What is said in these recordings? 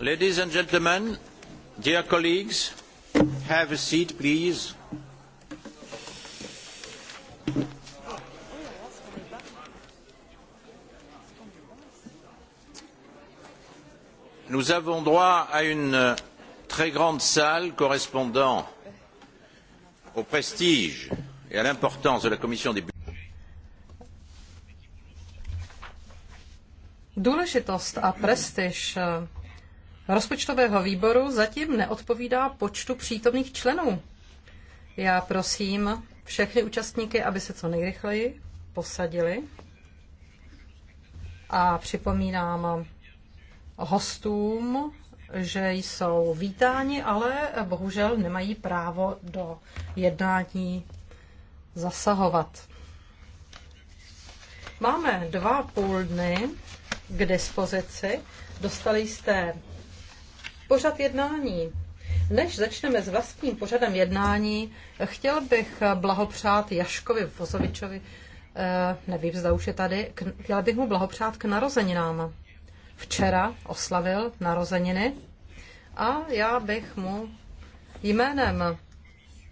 Ladies and gentlemen, dear colleagues, have a seat, please. Nous avons droit à une euh, très grande salle correspondant au prestige et à l'importance de la Commission des Důležitost a prestiž rozpočtového výboru zatím neodpovídá počtu přítomných členů. Já prosím všechny účastníky, aby se co nejrychleji posadili. A připomínám hostům, že jsou vítáni, ale bohužel nemají právo do jednání zasahovat. Máme dva půl dny k dispozici. Dostali jste pořad jednání. Než začneme s vlastním pořadem jednání, chtěl bych blahopřát Jaškovi Vozovičovi, eh, nevím, zda už je tady, chtěl bych mu blahopřát k narozeninám. Včera oslavil narozeniny a já bych mu jménem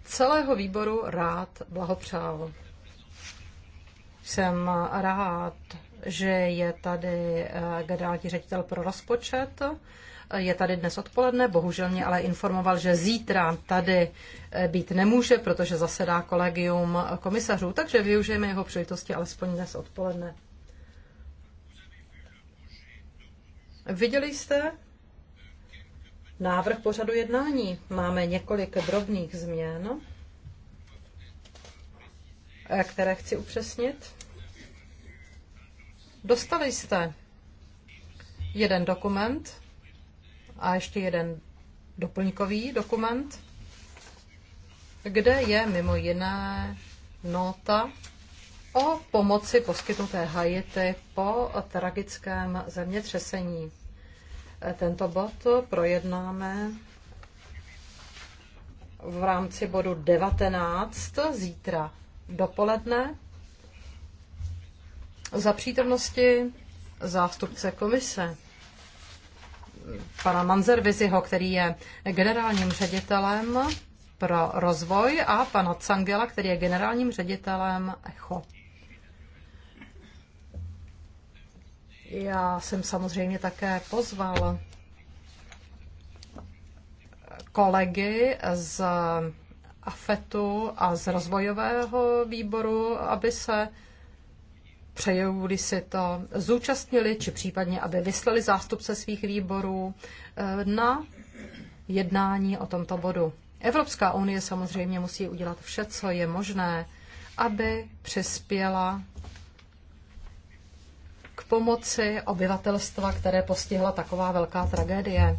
celého výboru rád blahopřál. Jsem rád, že je tady eh, generální ředitel pro rozpočet je tady dnes odpoledne, bohužel mě ale informoval, že zítra tady eh, být nemůže, protože zasedá kolegium komisařů, takže využijeme jeho příležitosti alespoň dnes odpoledne. Viděli jste návrh pořadu jednání? Máme několik drobných změn, eh, které chci upřesnit. Dostali jste jeden dokument, a ještě jeden doplňkový dokument, kde je mimo jiné nota o pomoci poskytnuté Haiti po tragickém zemětřesení. E, tento bod projednáme v rámci bodu 19 zítra dopoledne za přítomnosti zástupce komise pana Manzerviziho, který je generálním ředitelem pro rozvoj a pana Cangela, který je generálním ředitelem ECHO. Já jsem samozřejmě také pozval kolegy z AFETu a z rozvojového výboru, aby se přejou-li si to, zúčastnili, či případně, aby vyslali zástupce svých výborů eh, na jednání o tomto bodu. Evropská unie samozřejmě musí udělat vše, co je možné, aby přispěla k pomoci obyvatelstva, které postihla taková velká tragédie.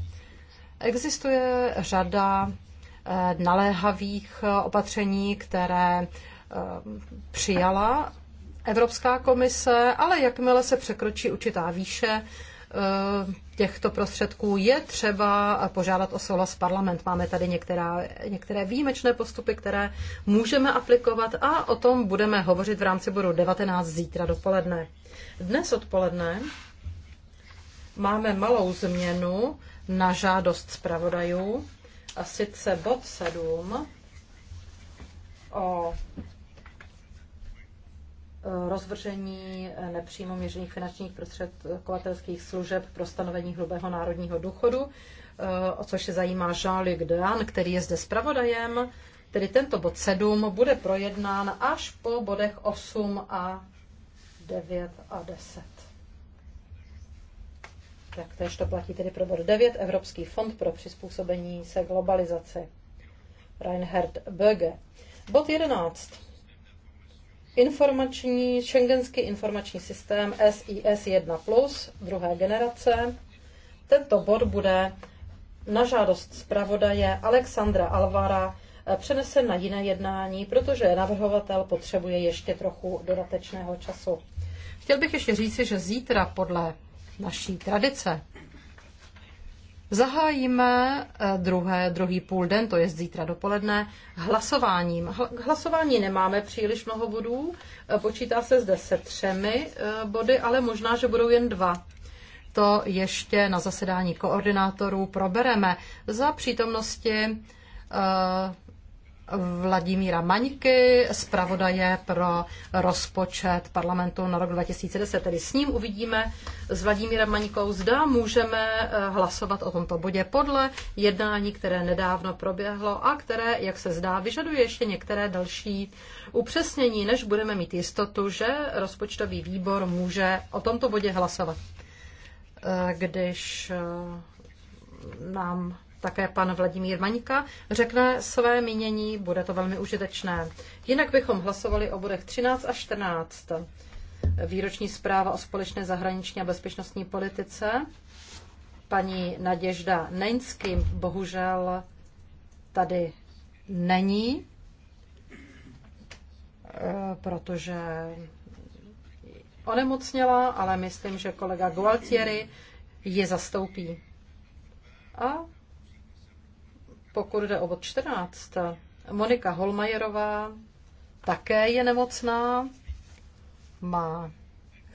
Existuje řada eh, naléhavých eh, opatření, které přijala Evropská komise, ale jakmile se překročí určitá výše eh, těchto prostředků, je třeba požádat o souhlas parlament. Máme tady některá, některé výjimečné postupy, které můžeme aplikovat a o tom budeme hovořit v rámci bodu 19 zítra dopoledne. Dnes odpoledne máme malou změnu na žádost zpravodajů, a sice bod 7 o rozvržení eh, nepřímo měřených finančních prostředkovatelských služeb pro stanovení hrubého národního důchodu, eh, o což se zajímá Jean-Luc Dean, který je zde zpravodajem. Tedy tento bod 7 bude projednán až po bodech 8 a 9 a 10. Tak též to platí tedy pro bod 9, Evropský fond pro přizpůsobení se globalizaci. Reinhard Böge. Bod 11 informační, šengenský informační systém SIS 1+, plus druhé generace. Tento bod bude na žádost zpravodaje Alexandra Alvara eh, přenesen na jiné jednání, protože navrhovatel potřebuje ještě trochu dodatečného času. Chtěl bych ještě říci, že zítra podle naší tradice Zahájíme eh, druhé, druhý půl den, to je zítra dopoledne, hlasováním. K hlasování nemáme příliš mnoho bodů, eh, počítá se zde se třemi eh, body, ale možná, že budou jen dva. To ještě na zasedání koordinátorů probereme za přítomnosti Vladimíra Maňky, zpravodaje pro rozpočet parlamentu na rok 2010. Tedy s ním uvidíme s Vladimírem Maňkou, zda můžeme eh, hlasovat o tomto bodě podle jednání, které nedávno proběhlo a které, jak se zdá, vyžaduje ještě některé další upřesnění, než budeme mít jistotu, že rozpočtový výbor může o tomto bodě hlasovat. Eh, když eh, nám také pan Vladimír Maňka řekne své mínění, bude to velmi užitečné. Jinak bychom hlasovali o bodech 13 a 14. Výroční zpráva o společné zahraniční a bezpečnostní politice. Paní Naděžda Neňským bohužel tady není, eh, protože onemocněla, ale myslím, že kolega Gualtieri ji zastoupí. A pokud jde o bod 14, Monika Holmajerová také je nemocná, má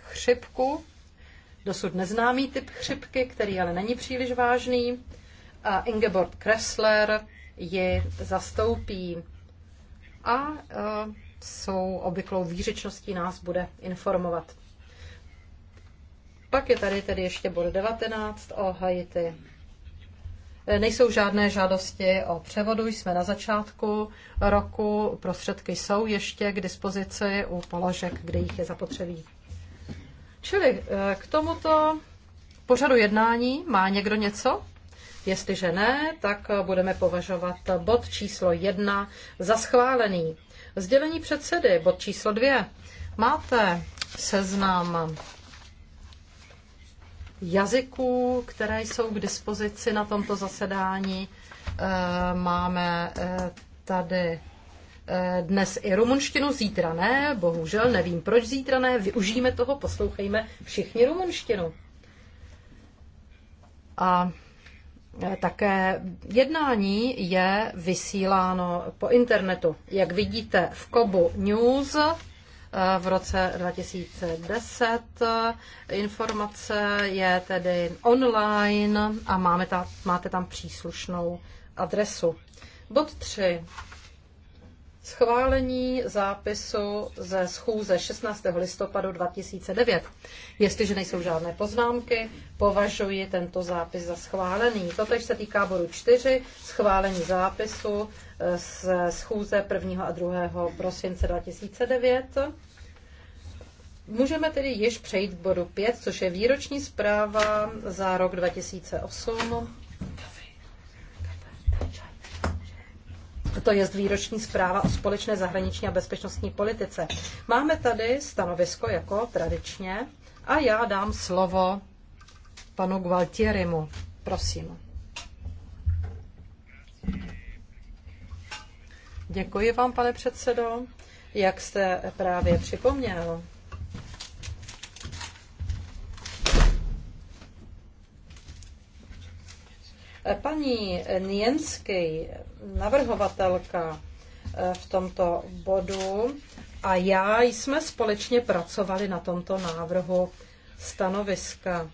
chřipku, dosud neznámý typ chřipky, který ale není příliš vážný. A Ingeborg Kressler ji zastoupí a uh, e, jsou obvyklou výřečností nás bude informovat. Pak je tady tedy ještě bod 19 o Haiti. Eh, nejsou žádné žádosti o převodu, jsme na začátku roku, prostředky jsou ještě k dispozici u položek, kde jich je zapotřebí. Čili eh, k tomuto pořadu jednání má někdo něco? Jestliže ne, tak eh, budeme považovat bod číslo jedna za schválený. Sdělení předsedy, bod číslo dvě. Máte seznam jazyků, které jsou k dispozici na tomto zasedání. Eh, máme eh, tady eh, dnes i rumunštinu, zítra ne, bohužel nevím proč zítra ne, využijeme toho, poslouchejme všichni rumunštinu. A také jednání je vysíláno po internetu. Jak vidíte v Kobu News v roce 2010. Informace je tedy online a máme ta, máte tam příslušnou adresu. Bod 3. Schválení zápisu ze schůze 16. listopadu 2009. Jestliže nejsou žádné poznámky, považuji tento zápis za schválený. Totež se týká bodu 4, schválení zápisu z schůze 1. a 2. prosince 2009. Můžeme tedy již přejít k bodu 5, což je výroční zpráva za rok 2008. To je výroční zpráva o společné zahraniční a bezpečnostní politice. Máme tady stanovisko jako tradičně a já dám slovo panu Gualtierimu. Prosím. Děkuji vám, pane předsedo. Jak jste právě připomněl, Paní Nienský, navrhovatelka eh, v tomto bodu, a já jsme společně pracovali na tomto návrhu stanoviska.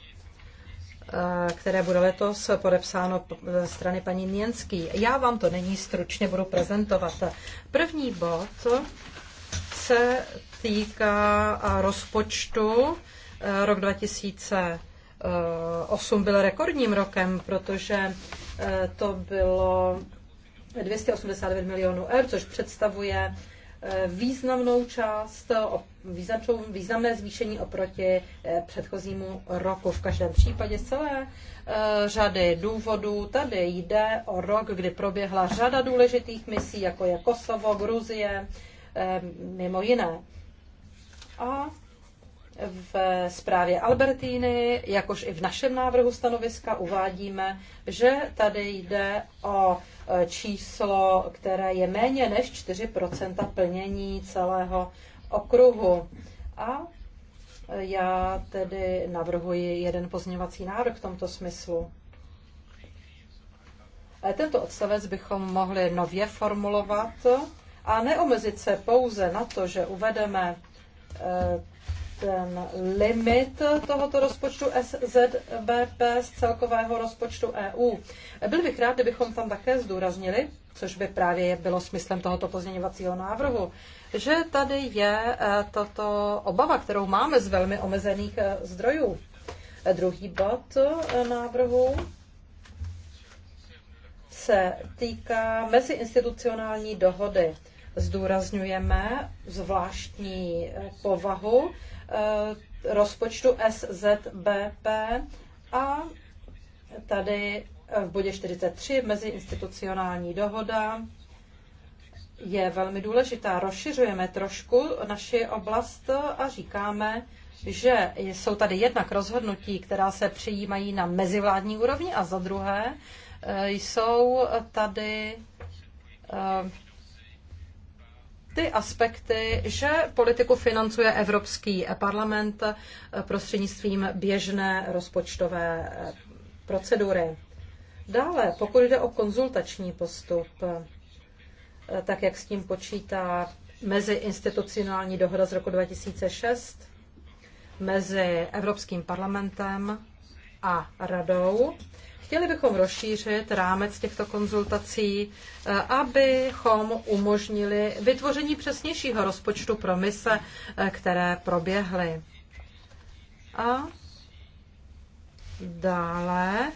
Eh, které bude letos podepsáno ze strany paní Měnský. Já vám to není stručně budu prezentovat. První bod se týká eh, rozpočtu. Eh, rok 2008 byl rekordním rokem, protože to bylo 289 milionů eur, což představuje Eh, významnou část, eh, významné zvýšení oproti eh, předchozímu roku. V každém případě celé řady důvodů tady jde o rok, kdy proběhla řada důležitých misí, jako je Kosovo, Gruzie, mimo jiné. A v zprávě Albertíny, jakož i v našem návrhu stanoviska uvádíme, že tady jde o e, číslo, které je méně než 4 plnění celého okruhu. A já tedy navrhuji jeden pozměňovací návrh v tomto smyslu. E, tento odstavec bychom mohli nově formulovat a neomezit se pouze na to, že uvedeme e, ten limit tohoto rozpočtu SZBP z celkového rozpočtu EU. Byl bych rád, kdybychom tam také zdůraznili, což by právě bylo smyslem tohoto pozměňovacího návrhu, že tady je eh, tato obava, kterou máme z velmi omezených eh, zdrojů. Druhý bod eh, návrhu se týká meziinstitucionální dohody zdůrazňujeme zvláštní povahu Eh, rozpočtu SZBP a tady eh, v bodě 43 meziinstitucionální dohoda je velmi důležitá. Rozšiřujeme trošku naši oblast a říkáme, že jsou tady jednak rozhodnutí, která se přijímají na mezivládní úrovni a za druhé eh, jsou tady ty aspekty, že politiku financuje Evropský parlament prostřednictvím běžné rozpočtové eh, procedury. Dále, pokud jde o konzultační postup, eh, tak jak s tím počítá meziinstitucionální dohoda z roku 2006 mezi Evropským parlamentem a radou, Chtěli bychom rozšířit rámec těchto konzultací, eh, abychom umožnili vytvoření přesnějšího rozpočtu pro mise, eh, které proběhly. A dále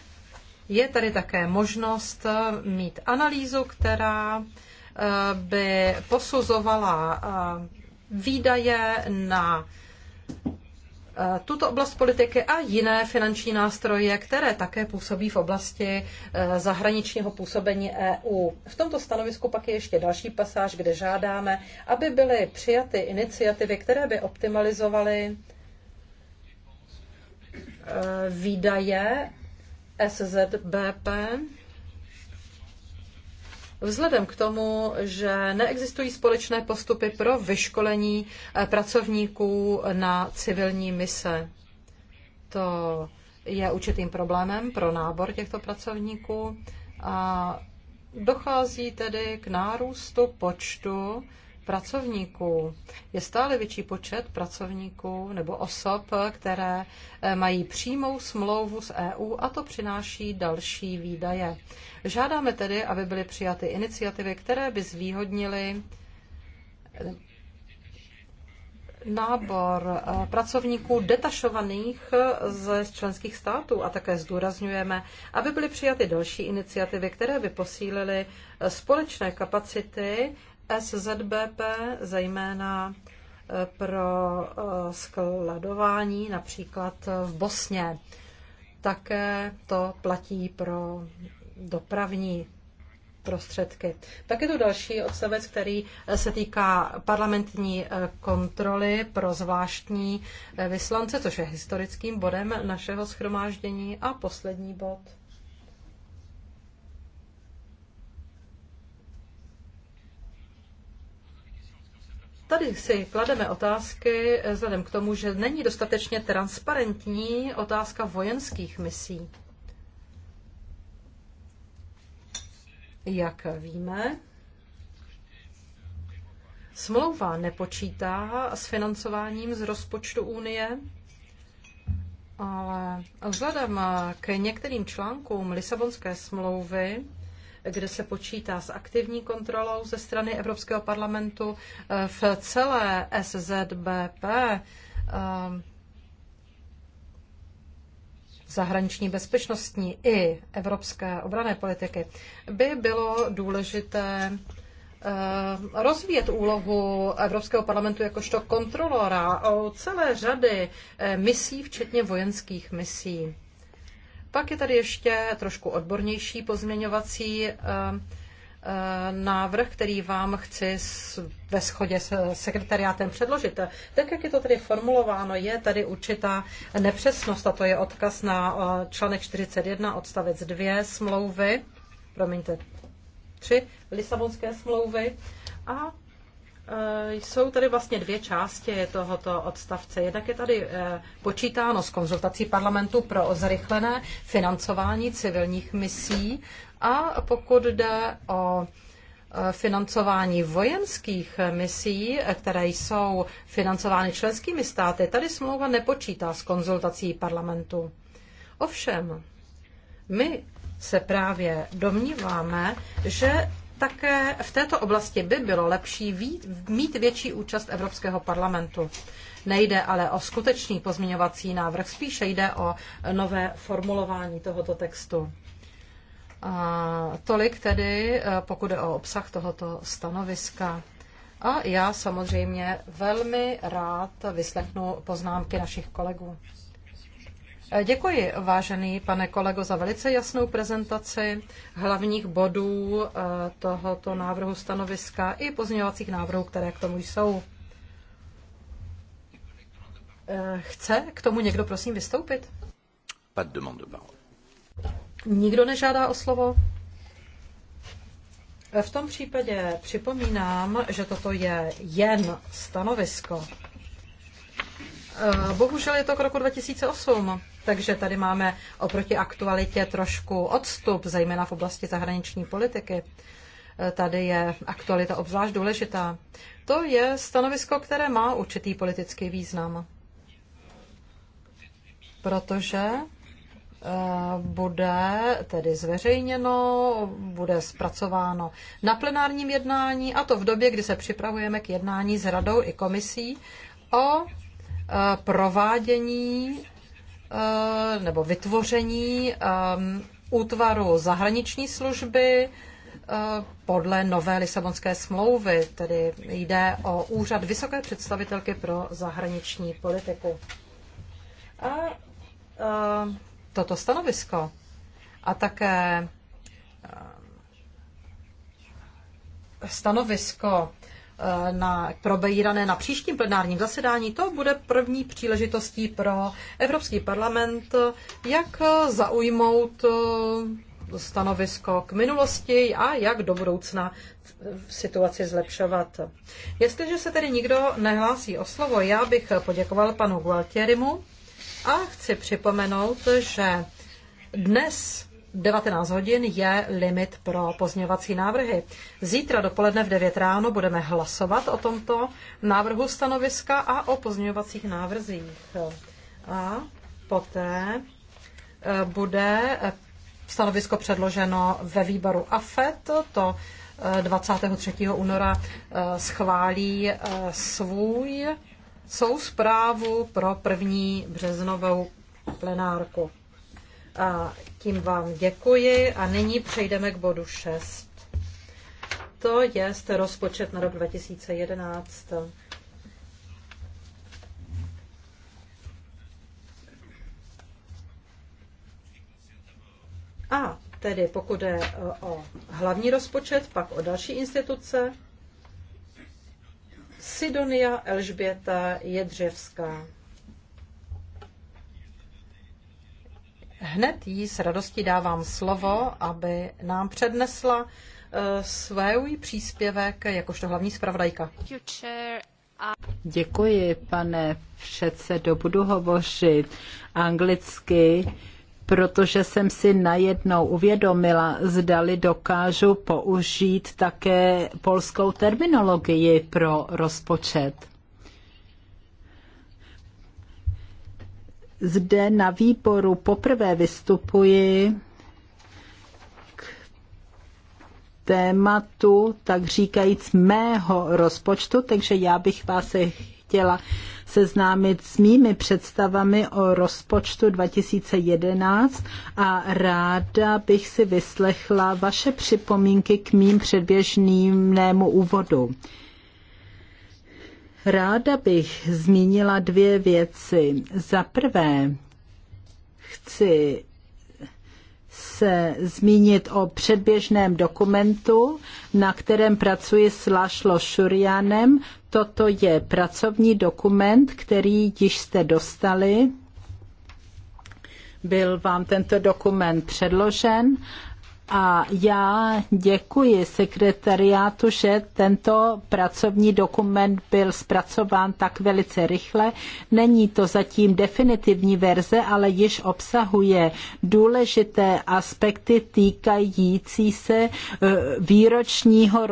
je tady také možnost eh, mít analýzu, která by posuzovala výdaje na Eh, tuto oblast politiky a jiné finanční nástroje, které také působí v oblasti eh, zahraničního působení EU. V tomto stanovisku pak je ještě další pasáž, kde žádáme, aby byly přijaty iniciativy, které by optimalizovaly eh, výdaje SZBP Vzhledem k tomu, že neexistují společné postupy pro vyškolení eh, pracovníků na civilní mise, to je určitým problémem pro nábor těchto pracovníků a dochází tedy k nárůstu počtu pracovníků. Je stále větší počet pracovníků nebo osob, které eh, mají přímou smlouvu s EU a to přináší další výdaje. Žádáme tedy, aby byly přijaty iniciativy, které by zvýhodnily eh, nábor eh, pracovníků detašovaných eh, z členských států a také zdůrazňujeme, aby byly přijaty další iniciativy, které by posílily společné kapacity SZBP, zejména pro skladování například v Bosně. Také to platí pro dopravní prostředky. Tak je tu další odstavec, který eh, se týká parlamentní eh, kontroly pro zvláštní eh, vyslance, což je historickým bodem našeho schromáždění. A poslední bod. Tady si klademe otázky vzhledem k tomu, že není dostatečně transparentní otázka vojenských misí. Jak víme, smlouva nepočítá s financováním z rozpočtu Unie, ale vzhledem k některým článkům Lisabonské smlouvy, kde se počítá s aktivní kontrolou ze strany Evropského parlamentu v celé SZBP, eh, zahraniční bezpečnostní i evropské obrané politiky, by bylo důležité eh, rozvíjet úlohu Evropského parlamentu jakožto kontrolora o celé řady eh, misí, včetně vojenských misí. Pak je tady ještě trošku odbornější pozměňovací eh, Eh, návrh, který vám chci ve shodě s eh, sekretariátem předložit. Tak, jak je to tady formulováno, je tady určitá nepřesnost a to je odkaz na eh, článek 41 odstavec 2 smlouvy, promiňte, 3 Lisabonské smlouvy a Eh, jsou tady vlastně dvě části tohoto odstavce. Jednak je tady eh, počítáno s konzultací parlamentu pro zrychlené financování civilních misí a pokud jde o eh, financování vojenských misí, které jsou financovány členskými státy, tady smlouva nepočítá s konzultací parlamentu. Ovšem, my se právě domníváme, že také v této oblasti by bylo lepší mít větší účast Evropského parlamentu. Nejde ale o skutečný pozměňovací návrh, spíše jde o nové formulování tohoto textu. A tolik tedy, eh, pokud je o obsah tohoto stanoviska. A já samozřejmě velmi rád vyslechnu poznámky našich kolegů. Eh, děkuji, vážený pane kolego, za velice jasnou prezentaci hlavních bodů eh, tohoto návrhu stanoviska i pozměňovacích návrhů, které k tomu jsou. Eh, chce k tomu někdo, prosím, vystoupit? Nikdo nežádá o slovo? V tom případě připomínám, že toto je jen stanovisko. Eh, bohužel je to k roku 2008, takže tady máme oproti aktualitě trošku odstup, zejména v oblasti zahraniční politiky. Eh, tady je aktualita obzvlášť důležitá. To je stanovisko, které má určitý politický význam, protože eh, bude tedy zveřejněno, bude zpracováno na plenárním jednání, a to v době, kdy se připravujeme k jednání s radou i komisí o Eh, provádění eh, nebo vytvoření eh, útvaru zahraniční služby podle nové Lisabonské smlouvy, tedy jde o úřad vysoké představitelky pro zahraniční politiku. A, toto stanovisko a také stanovisko Eh, na, probírané na příštím plenárním zasedání, to bude první příležitostí pro Evropský parlament, jak zaujmout eh, stanovisko k minulosti a jak do budoucna situaci zlepšovat. Jestliže se tedy nikdo nehlásí o slovo, já bych poděkoval panu Gualtierimu a chci připomenout, že dnes 19 hodin je limit pro pozměňovací návrhy. Zítra dopoledne v 9 ráno budeme hlasovat o tomto návrhu stanoviska a o pozměňovacích návrzích. A poté eh, bude eh, stanovisko předloženo ve výboru AFET, to 23. Eh, února schválí svůj svou zprávu pro první březnovou plenárku. A tím vám děkuji a nyní přejdeme k bodu 6. To je rozpočet na rok 2011. A tedy pokud je e, o hlavní rozpočet, pak o další instituce, Sidonia Elžběta Jedřevská. Hned jí s radostí dávám slovo, aby nám přednesla eh, svůj příspěvek jakožto hlavní zpravodajka. Děkuji, pane předsedo. Budu hovořit anglicky, protože jsem si najednou uvědomila, zdali dokážu použít také polskou terminologii pro rozpočet. zde na výboru poprvé vystupuji k tématu, tak říkajíc, mého rozpočtu, takže já bych vás se chtěla seznámit s mými představami o rozpočtu 2011 a ráda bych si vyslechla vaše připomínky k mým předběžnému úvodu. Ráda bych zmínila dvě věci. Za prvé chci se zmínit o předběžném dokumentu, na kterém pracuji s Lašlo Šurianem. Toto je pracovní dokument, který již jste dostali. Byl vám tento dokument předložen a já děkuji sekretariátu, že tento pracovní dokument byl zpracován tak velice rychle. Není to zatím definitivní verze, ale již obsahuje důležité aspekty týkající se e, výročního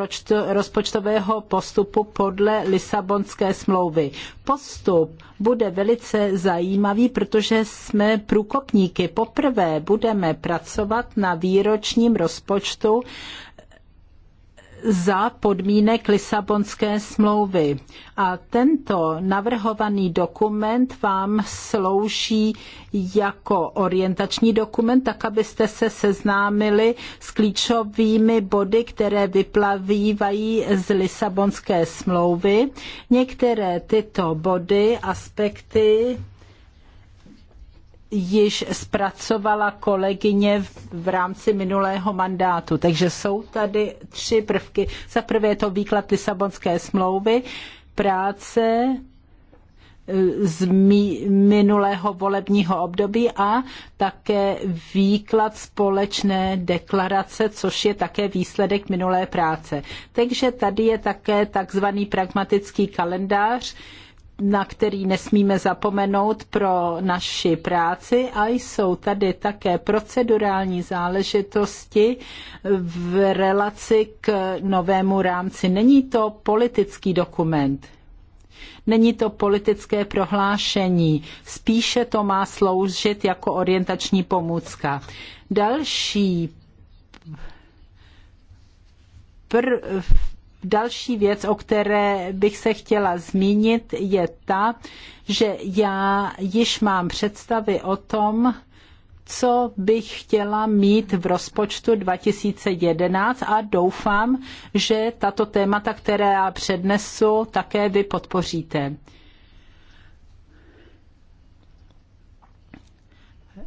rozpočtového postupu podle Lisabonské smlouvy. Postup bude velice zajímavý, protože jsme průkopníky. Poprvé budeme pracovat na výroční letošním rozpočtu za podmínek Lisabonské smlouvy. A tento navrhovaný dokument vám slouží jako orientační dokument, tak abyste se seznámili s klíčovými body, které vyplavívají z Lisabonské smlouvy. Některé tyto body, aspekty již zpracovala kolegyně v, v rámci minulého mandátu. Takže jsou tady tři prvky. Za prvé je to výklad Lisabonské smlouvy, práce eh, z minulého volebního období a také výklad společné deklarace, což je také výsledek minulé práce. Takže tady je také takzvaný pragmatický kalendář, na který nesmíme zapomenout pro naši práci a jsou tady také procedurální záležitosti v relaci k novému rámci. Není to politický dokument. Není to politické prohlášení, spíše to má sloužit jako orientační pomůcka. Další prv Další věc, o které bych se chtěla zmínit, je ta, že já již mám představy o tom, co bych chtěla mít v rozpočtu 2011 a doufám, že tato témata, které já přednesu, také vy podpoříte.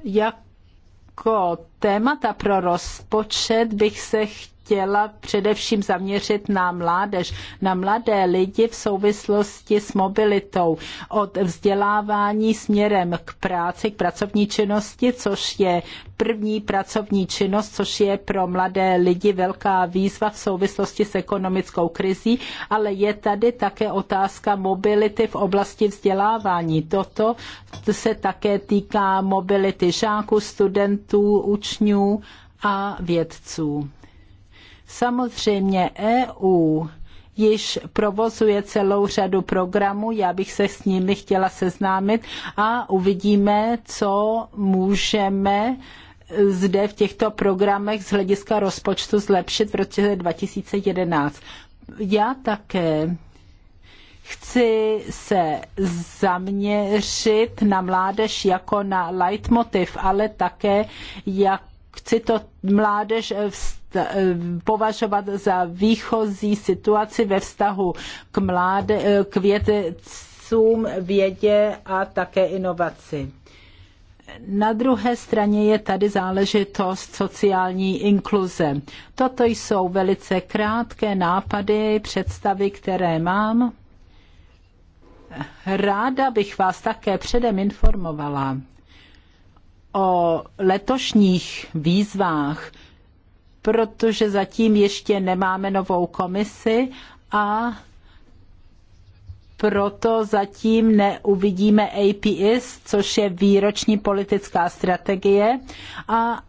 Jako témata pro rozpočet bych se chtěla chtěla především zaměřit na mládež, na mladé lidi v souvislosti s mobilitou, od vzdělávání směrem k práci, k pracovní činnosti, což je první pracovní činnost, což je pro mladé lidi velká výzva v souvislosti s ekonomickou krizí, ale je tady také otázka mobility v oblasti vzdělávání. Toto se také týká mobility žáků, studentů, učňů a vědců. Samozřejmě EU již provozuje celou řadu programů, já bych se s nimi chtěla seznámit a uvidíme, co můžeme zde v těchto programech z hlediska rozpočtu zlepšit v roce 2011. Já také chci se zaměřit na mládež jako na leitmotiv, ale také jak chci to mládež vst- Eh, považovat za výchozí situaci ve vztahu k, mláde, eh, k vědcům, vědě a také inovaci. Na druhé straně je tady záležitost sociální inkluze. Toto jsou velice krátké nápady, představy, které mám. Ráda bych vás také předem informovala o letošních výzvách, protože zatím ještě nemáme novou komisi a proto zatím neuvidíme APIS, což je výroční politická strategie a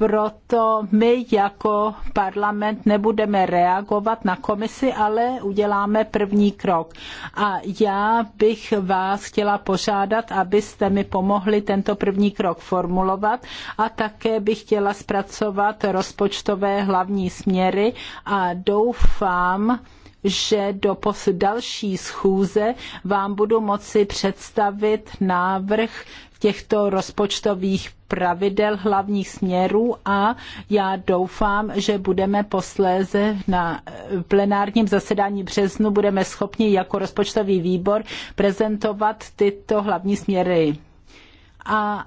proto my jako parlament nebudeme reagovat na komisi, ale uděláme první krok. A já bych vás chtěla požádat, abyste mi pomohli tento první krok formulovat a také bych chtěla zpracovat rozpočtové hlavní směry a doufám, že do další schůze vám budu moci představit návrh těchto rozpočtových pravidel hlavních směrů a já doufám, že budeme posléze na eh, plenárním zasedání březnu budeme schopni jako rozpočtový výbor prezentovat tyto hlavní směry. A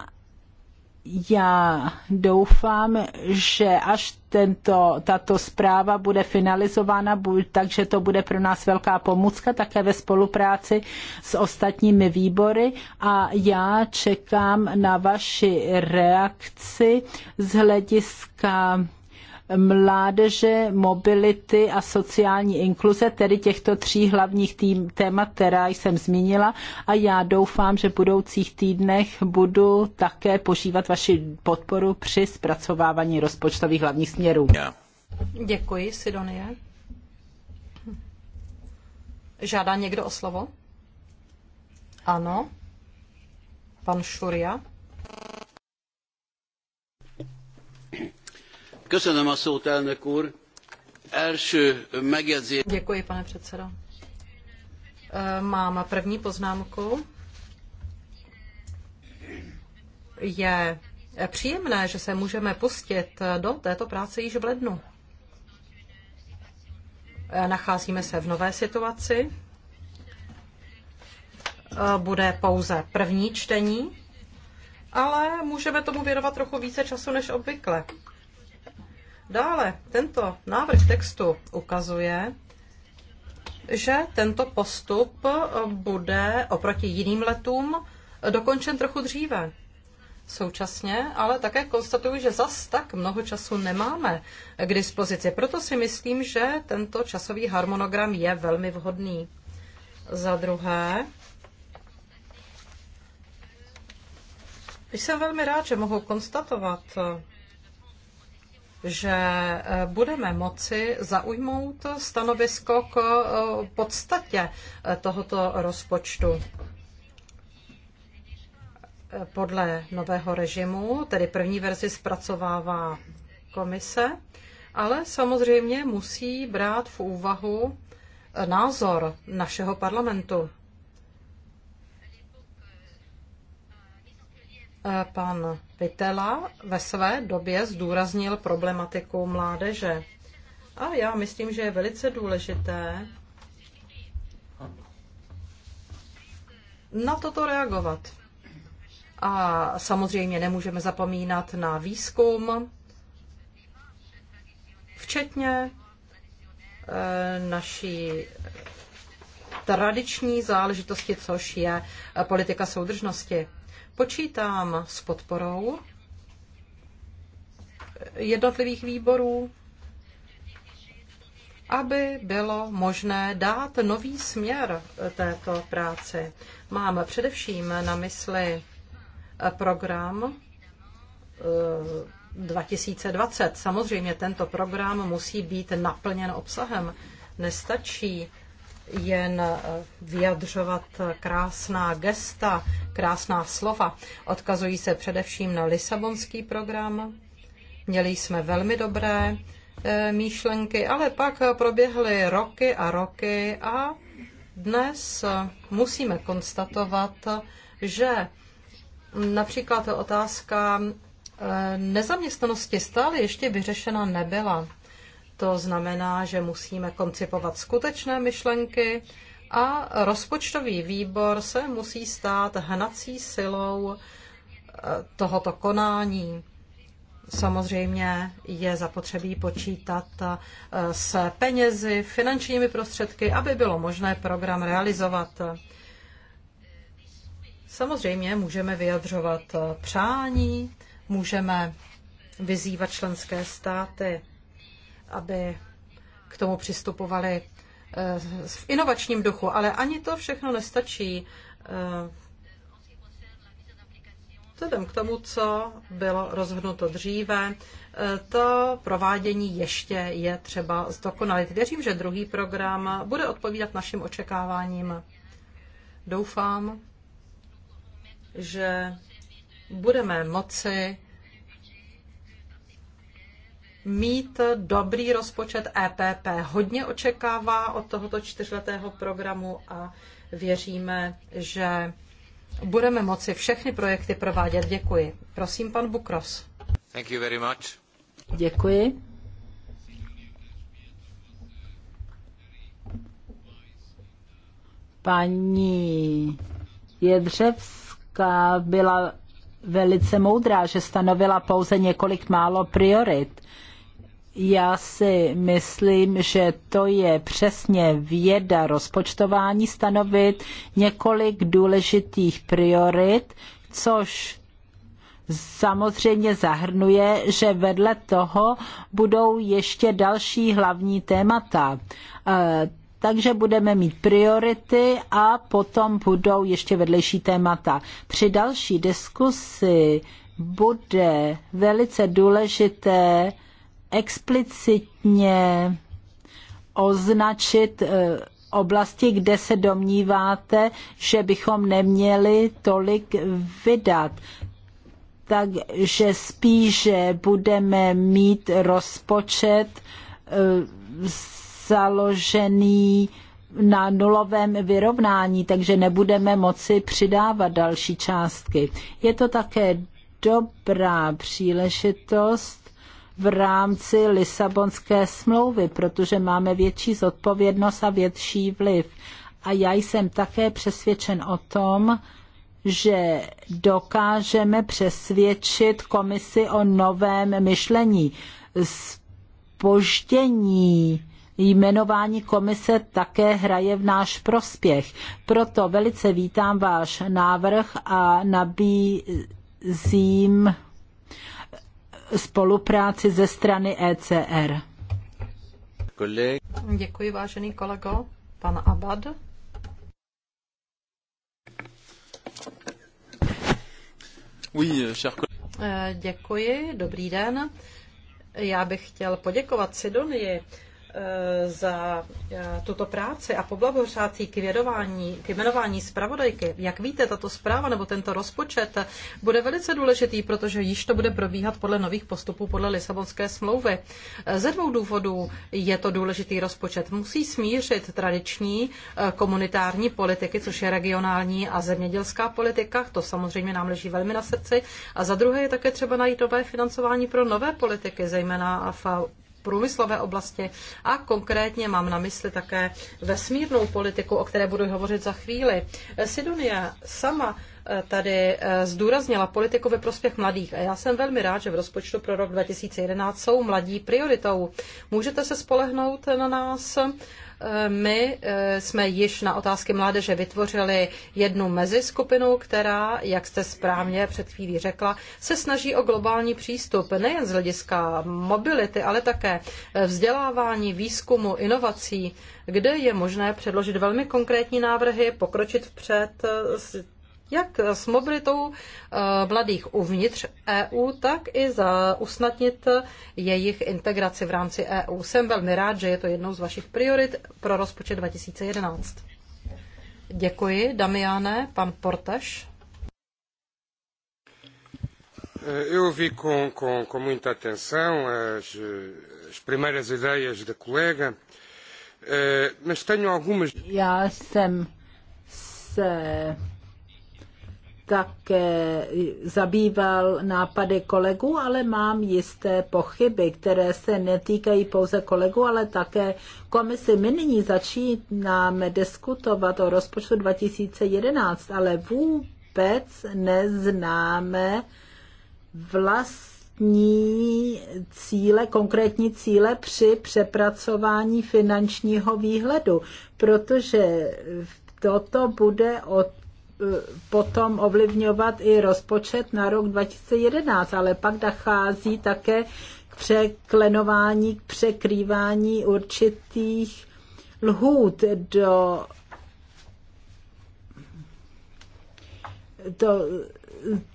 já doufám, že až tento, tato zpráva bude finalizována, takže to bude pro nás velká pomůcka také ve spolupráci s ostatními výbory a já čekám na vaši reakci z hlediska mládeže, mobility a sociální inkluze, tedy těchto tří hlavních tým, témat, která jsem zmínila a já doufám, že v budoucích týdnech budu také požívat vaši podporu při zpracovávání rozpočtových hlavních směrů. Děkuji, Sidonie. Žádá někdo o slovo? Ano. Pan Šuria. Köszönöm a szót, elnök úr. Első megjegyzés. Děkuji, pane předsedo. Eh, mám první poznámku. Je příjemné, že se můžeme pustit do této práce již v lednu. Eh, nacházíme se v nové situaci. Eh, bude pouze první čtení, ale můžeme tomu věnovat trochu více času než obvykle. Dále tento návrh textu ukazuje, že tento postup bude oproti jiným letům dokončen trochu dříve. Současně ale také konstatuju, že zas tak mnoho času nemáme k dispozici. Proto si myslím, že tento časový harmonogram je velmi vhodný. Za druhé, jsem velmi rád, že mohu konstatovat, že eh, budeme moci zaujmout stanovisko k eh, podstatě eh, tohoto rozpočtu. Podle nového režimu, tedy první verzi zpracovává komise, ale samozřejmě musí brát v úvahu názor našeho parlamentu. Pan Vitela ve své době zdůraznil problematiku mládeže. A já myslím, že je velice důležité na toto reagovat. A samozřejmě nemůžeme zapomínat na výzkum, včetně eh, naší tradiční záležitosti, což je eh, politika soudržnosti. Počítám s podporou jednotlivých výborů, aby bylo možné dát nový směr této práci. Mám především na mysli program 2020. Eh, Samozřejmě tento program musí být naplněn obsahem. Nestačí jen eh, vyjadřovat krásná gesta, krásná slova. Odkazují se především na Lisabonský program. Měli jsme velmi dobré eh, myšlenky, ale pak proběhly roky a roky a dnes eh, musíme konstatovat, že například otázka nezaměstnanosti stále ještě vyřešena nebyla. To znamená, že musíme koncipovat skutečné myšlenky a rozpočtový výbor se musí stát hnací silou eh, tohoto konání. Samozřejmě je zapotřebí počítat eh, s penězi, finančními prostředky, aby bylo možné program realizovat. Samozřejmě můžeme vyjadřovat eh, přání, můžeme vyzývat členské státy aby k tomu přistupovali eh, v inovačním duchu, ale ani to všechno nestačí eh, vzhledem k tomu, co bylo rozhodnuto dříve, eh, to provádění ještě je třeba zdokonalit. Věřím, že druhý program bude odpovídat našim očekáváním. Doufám, že budeme moci mít dobrý rozpočet EPP. Hodně očekává od tohoto čtyřletého programu a věříme, že budeme moci všechny projekty provádět. Děkuji. Prosím, pan Bukros. Thank you very much. Děkuji. Paní Jedřevská byla velice moudrá, že stanovila pouze několik málo priorit já si myslím, že to je přesně věda rozpočtování stanovit několik důležitých priorit, což samozřejmě zahrnuje, že vedle toho budou ještě další hlavní témata. E, takže budeme mít priority a potom budou ještě vedlejší témata. Při další diskusi bude velice důležité explicitně označit eh, oblasti, kde se domníváte, že bychom neměli tolik vydat. Takže spíše budeme mít rozpočet eh, založený na nulovém vyrovnání, takže nebudeme moci přidávat další částky. Je to také dobrá příležitost v rámci Lisabonské smlouvy, protože máme větší zodpovědnost a větší vliv. A já jsem také přesvědčen o tom, že dokážeme přesvědčit komisi o novém myšlení. Spoždění jmenování komise také hraje v náš prospěch. Proto velice vítám váš návrh a nabízím spolupráci ze strany ECR. Děkuji, vážený kolego. Pan Abad. Oui, cher eh, Děkuji, dobrý den. Já bych chtěl poděkovat Sidonii Eh, za eh, tuto práci a poblahopřát jí k, k jmenování zpravodajky. Jak víte, tato zpráva nebo tento rozpočet bude velice důležitý, protože již to bude probíhat podle nových postupů podle Lisabonské smlouvy. Eh, ze dvou důvodů je to důležitý rozpočet. Musí smířit tradiční komunitární politiky, což je regionální a zemědělská politika, to samozřejmě nám leží velmi na srdci, a za druhé je také třeba najít nové financování pro nové politiky, zejména v průmyslové oblasti a konkrétně mám na mysli také vesmírnou politiku, o které budu hovořit za chvíli. Sidonia sama Eh, tady eh, zdůraznila politiku ve prospěch mladých. A já jsem velmi rád, že v rozpočtu pro rok 2011 jsou mladí prioritou. Můžete se spolehnout na nás. Eh, my jsme již na otázky mládeže vytvořili jednu meziskupinu, která, jak jste správně před chvílí řekla, se snaží o globální přístup nejen z hlediska mobility, ale také vzdělávání, výzkumu, inovací, kde je možné předložit velmi konkrétní návrhy, pokročit vpřed s jak s mobilitou eh, mladých uvnitř EU, tak i za usnadnit jejich integraci v rámci EU. Jsem velmi rád, že je to jednou z vašich priorit pro rozpočet 2011. Děkuji, Damiane, pan Portaš. Eh, eu vi com, com, com muita atenção eh, as, as primeiras ideias da colega, mas tenho algumas. Já jsem se také zabýval nápady kolegů, ale mám jisté pochyby, které se netýkají pouze kolegů, ale také komisi. My nyní začínáme diskutovat o rozpočtu 2011, ale vůbec neznáme vlastní cíle, konkrétní cíle při přepracování finančního výhledu, protože toto bude od potom ovlivňovat i rozpočet na rok 2011, ale pak dochází také k překlenování, k překrývání určitých lhůt do to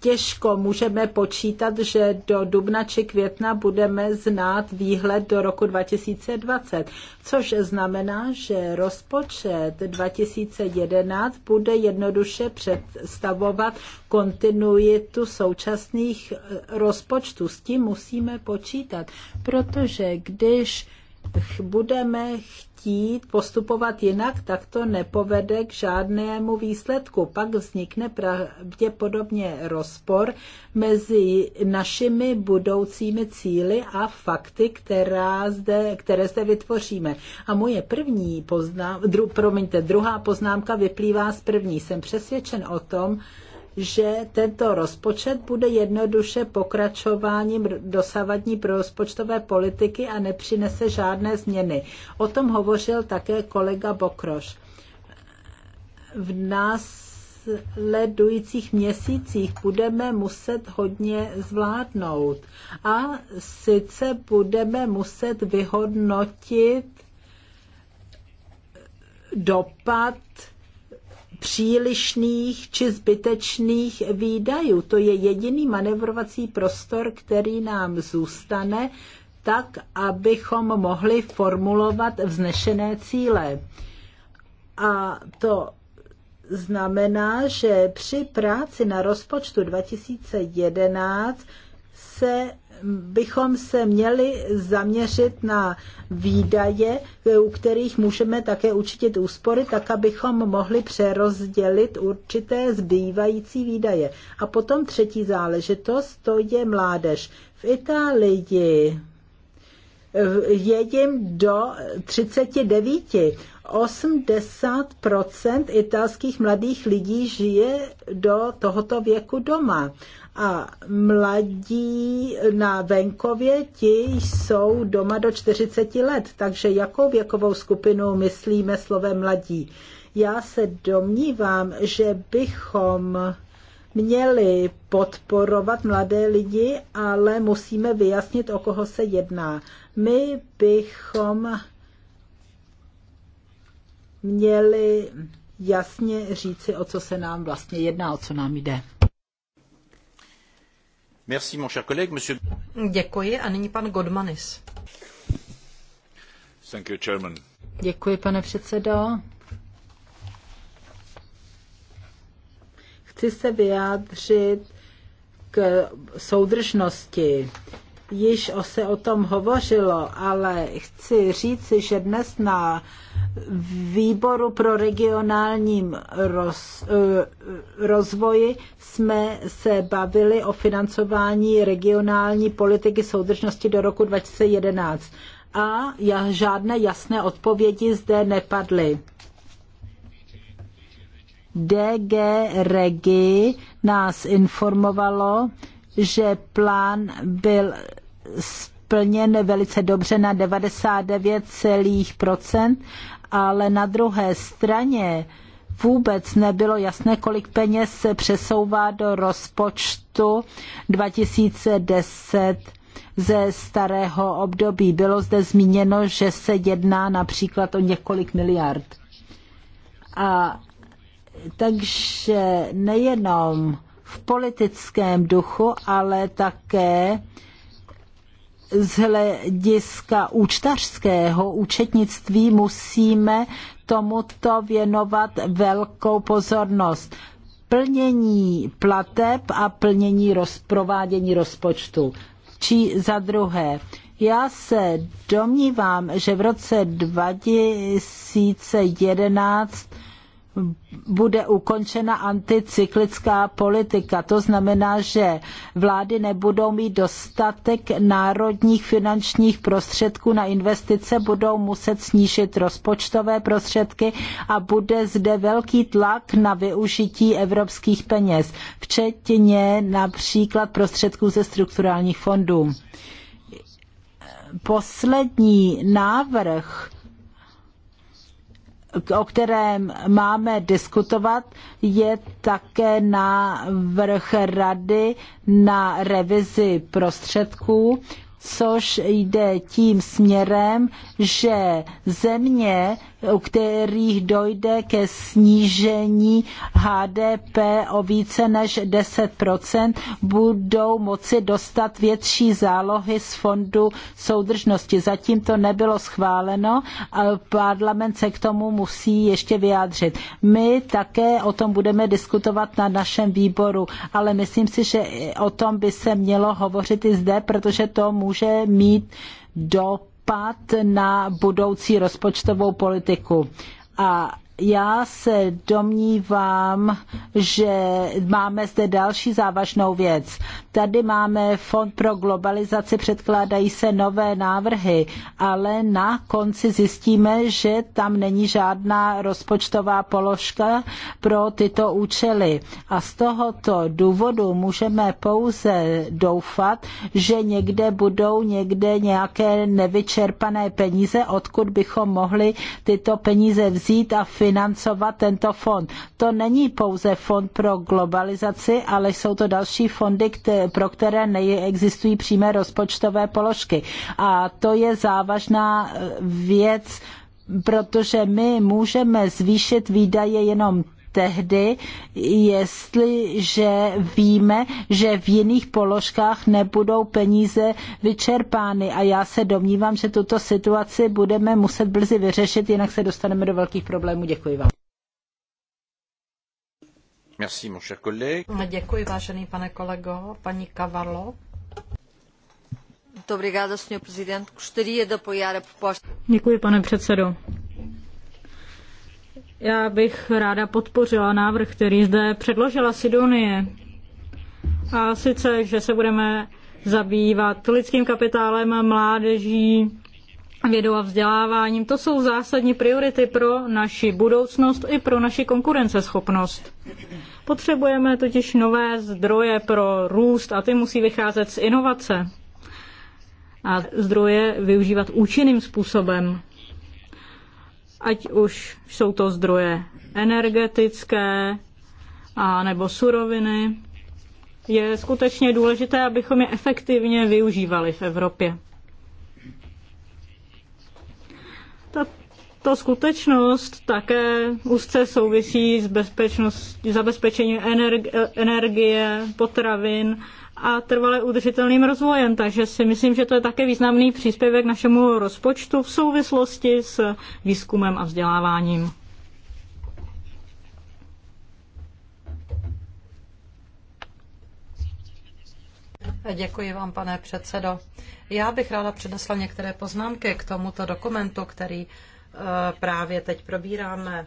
těžko můžeme počítat, že do dubna či května budeme znát výhled do roku 2020, což znamená, že rozpočet 2011 bude jednoduše představovat kontinuitu současných rozpočtů. S tím musíme počítat, protože když budeme chtít postupovat jinak, tak to nepovede k žádnému výsledku. Pak vznikne pravděpodobně rozpor mezi našimi budoucími cíly a fakty, která zde, které zde vytvoříme. A moje první poznámka, dru, promiňte, druhá poznámka vyplývá z první. Jsem přesvědčen o tom, že tento rozpočet bude jednoduše pokračováním dosavadní rozpočtové politiky a nepřinese žádné změny. O tom hovořil také kolega Bokroš. V následujících měsících budeme muset hodně zvládnout a sice budeme muset vyhodnotit dopad přílišných či zbytečných výdajů. To je jediný manevrovací prostor, který nám zůstane, tak, abychom mohli formulovat vznešené cíle. A to znamená, že při práci na rozpočtu 2011 se bychom se měli zaměřit na výdaje, u kterých můžeme také učitit úspory, tak abychom mohli přerozdělit určité zbývající výdaje. A potom třetí záležitost, to je mládež. V Itálii Jedím do 39. 80% italských mladých lidí žije do tohoto věku doma a mladí na venkově, ti jsou doma do 40 let, takže jakou věkovou skupinu myslíme slovem mladí? Já se domnívám, že bychom měli podporovat mladé lidi, ale musíme vyjasnit, o koho se jedná. My bychom měli jasně říci, o co se nám vlastně jedná, o co nám jde. Merci, mon cher collègue, monsieur... Děkuji a nyní pan Godmanis. Thank you, chairman. Děkuji, pane předsedo. Chci se vyjádřit k soudržnosti již o se o tom hovořilo, ale chci říci, že dnes na výboru pro regionálním roz, eh, rozvoji jsme se bavili o financování regionální politiky soudržnosti do roku 2011 a žádné jasné odpovědi zde nepadly. DG Regi nás informovalo, že plán byl splněn velice dobře na 99,5%, ale na druhé straně vůbec nebylo jasné, kolik peněz se přesouvá do rozpočtu 2010 ze starého období. Bylo zde zmíněno, že se jedná například o několik miliard. A takže nejenom v politickém duchu, ale také z hlediska účtařského účetnictví musíme tomuto věnovat velkou pozornost. Plnění plateb a plnění roz, provádění rozpočtu. Či za druhé, já se domnívám, že v roce 2011 bude ukončena anticyklická politika. To znamená, že vlády nebudou mít dostatek národních finančních prostředků na investice, budou muset snížit rozpočtové prostředky a bude zde velký tlak na využití evropských peněz, včetně například prostředků ze strukturálních fondů. Poslední návrh o kterém máme diskutovat, je také návrh rady na revizi prostředků, což jde tím směrem, že země, u kterých dojde ke snížení HDP o více než 10%, budou moci dostat větší zálohy z fondu soudržnosti. Zatím to nebylo schváleno, a parlament se k tomu musí ještě vyjádřit. My také o tom budeme diskutovat na našem výboru, ale myslím si, že o tom by se mělo hovořit i zde, protože to může mít do dopad na budoucí rozpočtovou politiku. A já se domnívám, že máme zde další závažnou věc. Tady máme Fond pro globalizaci, předkládají se nové návrhy, ale na konci zjistíme, že tam není žádná rozpočtová položka pro tyto účely. A z tohoto důvodu můžeme pouze doufat, že někde budou někde nějaké nevyčerpané peníze, odkud bychom mohli tyto peníze vzít a financovat financovat tento fond. To není pouze fond pro globalizaci, ale jsou to další fondy, pro které neexistují přímé rozpočtové položky. A to je závažná eh, věc, protože my můžeme zvýšit výdaje jenom tehdy, jestliže víme, že v jiných položkách nebudou peníze vyčerpány. A já se domnívám, že tuto situaci budeme muset brzy vyřešit, jinak se dostaneme do velkých problémů. Děkuji vám. Merci, mon cher collègue. No, děkuji, vážený pane kolego. Paní Kavarlo. Děkuji, pane předsedo. Já bych ráda podpořila návrh, který zde předložila Sidonie. A sice, že se budeme zabývat lidským kapitálem, mládeží, vědou a vzděláváním. To jsou zásadní priority pro naši budoucnost i pro naši konkurenceschopnost. Potřebujeme totiž nové zdroje pro růst a ty musí vycházet z inovace a zdroje využívat účinným způsobem ať už jsou to zdroje energetické a nebo suroviny, je skutečně důležité, abychom je efektivně využívali v Evropě. Tato skutečnost také úzce souvisí s bezpečností, zabezpečením energie, potravin a trvale udržitelným rozvojem. Takže si myslím, že to je také významný příspěvek našemu rozpočtu v souvislosti s výzkumem a vzděláváním. Děkuji vám, pane předsedo. Já bych ráda přednesla některé poznámky k tomuto dokumentu, který eh, právě teď probíráme.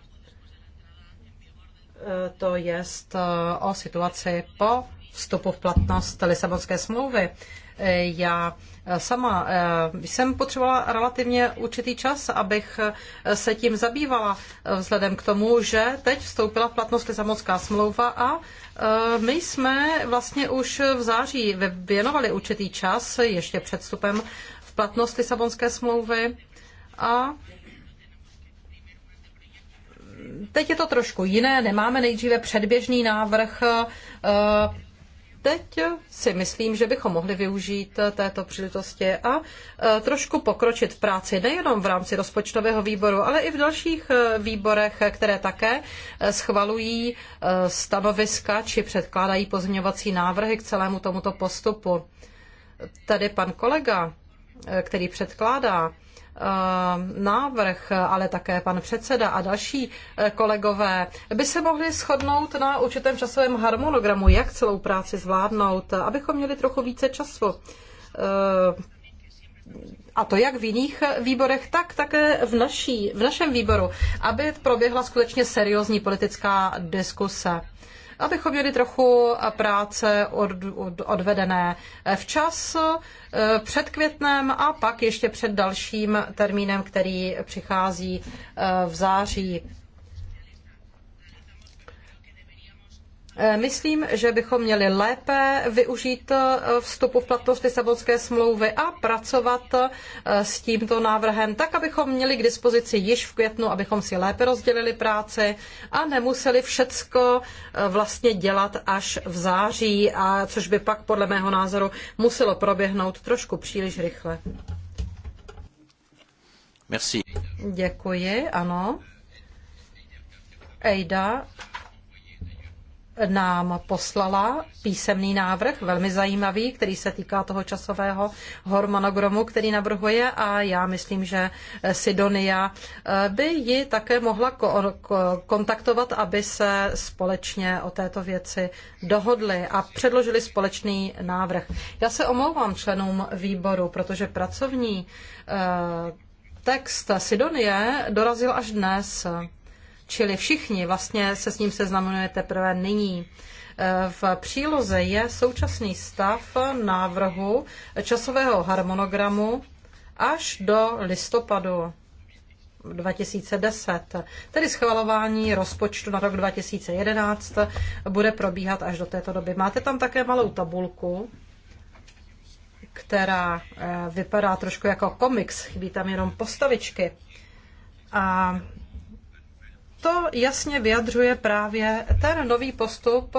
Eh, to je eh, o situaci po vstupu v platnost Lisabonské smlouvy. E, já e, sama e, jsem potřebovala relativně určitý čas, abych se tím zabývala, vzhledem k tomu, že teď vstoupila v platnost Lisabonská smlouva a my jsme vlastně už v září věnovali určitý čas ještě před vstupem v platnost Lisabonské smlouvy a teď je to trošku jiné, nemáme nejdříve předběžný návrh Teď si myslím, že bychom mohli využít této příležitosti a e, trošku pokročit v práci nejenom v rámci rozpočtového výboru, ale i v dalších e, výborech, které také e, schvalují stanoviska či předkládají pozměňovací návrhy k celému tomuto postupu. Tady pan kolega, který předkládá Eh, návrh, ale také pan předseda a další eh, kolegové by se mohli shodnout na určitém časovém harmonogramu, jak celou práci zvládnout, abychom měli trochu více času. Eh, a to jak v jiných výborech, tak také v, naší, v našem výboru, aby proběhla skutečně seriózní politická diskuse abychom měli trochu práce od, od, odvedené včas eh, před květnem a pak ještě před dalším termínem, který přichází eh, v září. Eh, myslím, že bychom měli lépe využít eh, vstupu v platnost Lisabonské smlouvy a pracovat eh, s tímto návrhem tak, abychom měli k dispozici již v květnu, abychom si lépe rozdělili práci a nemuseli všecko vlastně dělat až v září, a což by pak podle mého názoru muselo proběhnout trošku příliš rychle. Merci. Děkuji, ano. Ejda nám poslala písemný návrh, velmi zajímavý, který se týká toho časového hormonogramu, který navrhuje a já myslím, že Sidonia eh, by ji také mohla kontaktovat, aby se společně o této věci dohodli a předložili společný návrh. Já se omlouvám členům výboru, protože pracovní eh, text Sidonie dorazil až dnes. Čili všichni vlastně se s ním seznamuje teprve nyní. E, v příloze je současný stav návrhu časového harmonogramu až do listopadu 2010. Tedy schvalování rozpočtu na rok 2011 bude probíhat až do této doby. Máte tam také malou tabulku, která e, vypadá trošku jako komiks, chybí tam jenom postavičky. A to jasně vyjadřuje právě ten nový postup,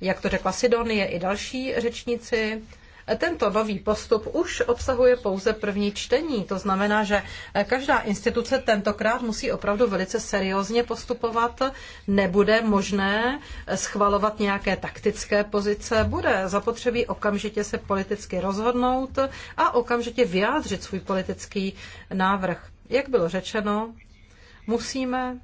jak to řekla Sidonie i další řečníci, tento nový postup už obsahuje pouze první čtení. To znamená, že každá instituce tentokrát musí opravdu velice seriózně postupovat. Nebude možné schvalovat nějaké taktické pozice. Bude zapotřebí okamžitě se politicky rozhodnout a okamžitě vyjádřit svůj politický návrh. Jak bylo řečeno, musíme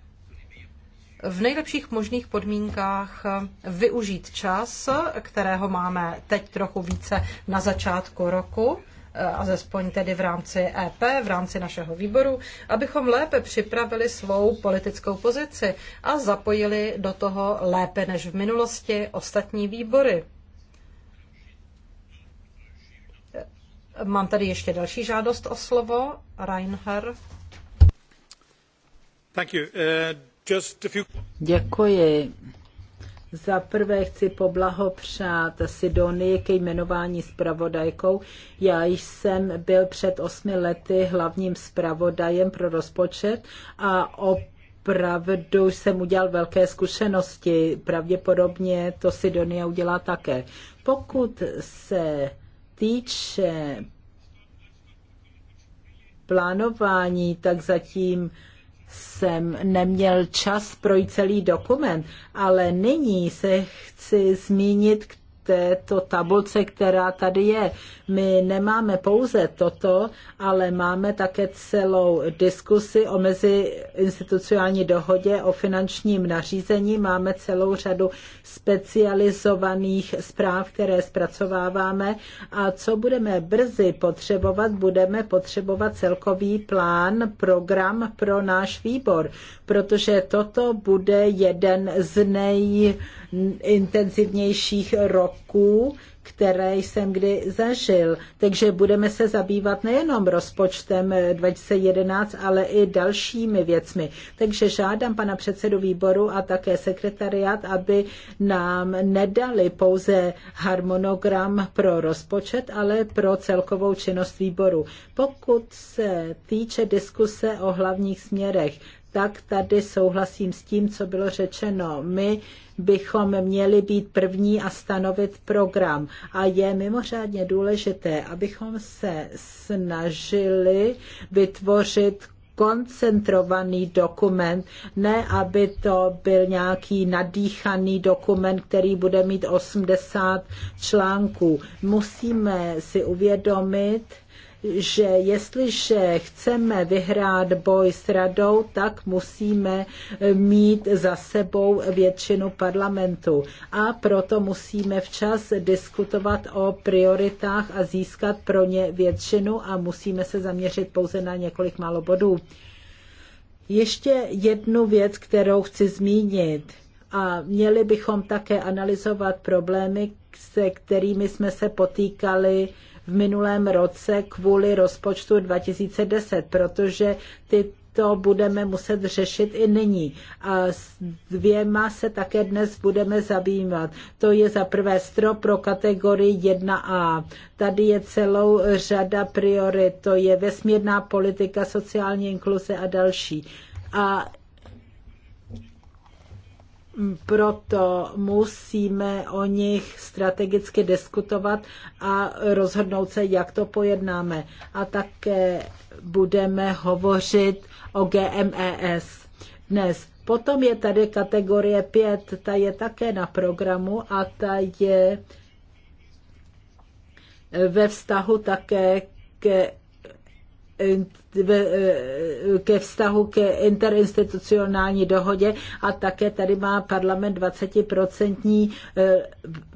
v nejlepších možných podmínkách využít čas, kterého máme teď trochu více na začátku roku, eh, a zespoň tedy v rámci EP, v rámci našeho výboru, abychom lépe připravili svou politickou pozici a zapojili do toho lépe než v minulosti ostatní výbory. Eh, mám tady ještě další žádost o slovo. Reinhard. Thank you. Uh... Děkuji. Za prvé chci poblahopřát Sidonii ke jmenování zpravodajkou. Já jsem byl před osmi lety hlavním zpravodajem pro rozpočet a opravdu jsem udělal velké zkušenosti. Pravděpodobně to Sidonia udělá také. Pokud se týče plánování, tak zatím jsem neměl čas projít celý dokument, ale nyní se chci zmínit k této tabulce, která tady je. My nemáme pouze toto, ale máme také celou diskusi o meziinstitucionální dohodě, o finančním nařízení. Máme celou řadu specializovaných zpráv, které zpracováváme a co budeme brzy potřebovat, budeme potřebovat celkový plán, program pro náš výbor, protože toto bude jeden z nej intenzivnějších roků, které jsem kdy zažil. Takže budeme se zabývat nejenom rozpočtem eh, 2011, ale i dalšími věcmi. Takže žádám pana předsedu výboru a také sekretariát, aby nám nedali pouze harmonogram pro rozpočet, ale pro celkovou činnost výboru. Pokud se týče diskuse o hlavních směrech, tak tady souhlasím s tím, co bylo řečeno. My bychom měli být první a stanovit program. A je mimořádně důležité, abychom se snažili vytvořit koncentrovaný dokument, ne aby to byl nějaký nadýchaný dokument, který bude mít 80 článků. Musíme si uvědomit, že jestliže chceme vyhrát boj s radou, tak musíme mít za sebou většinu parlamentu. A proto musíme včas diskutovat o prioritách a získat pro ně většinu a musíme se zaměřit pouze na několik málo bodů. Ještě jednu věc, kterou chci zmínit. A měli bychom také analyzovat problémy, se kterými jsme se potýkali v minulém roce kvůli rozpočtu 2010, protože ty to budeme muset řešit i nyní. A s dvěma se také dnes budeme zabývat. To je za prvé strop pro kategorii 1A. Tady je celou řada priorit, to je vesmírná politika, sociální inkluze a další. A proto musíme o nich strategicky diskutovat a rozhodnout se, jak to pojednáme. A také budeme hovořit o GMES dnes. Potom je tady kategorie 5, ta je také na programu a ta je ve vztahu také k E, ke vztahu ke interinstitucionální dohodě a také tady má parlament 20% e,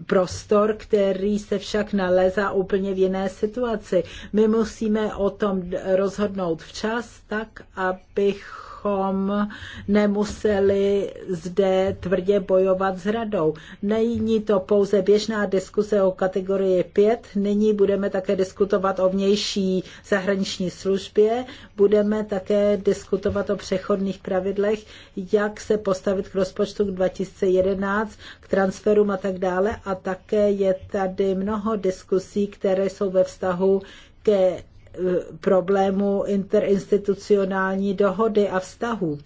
prostor, který se však nalézá úplně v jiné situaci. My musíme o tom rozhodnout včas tak, abychom abychom nemuseli zde tvrdě bojovat s radou. Není to pouze běžná diskuse o kategorii 5, nyní budeme také diskutovat o vnější zahraniční službě, budeme také diskutovat o přechodných pravidlech, jak se postavit k rozpočtu k 2011, k transferům a tak dále. A také je tady mnoho diskusí, které jsou ve vztahu ke Eh, problému interinstitucionální dohody a vztahu.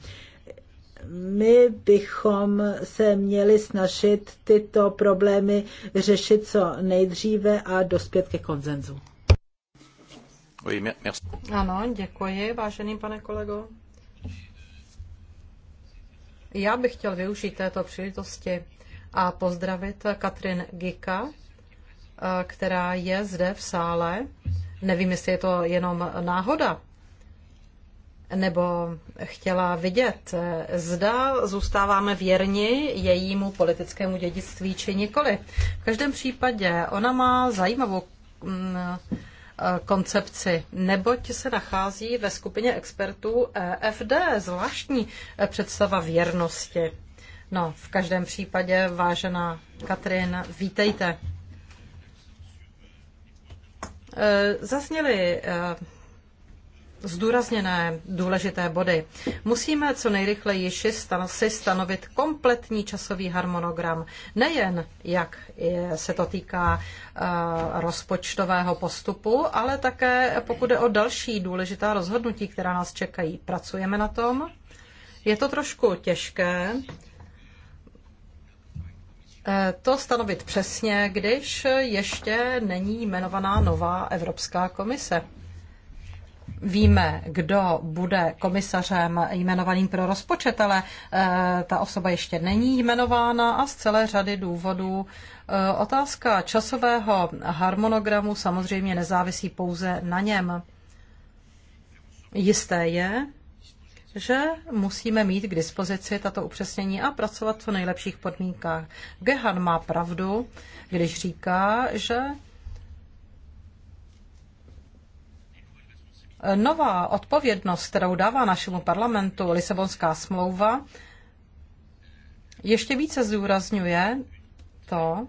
My bychom se měli snažit tyto problémy řešit co nejdříve a dospět ke konzenzu. Ano, děkuji, vážený pane kolego. Já bych chtěl využít této příležitosti a pozdravit Katrin Gika, eh, která je zde v sále Nevím, jestli je to jenom náhoda, nebo chtěla vidět, zda zůstáváme věrni jejímu politickému dědictví či nikoli. V každém případě ona má zajímavou mm, eh, koncepci, neboť se nachází ve skupině expertů EFD, zvláštní eh, představa věrnosti. No, v každém případě, vážená Katrin, vítejte. Eh, zazněly eh, zdůrazněné důležité body. Musíme co nejrychleji si stanovit kompletní časový harmonogram, nejen jak se to týká eh, rozpočtového postupu, ale také pokud je o další důležitá rozhodnutí, která nás čekají. Pracujeme na tom. Je to trošku těžké, Eh, to stanovit přesně, když ještě není jmenovaná nová Evropská komise. Víme, kdo bude komisařem jmenovaným pro rozpočet, ale eh, ta osoba ještě není jmenována a z celé řady důvodů eh, otázka časového harmonogramu samozřejmě nezávisí pouze na něm. Jisté je, že musíme mít k dispozici tato upřesnění a pracovat v co nejlepších podmínkách. Gehan má pravdu, když říká, že nová odpovědnost, kterou dává našemu parlamentu Lisabonská smlouva, ještě více zdůrazňuje to,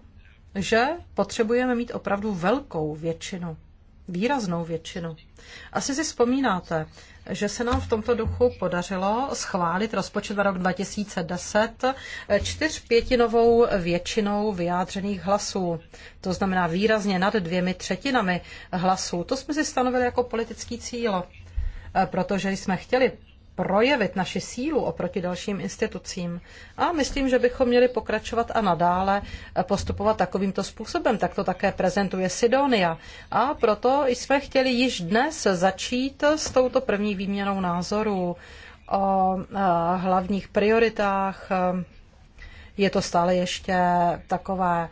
že potřebujeme mít opravdu velkou většinu, výraznou většinu. Asi si vzpomínáte, že se nám v tomto duchu podařilo schválit rozpočet na rok 2010 čtyřpětinovou většinou vyjádřených hlasů. To znamená výrazně nad dvěmi třetinami hlasů. To jsme si stanovili jako politický cíl, protože jsme chtěli projevit naši sílu oproti dalším institucím. A myslím, že bychom měli pokračovat a nadále postupovat takovýmto způsobem. Tak to také prezentuje Sidonia. A proto jsme chtěli již dnes začít s touto první výměnou názorů o eh, hlavních prioritách. Je to stále ještě takové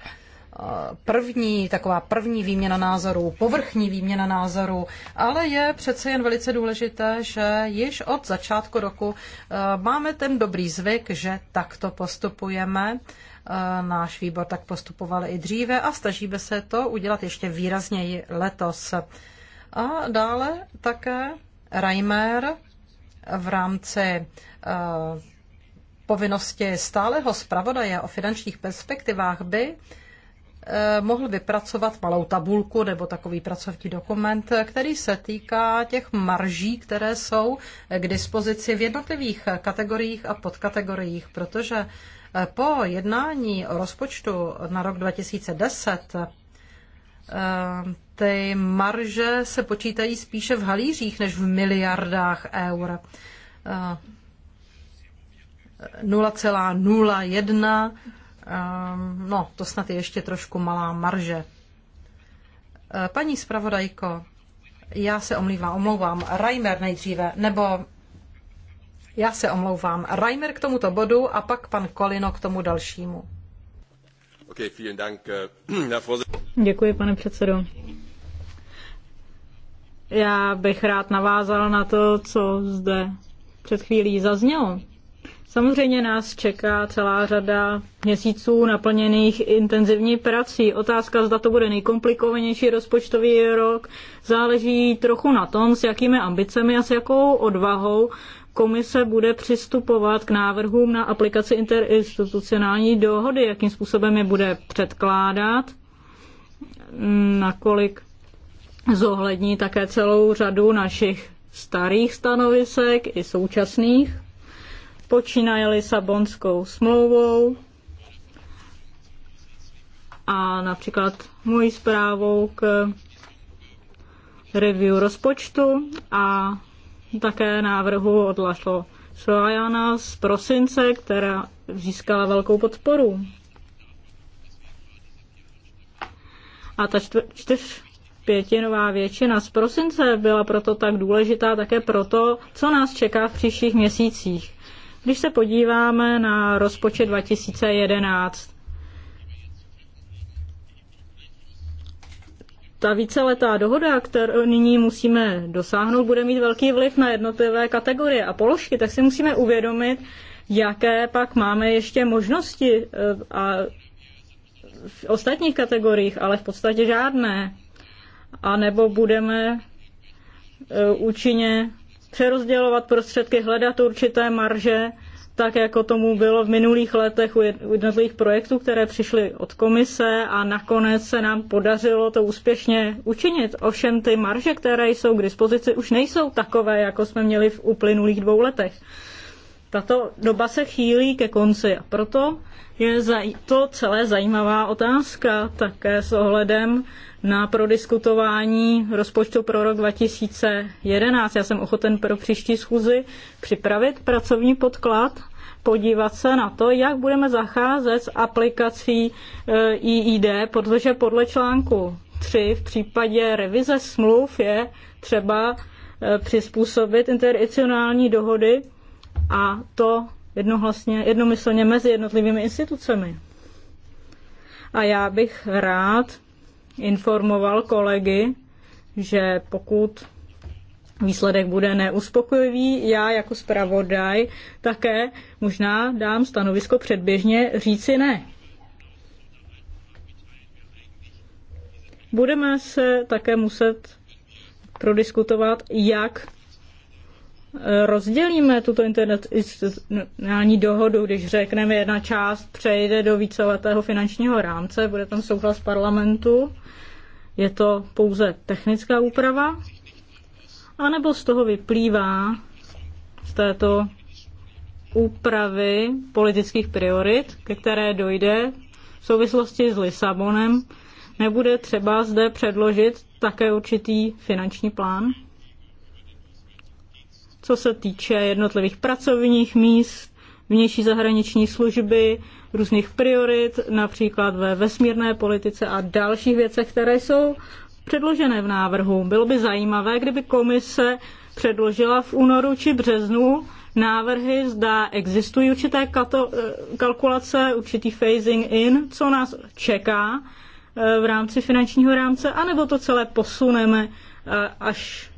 Eh, první, taková první výměna názorů, povrchní výměna názorů, ale je přece jen velice důležité, že již od začátku roku eh, máme ten dobrý zvyk, že takto postupujeme. Eh, náš výbor tak postupoval i dříve a snažíme se to udělat ještě výrazněji letos. A dále také Reimer v rámci povinnosti stáleho zpravodaje o finančních perspektivách by Eh, mohl vypracovat malou tabulku nebo takový pracovní dokument, který se týká těch marží, které jsou k dispozici v jednotlivých kategoriích a podkategoriích, protože eh, po jednání o rozpočtu na rok 2010 eh, ty marže se počítají spíše v halířích než v miliardách eur. 0,01 Ehm, no, to snad je ještě trošku malá marže. Eh, paní zpravodajko, já se omlívám, omlouvám, Reimer nejdříve, nebo já se omlouvám, Reimer k tomuto bodu a pak pan Kolino k tomu dalšímu. Eh, Děkuji, pane předsedo. Já bych rád navázal na to, co zde před chvílí zaznělo. Samozřejmě nás čeká celá řada měsíců naplněných intenzivní prací. Otázka, zda to bude nejkomplikovanější rozpočtový rok, záleží trochu na tom, s jakými ambicemi a s jakou odvahou komise bude přistupovat k návrhům na aplikaci interinstitucionální dohody, jakým způsobem je bude předkládat, nakolik zohlední také celou řadu našich starých stanovisek i současných počínaje Lisabonskou smlouvou a například mojí zprávou k review rozpočtu a také návrhu od Lašlo Sojana z prosince, která získala velkou podporu. A ta čtvr, čtyř pětinová většina z prosince byla proto tak důležitá také proto, co nás čeká v příštích měsících. Když se podíváme na rozpočet 2011, ta víceletá dohoda, kterou nyní musíme dosáhnout, bude mít velký vliv na jednotlivé kategorie a položky, tak si musíme uvědomit, jaké pak máme ještě možnosti eh, a v ostatních kategoriích, ale v podstatě žádné. A nebo budeme eh, účinně přerozdělovat prostředky, hledat určité marže, tak jako tomu bylo v minulých letech u jednotlivých projektů, které přišly od komise a nakonec se nám podařilo to úspěšně učinit. Ovšem ty marže, které jsou k dispozici, už nejsou takové, jako jsme měli v uplynulých dvou letech. Tato doba se chýlí ke konci a proto je to celé zajímavá otázka také s ohledem na prodiskutování rozpočtu pro rok 2011. Já jsem ochoten pro příští schůzi připravit pracovní podklad, podívat se na to, jak budeme zacházet s aplikací eh, IID, protože podle článku 3 v případě revize smluv je třeba eh, přizpůsobit interinstitucionální dohody a to jednohlasně, jednomyslně mezi jednotlivými institucemi. A já bych rád informoval kolegy, že pokud výsledek bude neuspokojivý, já jako zpravodaj také možná dám stanovisko předběžně říci ne. Budeme se také muset prodiskutovat, jak rozdělíme tuto internacionální dohodu, když řekneme, jedna část přejde do víceletého finančního rámce, bude tam souhlas parlamentu, je to pouze technická úprava, anebo z toho vyplývá z této úpravy politických priorit, ke které dojde v souvislosti s Lisabonem, nebude třeba zde předložit také určitý finanční plán? co se týče jednotlivých pracovních míst, vnější zahraniční služby, různých priorit, například ve vesmírné politice a dalších věcech, které jsou předložené v návrhu. Bylo by zajímavé, kdyby komise předložila v únoru či březnu návrhy, zda existují určité kato, eh, kalkulace, určitý phasing in, co nás čeká eh, v rámci finančního rámce, anebo to celé posuneme eh, až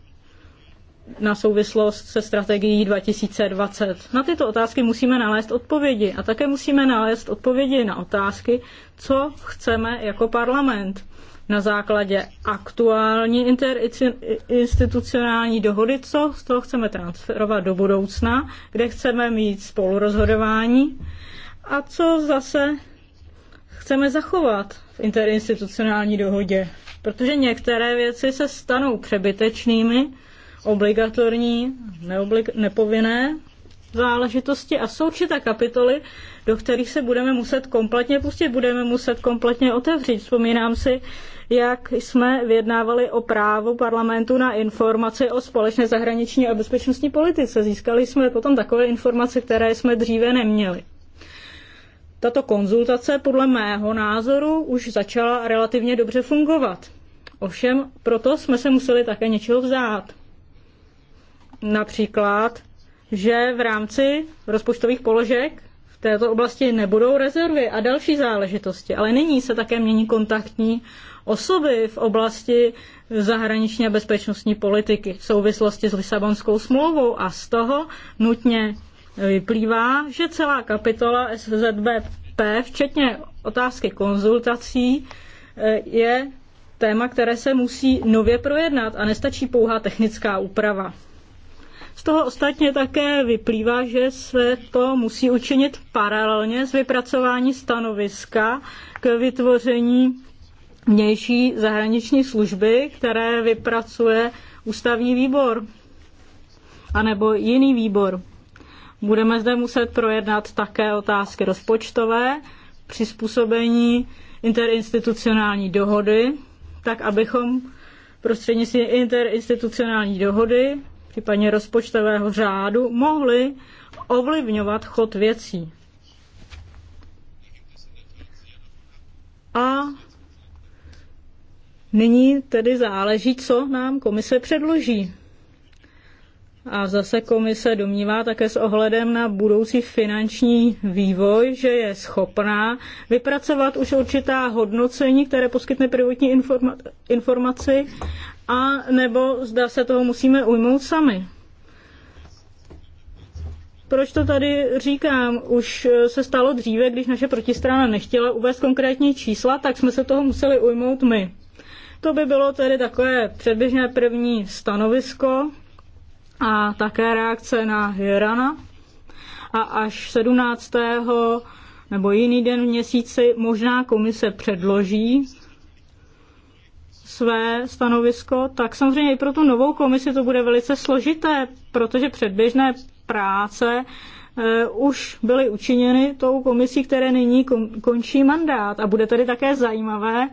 na souvislost se strategií 2020. Na tyto otázky musíme nalézt odpovědi a také musíme nalézt odpovědi na otázky, co chceme jako parlament na základě aktuální interinstitucionální dohody, co z toho chceme transferovat do budoucna, kde chceme mít spolurozhodování a co zase chceme zachovat v interinstitucionální dohodě. Protože některé věci se stanou přebytečnými, obligatorní, neoblig, nepovinné záležitosti a jsou určité kapitoly, do kterých se budeme muset kompletně pustit, budeme muset kompletně otevřít. Vzpomínám si, jak jsme vyjednávali o právu parlamentu na informace o společné zahraniční a bezpečnostní politice. Získali jsme potom takové informace, které jsme dříve neměli. Tato konzultace podle mého názoru už začala relativně dobře fungovat. Ovšem, proto jsme se museli také něčeho vzát. Například, že v rámci rozpočtových položek v této oblasti nebudou rezervy a další záležitosti. Ale nyní se také mění kontaktní osoby v oblasti zahraniční a bezpečnostní politiky v souvislosti s Lisabonskou smlouvou a z toho nutně vyplývá, že celá kapitola SZBP, včetně otázky konzultací, je téma, které se musí nově projednat a nestačí pouhá technická úprava toho ostatně také vyplývá, že se to musí učinit paralelně s vypracování stanoviska k vytvoření vnější zahraniční služby, které vypracuje ústavní výbor anebo jiný výbor. Budeme zde muset projednat také otázky rozpočtové, přizpůsobení interinstitucionální dohody, tak abychom prostřednictvím interinstitucionální dohody případně rozpočtového řádu mohly ovlivňovat chod věcí. A nyní tedy záleží, co nám komise předloží. A zase komise domnívá také s ohledem na budoucí finanční vývoj, že je schopná vypracovat už určitá hodnocení, které poskytne prvotní informa- informaci, a nebo zda se toho musíme ujmout sami. Proč to tady říkám? Už se stalo dříve, když naše protistrana nechtěla uvést konkrétní čísla, tak jsme se toho museli ujmout my. To by bylo tedy takové předběžné první stanovisko, a také reakce na Hirana. A až 17. nebo jiný den v měsíci možná komise předloží své stanovisko, tak samozřejmě i pro tu novou komisi to bude velice složité, protože předběžné práce Eh, už byly učiněny tou komisí, které nyní končí mandát. A bude tedy také zajímavé,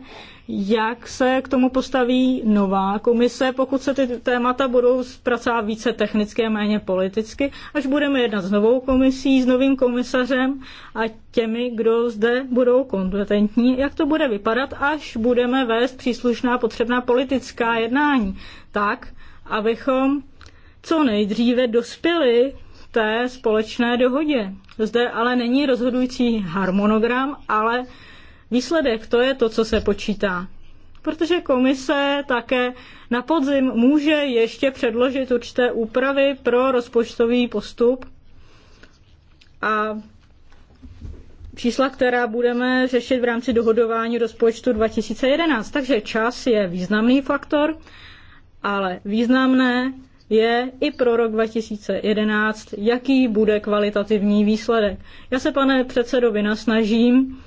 jak se k tomu postaví nová komise, pokud se ty témata budou zpracovat více technicky a méně politicky, až budeme jednat s novou komisí, s novým komisařem a těmi, kdo zde budou kompetentní, jak to bude vypadat, až budeme vést příslušná potřebná politická jednání. Tak, abychom co nejdříve dospěli té společné dohodě. Zde ale není rozhodující harmonogram, ale výsledek, to je to, co se počítá. Protože komise také na podzim může ještě předložit určité úpravy pro rozpočtový postup a čísla, která budeme řešit v rámci dohodování rozpočtu 2011. Takže čas je významný faktor, ale významné je i pro rok 2011, jaký bude kvalitativní výsledek. Já se, pane předsedo, vynasnažím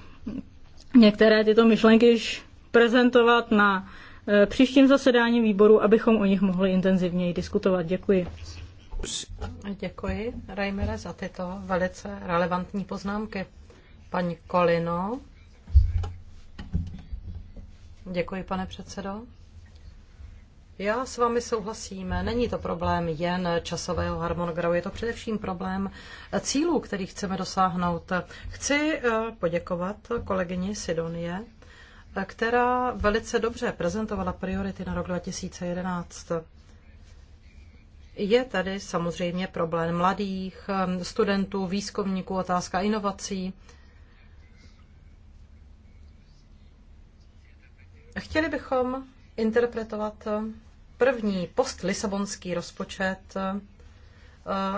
některé tyto myšlenky již prezentovat na eh, příštím zasedání výboru, abychom o nich mohli intenzivněji diskutovat. Děkuji. Děkuji, Reimere, za tyto velice relevantní poznámky. Paní Kolino. Děkuji, pane předsedo. Já s vámi souhlasím. Není to problém jen časového harmonogramu, je to především problém cílů, který chceme dosáhnout. Chci eh, poděkovat kolegyni Sidonie, eh, která velice dobře prezentovala priority na rok 2011. Je tady samozřejmě problém mladých, eh, studentů, výzkumníků, otázka inovací. Chtěli bychom interpretovat první post-lisabonský rozpočet eh,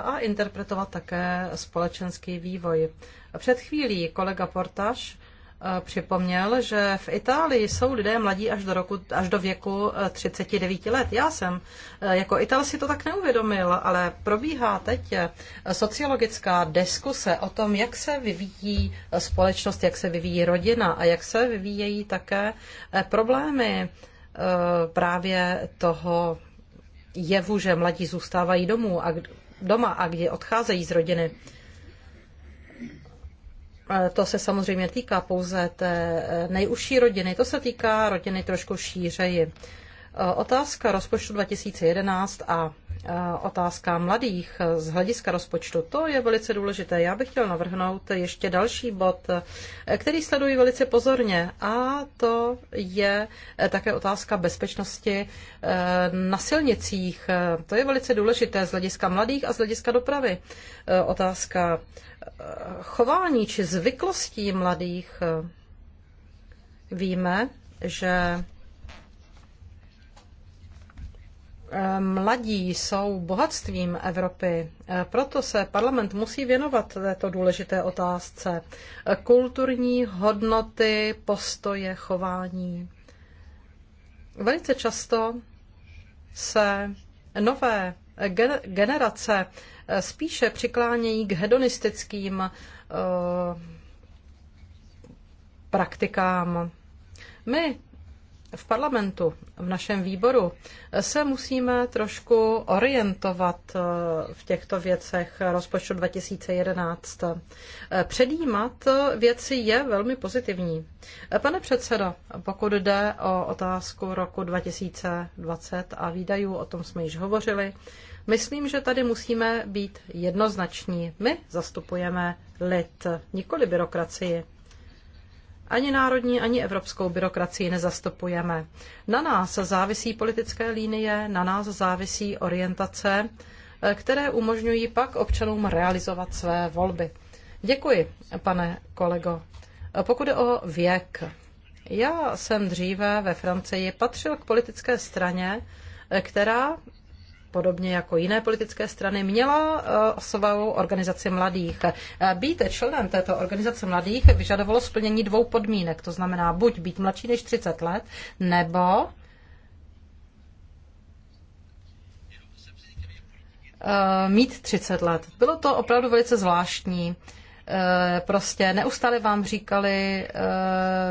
a interpretovat také společenský vývoj. Před chvílí kolega Portaš eh, připomněl, že v Itálii jsou lidé mladí až do, roku, až do věku 39 eh, let. Já jsem jako Ital si to tak neuvědomil, ale probíhá teď sociologická diskuse o tom, jak se vyvíjí společnost, jak se vyvíjí rodina a jak se vyvíjejí také problémy Eh, právě toho jevu, že mladí zůstávají domů a doma a kdy odcházejí z rodiny. Eh, to se samozřejmě týká pouze té eh, nejužší rodiny, to se týká rodiny trošku šířeji. Otázka rozpočtu 2011 a Eh, otázka mladých eh, z hlediska rozpočtu. To je velice důležité. Já bych chtěl navrhnout ještě další bod, eh, který sleduji velice pozorně a to je také otázka bezpečnosti na silnicích. To je velice důležité z hlediska mladých a z hlediska dopravy. Otázka chování či zvyklostí mladých. Víme, že Eh, mladí jsou bohatstvím Evropy. Eh, proto se parlament musí věnovat této důležité otázce. Eh, kulturní hodnoty, postoje, chování. Velice často se nové generace spíše přiklánějí k hedonistickým praktikám. My v parlamentu, v našem výboru, se musíme trošku orientovat eh, v těchto věcech rozpočtu 2011. Eh, předjímat eh, věci je velmi pozitivní. Pane předsedo, pokud jde o otázku roku 2020 a výdajů, o tom jsme již hovořili, myslím, že tady musíme být jednoznační. My zastupujeme lid, nikoli byrokracii. Ani národní, ani evropskou byrokracii nezastupujeme. Na nás závisí politické linie, na nás závisí orientace, eh, které umožňují pak občanům realizovat své volby. Děkuji, pane kolego. Eh, pokud o věk, já jsem dříve ve Francii patřil k politické straně, eh, která podobně jako jiné politické strany, měla eh, svou organizaci mladých. Eh, být členem této organizace mladých vyžadovalo splnění dvou podmínek, to znamená buď být mladší než 30 let, nebo eh, mít 30 let. Bylo to opravdu velice zvláštní. Prostě neustále vám říkali,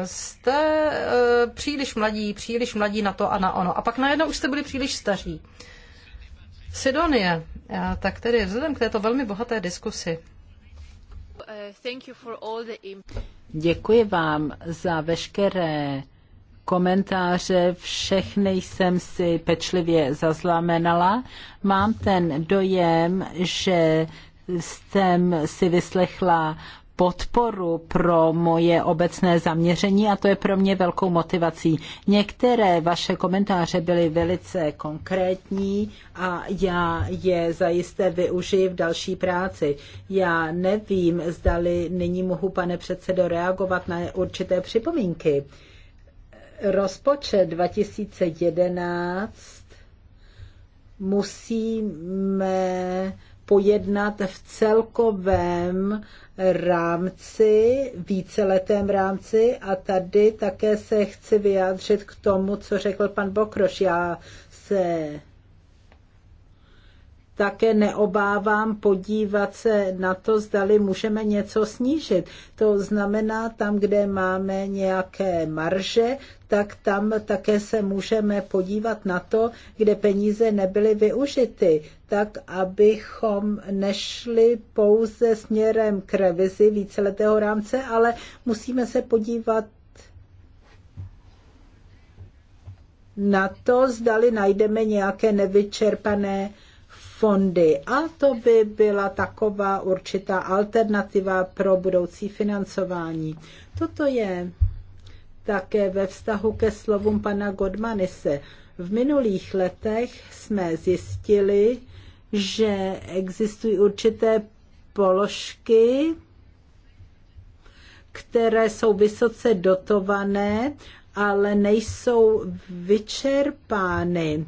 jste příliš mladí, příliš mladí na to a na ono. A pak najednou už jste byli příliš staří. Sidonie, tak tedy vzhledem k této velmi bohaté diskusi. Děkuji vám za veškeré komentáře, všechny jsem si pečlivě zaznamenala. Mám ten dojem, že jsem si vyslechla podporu pro moje obecné zaměření a to je pro mě velkou motivací. Některé vaše komentáře byly velice konkrétní a já je zajisté využiji v další práci. Já nevím, zdali nyní mohu, pane předsedo, reagovat na určité připomínky. Rozpočet 2011 musíme pojednat v celkovém rámci, víceletém rámci a tady také se chci vyjádřit k tomu, co řekl pan Bokroš. Já se také neobávám podívat se na to, zdali můžeme něco snížit. To znamená, tam, kde máme nějaké marže, tak tam také se můžeme podívat na to, kde peníze nebyly využity, tak abychom nešli pouze směrem k revizi víceletého rámce, ale musíme se podívat na to, zdali najdeme nějaké nevyčerpané fondy a to by byla taková určitá alternativa pro budoucí financování. Toto je také ve vztahu ke slovům pana Godmanise. V minulých letech jsme zjistili, že existují určité položky, které jsou vysoce dotované, ale nejsou vyčerpány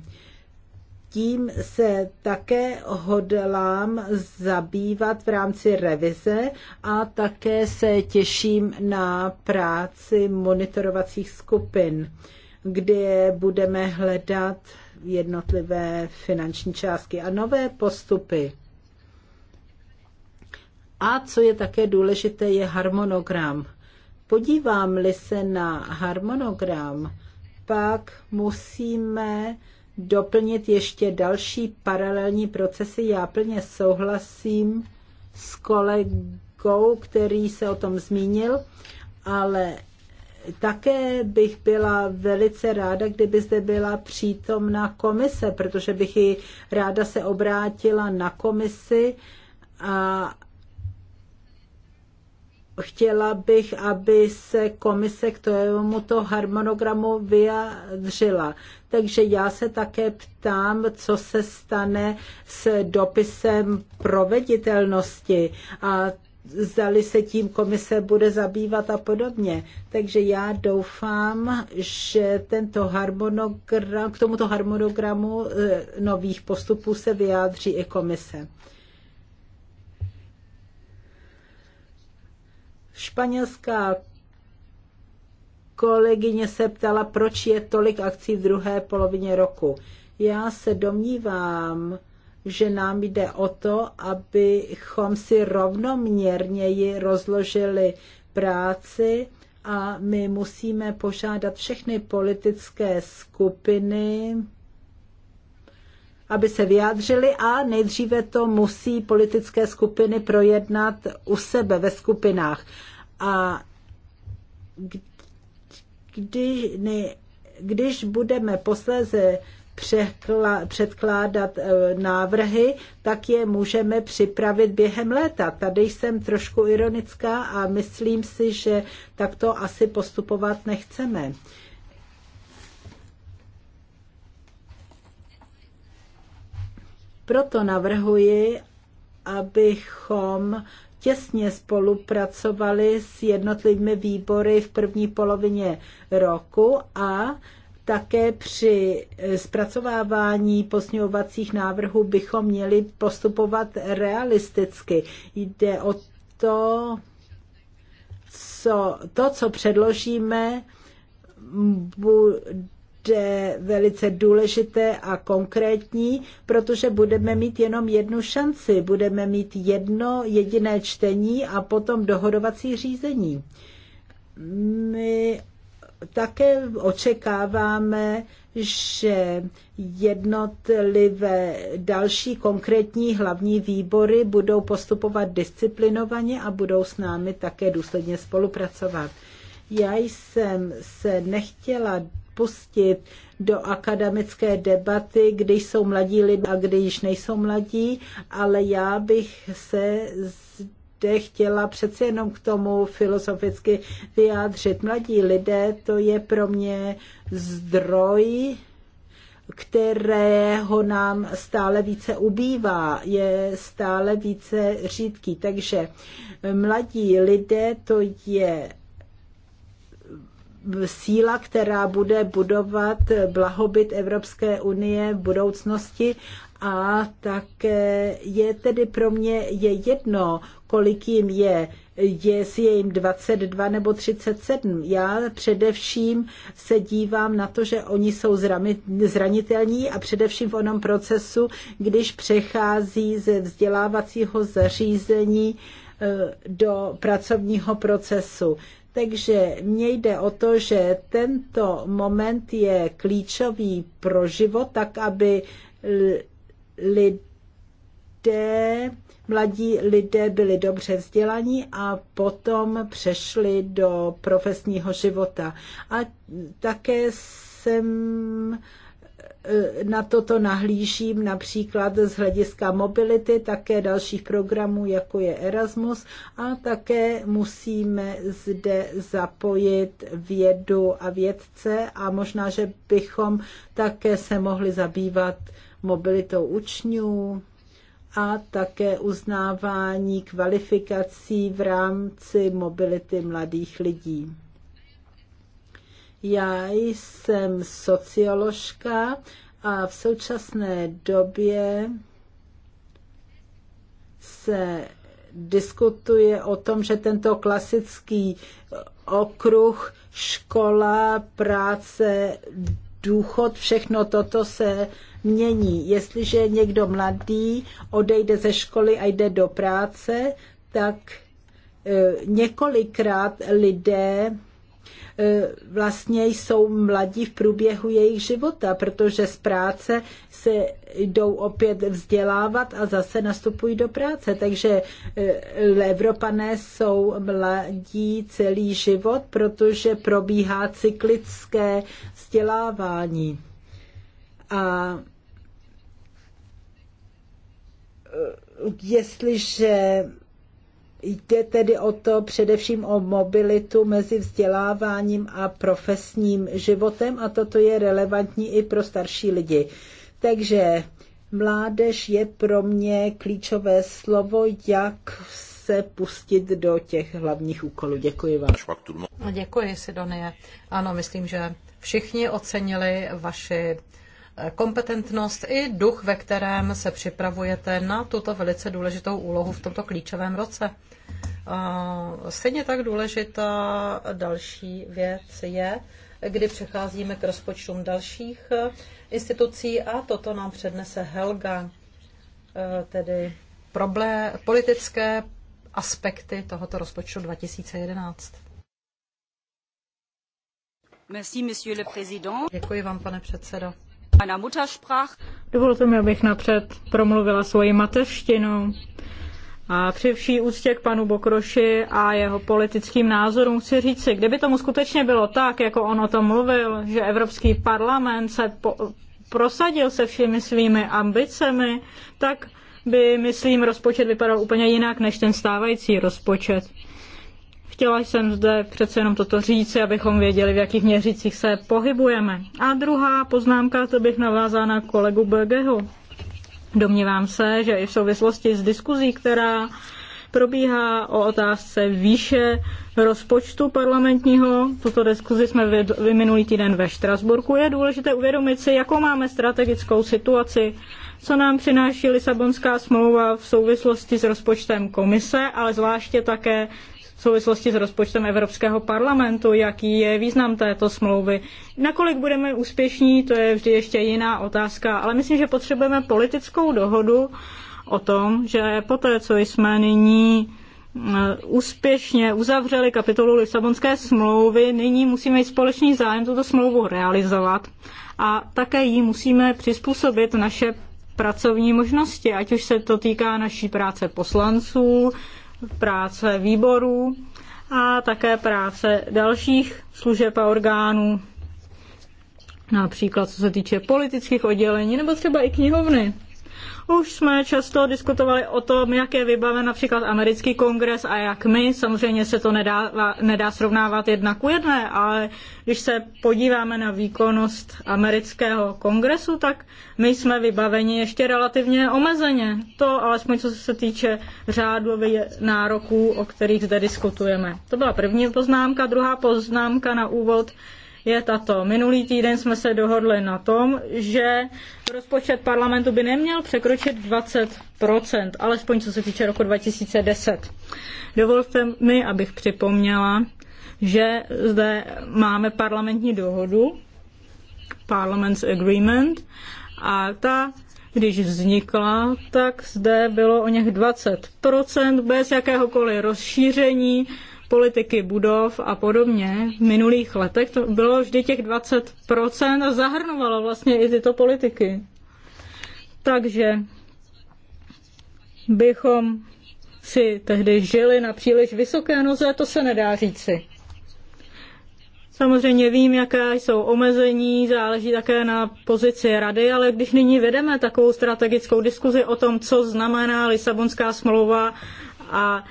tím se také hodlám zabývat v rámci revize a také se těším na práci monitorovacích skupin, kde budeme hledat jednotlivé finanční částky a nové postupy. A co je také důležité, je harmonogram. Podívám-li se na harmonogram, pak musíme doplnit ještě další paralelní procesy. Já plně souhlasím s kolegou, který se o tom zmínil, ale také bych byla velice ráda, kdyby zde byla přítomná komise, protože bych ji ráda se obrátila na komisi a chtěla bych, aby se komise k tomuto harmonogramu vyjadřila. Takže já se také ptám, co se stane s dopisem proveditelnosti a zdali se tím komise bude zabývat a podobně. Takže já doufám, že tento harmonogram, k tomuto harmonogramu eh, nových postupů se vyjádří i komise. Španělská kolegyně se ptala, proč je tolik akcí v druhé polovině roku. Já se domnívám, že nám jde o to, abychom si rovnoměrněji rozložili práci a my musíme požádat všechny politické skupiny, aby se vyjádřili a nejdříve to musí politické skupiny projednat u sebe ve skupinách. A když, ne, když budeme posléze překla, předkládat e, návrhy, tak je můžeme připravit během léta. Tady jsem trošku ironická a myslím si, že takto asi postupovat nechceme. Proto navrhuji, abychom těsně spolupracovali s jednotlivými výbory v první polovině roku a také při eh, zpracovávání posňovacích návrhů bychom měli postupovat realisticky. Jde o to, co, to, co předložíme, bude bude velice důležité a konkrétní, protože budeme mít jenom jednu šanci, budeme mít jedno jediné čtení a potom dohodovací řízení. My také očekáváme, že jednotlivé další konkrétní hlavní výbory budou postupovat disciplinovaně a budou s námi také důsledně spolupracovat. Já jsem se nechtěla pustit do akademické debaty, když jsou mladí lidé a když nejsou mladí, ale já bych se zde chtěla přeci jenom k tomu filozoficky vyjádřit. Mladí lidé, to je pro mě zdroj kterého nám stále více ubývá, je stále více řídký. Takže mladí lidé to je síla, která bude budovat blahobyt Evropské unie v budoucnosti a tak je tedy pro mě je jedno, kolik jim je, jestli je jim 22 nebo 37. Já především se dívám na to, že oni jsou zranitelní a především v onom procesu, když přechází ze vzdělávacího zařízení eh, do pracovního procesu. Takže mně jde o to, že tento moment je klíčový pro život, tak aby lidé, mladí lidé byli dobře vzdělaní a potom přešli do profesního života. A také jsem Eh, na toto nahlížím například z hlediska mobility, také dalších programů, jako je Erasmus, a také musíme zde zapojit vědu a vědce a možná, že bychom také se mohli zabývat mobilitou učňů a také uznávání kvalifikací v rámci mobility mladých lidí. Já jsem socioložka a v současné době se diskutuje o tom, že tento klasický okruh škola, práce, důchod, všechno toto se mění. Jestliže někdo mladý odejde ze školy a jde do práce, tak e, několikrát lidé E, vlastně jsou mladí v průběhu jejich života, protože z práce se jdou opět vzdělávat a zase nastupují do práce. Takže e, Evropané jsou mladí celý život, protože probíhá cyklické vzdělávání. A e, jestliže Jde tedy o to především o mobilitu mezi vzděláváním a profesním životem a toto je relevantní i pro starší lidi. Takže mládež je pro mě klíčové slovo, jak se pustit do těch hlavních úkolů. Děkuji vám. Děkuji, Sidonie. Ano, myslím, že všichni ocenili vaši kompetentnost i duch, ve kterém se připravujete na tuto velice důležitou úlohu v tomto klíčovém roce. Stejně tak důležitá další věc je, kdy přecházíme k rozpočtům dalších eh, institucí a toto nám přednese Helga, eh, tedy problé- politické aspekty tohoto rozpočtu 2011. Merci, monsieur le président. Děkuji vám, pane předsedo. Dovolte mi, abych napřed promluvila svoji mateřštinou. A při vší úctě k panu Bokroši a jeho politickým názorům chci říci, kdyby tomu skutečně bylo tak, jako on o tom mluvil, že Evropský parlament se po, prosadil se všemi svými ambicemi, tak by, myslím, rozpočet vypadal úplně jinak než ten stávající rozpočet chtěla jsem zde přece jenom toto říci, abychom věděli, v jakých měřících se pohybujeme. A druhá poznámka, to bych navázala na kolegu Bergeho. Domnívám se, že i v souvislosti s diskuzí, která probíhá o otázce výše rozpočtu parlamentního. Tuto diskuzi jsme vy minulý týden ve Štrasburku. Je důležité uvědomit si, jakou máme strategickou situaci, co nám přináší Lisabonská smlouva v souvislosti s rozpočtem komise, ale zvláště také v souvislosti s rozpočtem Evropského parlamentu, jaký je význam této smlouvy. Nakolik budeme úspěšní, to je vždy ještě jiná otázka, ale myslím, že potřebujeme politickou dohodu o tom, že poté, co jsme nyní eh, úspěšně uzavřeli kapitolu Lisabonské smlouvy, nyní musíme společný zájem tuto smlouvu realizovat a také ji musíme přizpůsobit naše pracovní možnosti, ať už se to týká naší práce poslanců, práce výborů a také práce dalších služeb a orgánů, například co se týče politických oddělení nebo třeba i knihovny. Už jsme často diskutovali o tom, jak je vybaven například americký kongres a jak my. Samozřejmě se to nedá, nedá srovnávat jedna ku jedné, ale když se podíváme na výkonnost amerického kongresu, tak my jsme vybaveni ještě relativně omezeně. To alespoň co se týče řádových nároků, o kterých zde diskutujeme. To byla první poznámka. Druhá poznámka na úvod je tato. Minulý týden jsme se dohodli na tom, že rozpočet parlamentu by neměl překročit 20%, alespoň co se týče roku 2010. Dovolte mi, abych připomněla, že zde máme parlamentní dohodu, Parliament's Agreement, a ta když vznikla, tak zde bylo o něch 20% bez jakéhokoliv rozšíření politiky budov a podobně v minulých letech, to bylo vždy těch 20% a zahrnovalo vlastně i tyto politiky. Takže bychom si tehdy žili na příliš vysoké noze, to se nedá říci. Samozřejmě vím, jaká jsou omezení, záleží také na pozici rady, ale když nyní vedeme takovou strategickou diskuzi o tom, co znamená Lisabonská smlouva a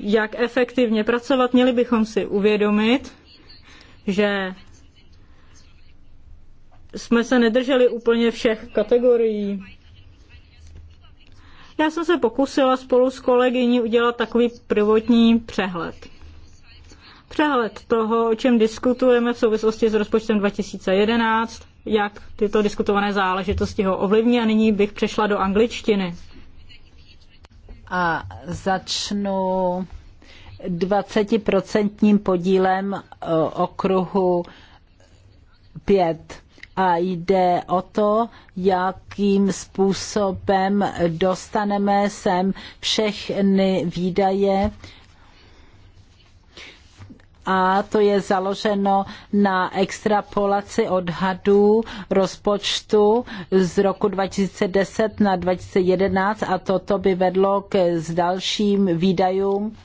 jak efektivně pracovat, měli bychom si uvědomit, že jsme se nedrželi úplně všech kategorií. Já jsem se pokusila spolu s kolegyní udělat takový prvotní přehled. Přehled toho, o čem diskutujeme v souvislosti s rozpočtem 2011, jak tyto diskutované záležitosti ho ovlivní a nyní bych přešla do angličtiny a začnu 20% podílem e, okruhu 5 a jde o to, jakým způsobem dostaneme sem všechny výdaje a to je založeno na extrapolaci odhadů rozpočtu z roku 2010 na 2011 a toto by vedlo k s dalším výdajům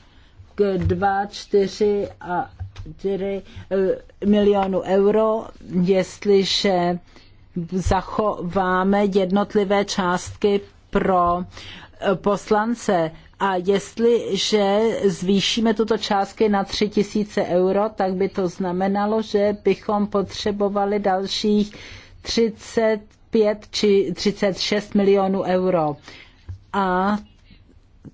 k 2, 4 a 4 eh, milionů euro, jestliže zachováme jednotlivé částky pro poslance a jestliže zvýšíme tuto částky na tisíce euro, tak by to znamenalo, že bychom potřebovali dalších 35 či 36 milionů euro. A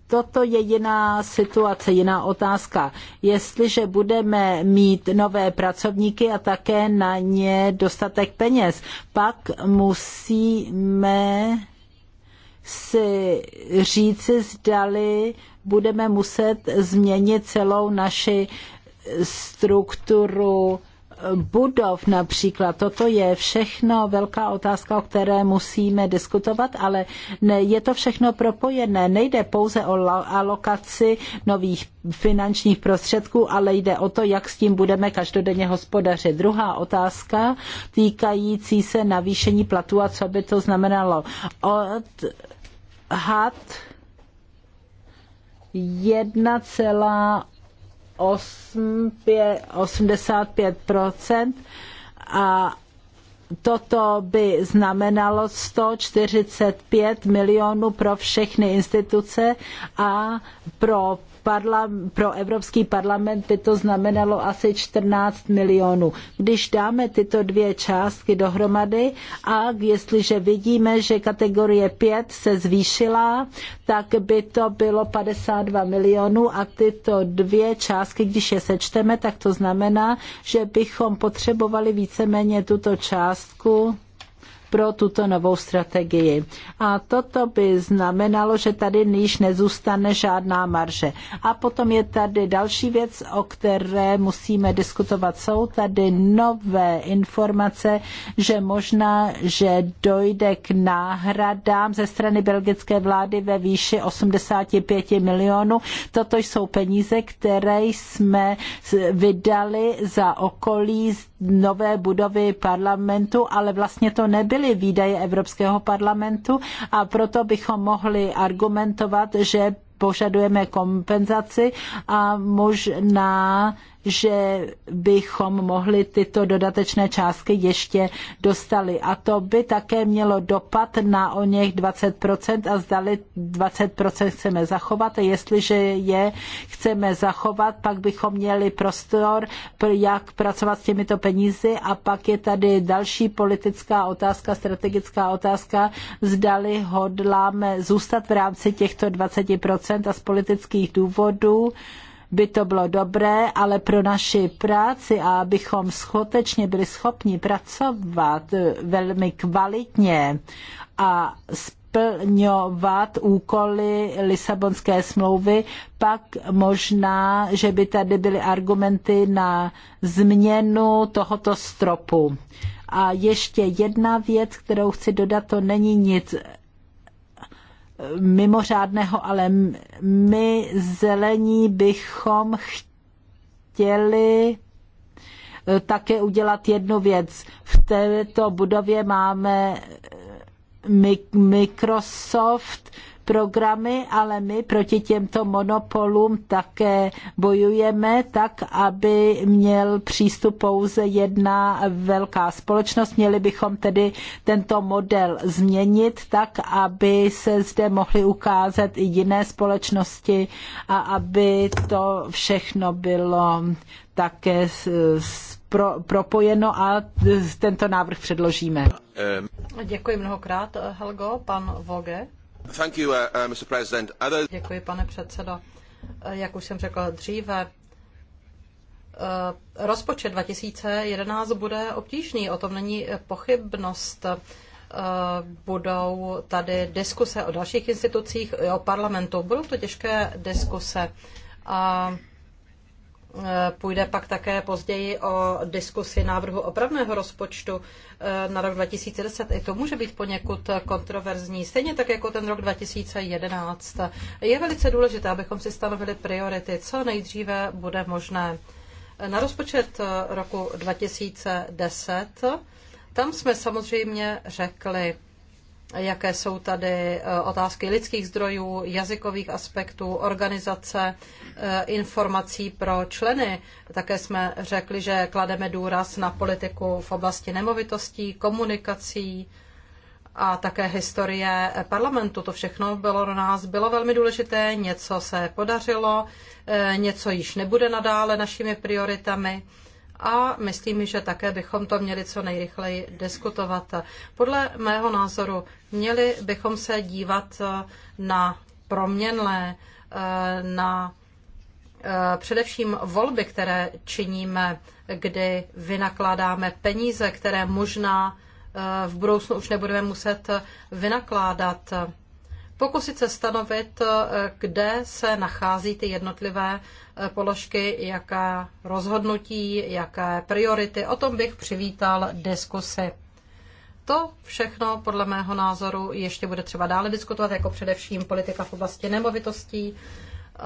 toto je jiná situace, jiná otázka. Jestliže budeme mít nové pracovníky a také na ně dostatek peněz, pak musíme si říci, zdali budeme muset změnit celou naši strukturu budov například. Toto je všechno velká otázka, o které musíme diskutovat, ale ne, je to všechno propojené. Nejde pouze o alokaci nových finančních prostředků, ale jde o to, jak s tím budeme každodenně hospodařit. Druhá otázka týkající se navýšení platů a co by to znamenalo. Od had 1,8 85% a toto by znamenalo 145 milionů pro všechny instituce a pro parla, pro Evropský parlament by to znamenalo asi 14 milionů. Když dáme tyto dvě částky dohromady a jestliže vidíme, že kategorie 5 se zvýšila, tak by to bylo 52 milionů a tyto dvě částky, když je sečteme, tak to znamená, že bychom potřebovali víceméně tuto částku pro tuto novou strategii. A toto by znamenalo, že tady níž nezůstane žádná marže. A potom je tady další věc, o které musíme diskutovat. Jsou tady nové informace, že možná, že dojde k náhradám ze strany belgické vlády ve výši 85 milionů. Toto jsou peníze, které jsme vydali za okolí nové budovy parlamentu, ale vlastně to nebylo byly výdaje Evropského parlamentu a proto bychom mohli argumentovat, že požadujeme kompenzaci a možná, že bychom mohli tyto dodatečné částky ještě dostali. A to by také mělo dopad na o něch 20% a zdali 20% chceme zachovat. A jestliže je chceme zachovat, pak bychom měli prostor, jak pracovat s těmito penízi. A pak je tady další politická otázka, strategická otázka, zdali hodláme zůstat v rámci těchto 20% a z politických důvodů, by to bylo dobré, ale pro naši práci a abychom skutečně byli schopni pracovat eh, velmi kvalitně a splňovat úkoly Lisabonské smlouvy, pak možná, že by tady byly argumenty na změnu tohoto stropu. A ještě jedna věc, kterou chci dodat, to není nic mimořádného, ale my zelení bychom chtěli e, také udělat jednu věc. V této budově máme e, Microsoft, programy, ale my proti těmto monopolům také bojujeme tak, aby měl přístup pouze jedna velká společnost. Měli bychom tedy tento model změnit tak, aby se zde mohly ukázat i jiné společnosti a aby to všechno bylo také pro, propojeno a tento návrh předložíme. Děkuji mnohokrát, Helgo. Pan Voge. Uh, uh, Děkuji, pane předsedo. Eh, jak už jsem řekl dříve, eh, rozpočet 2011 bude obtížný, o tom není pochybnost. Eh, budou tady diskuse o dalších institucích, o parlamentu. Budou to těžké diskuse. A Eh, půjde pak také později o diskusi návrhu opravného rozpočtu eh, na rok 2010. I to může být poněkud kontroverzní, stejně tak jako ten rok 2011. Je velice důležité, abychom si stanovili priority, co nejdříve bude možné. Eh, na rozpočet roku 2010 tam jsme samozřejmě řekli, jaké jsou tady e, otázky lidských zdrojů, jazykových aspektů, organizace e, informací pro členy. Také jsme řekli, že klademe důraz na politiku v oblasti nemovitostí, komunikací a také historie parlamentu. To všechno bylo pro nás bylo velmi důležité, něco se podařilo, e, něco již nebude nadále našimi prioritami a myslím, že také bychom to měli co nejrychleji diskutovat. Podle mého názoru měli bychom se dívat eh, na proměnlé, eh, na eh, především volby, které činíme, kdy vynakládáme peníze, které možná v budoucnu už nebudeme muset vynakládat pokusit se stanovit, eh, kde se nachází ty jednotlivé eh, položky, jaká rozhodnutí, jaké priority. O tom bych přivítal diskusy. To všechno podle mého názoru ještě bude třeba dále diskutovat, jako především politika v oblasti nemovitostí. Eh,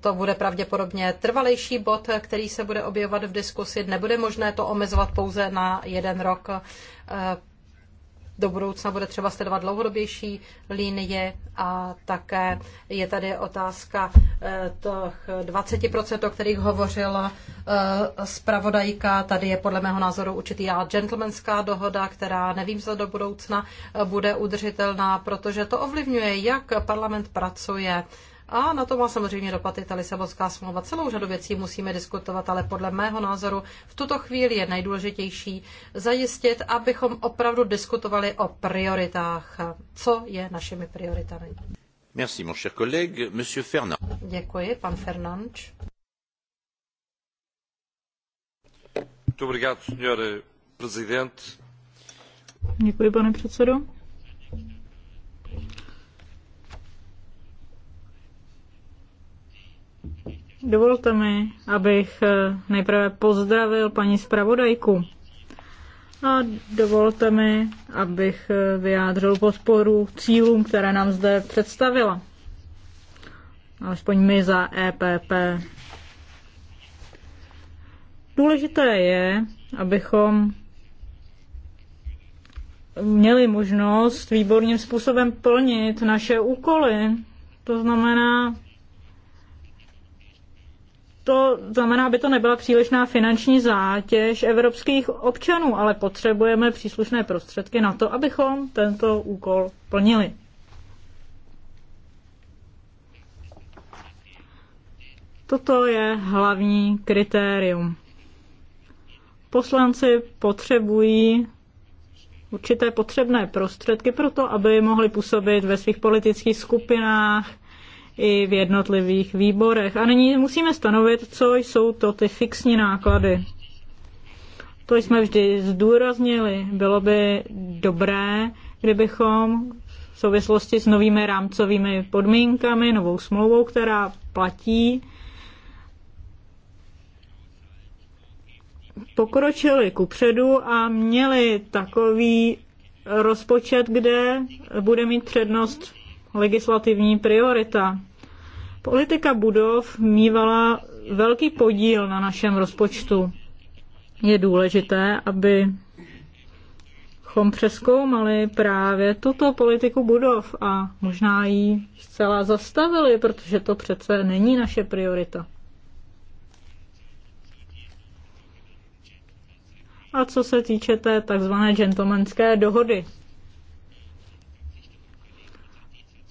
to bude pravděpodobně trvalejší bod, který se bude objevovat v diskusi. Nebude možné to omezovat pouze na jeden rok do budoucna bude třeba sledovat dlouhodobější linie a také je tady otázka eh, těch 20%, o kterých hovořila eh, zpravodajka. Tady je podle mého názoru určitý gentlemanská dohoda, která nevím, zda do budoucna eh, bude udržitelná, protože to ovlivňuje, jak parlament pracuje a na to má samozřejmě dopad i ta Lisabonská smlouva. Celou řadu věcí musíme diskutovat, ale podle mého názoru v tuto chvíli je nejdůležitější zajistit, abychom opravdu diskutovali o prioritách. Co je našimi prioritami? Merci, mon cher collègue. Monsieur Fernand. Děkuji, pan Fernand. Eh, Děkuji, pane předsedo. Dovolte mi, abych eh, nejprve pozdravil paní zpravodajku. A dovolte mi, abych eh, vyjádřil podporu cílům, které nám zde představila. Alespoň my za EPP. Důležité je, abychom měli možnost výborným způsobem plnit naše úkoly. To znamená to znamená, aby to nebyla přílišná finanční zátěž evropských občanů, ale potřebujeme příslušné prostředky na to, abychom tento úkol plnili. Toto je hlavní kritérium. Poslanci potřebují určité potřebné prostředky pro to, aby mohli působit ve svých politických skupinách, i v jednotlivých výborech. A nyní musíme stanovit, co jsou to ty fixní náklady. To jsme vždy zdůraznili. Bylo by dobré, kdybychom v souvislosti s novými rámcovými podmínkami, novou smlouvou, která platí, pokročili kupředu a měli takový rozpočet, kde bude mít přednost legislativní priorita. Politika budov mývala velký podíl na našem rozpočtu. Je důležité, aby chom přeskoumali právě tuto politiku budov a možná ji zcela zastavili, protože to přece není naše priorita. A co se týče té takzvané gentlemanské dohody,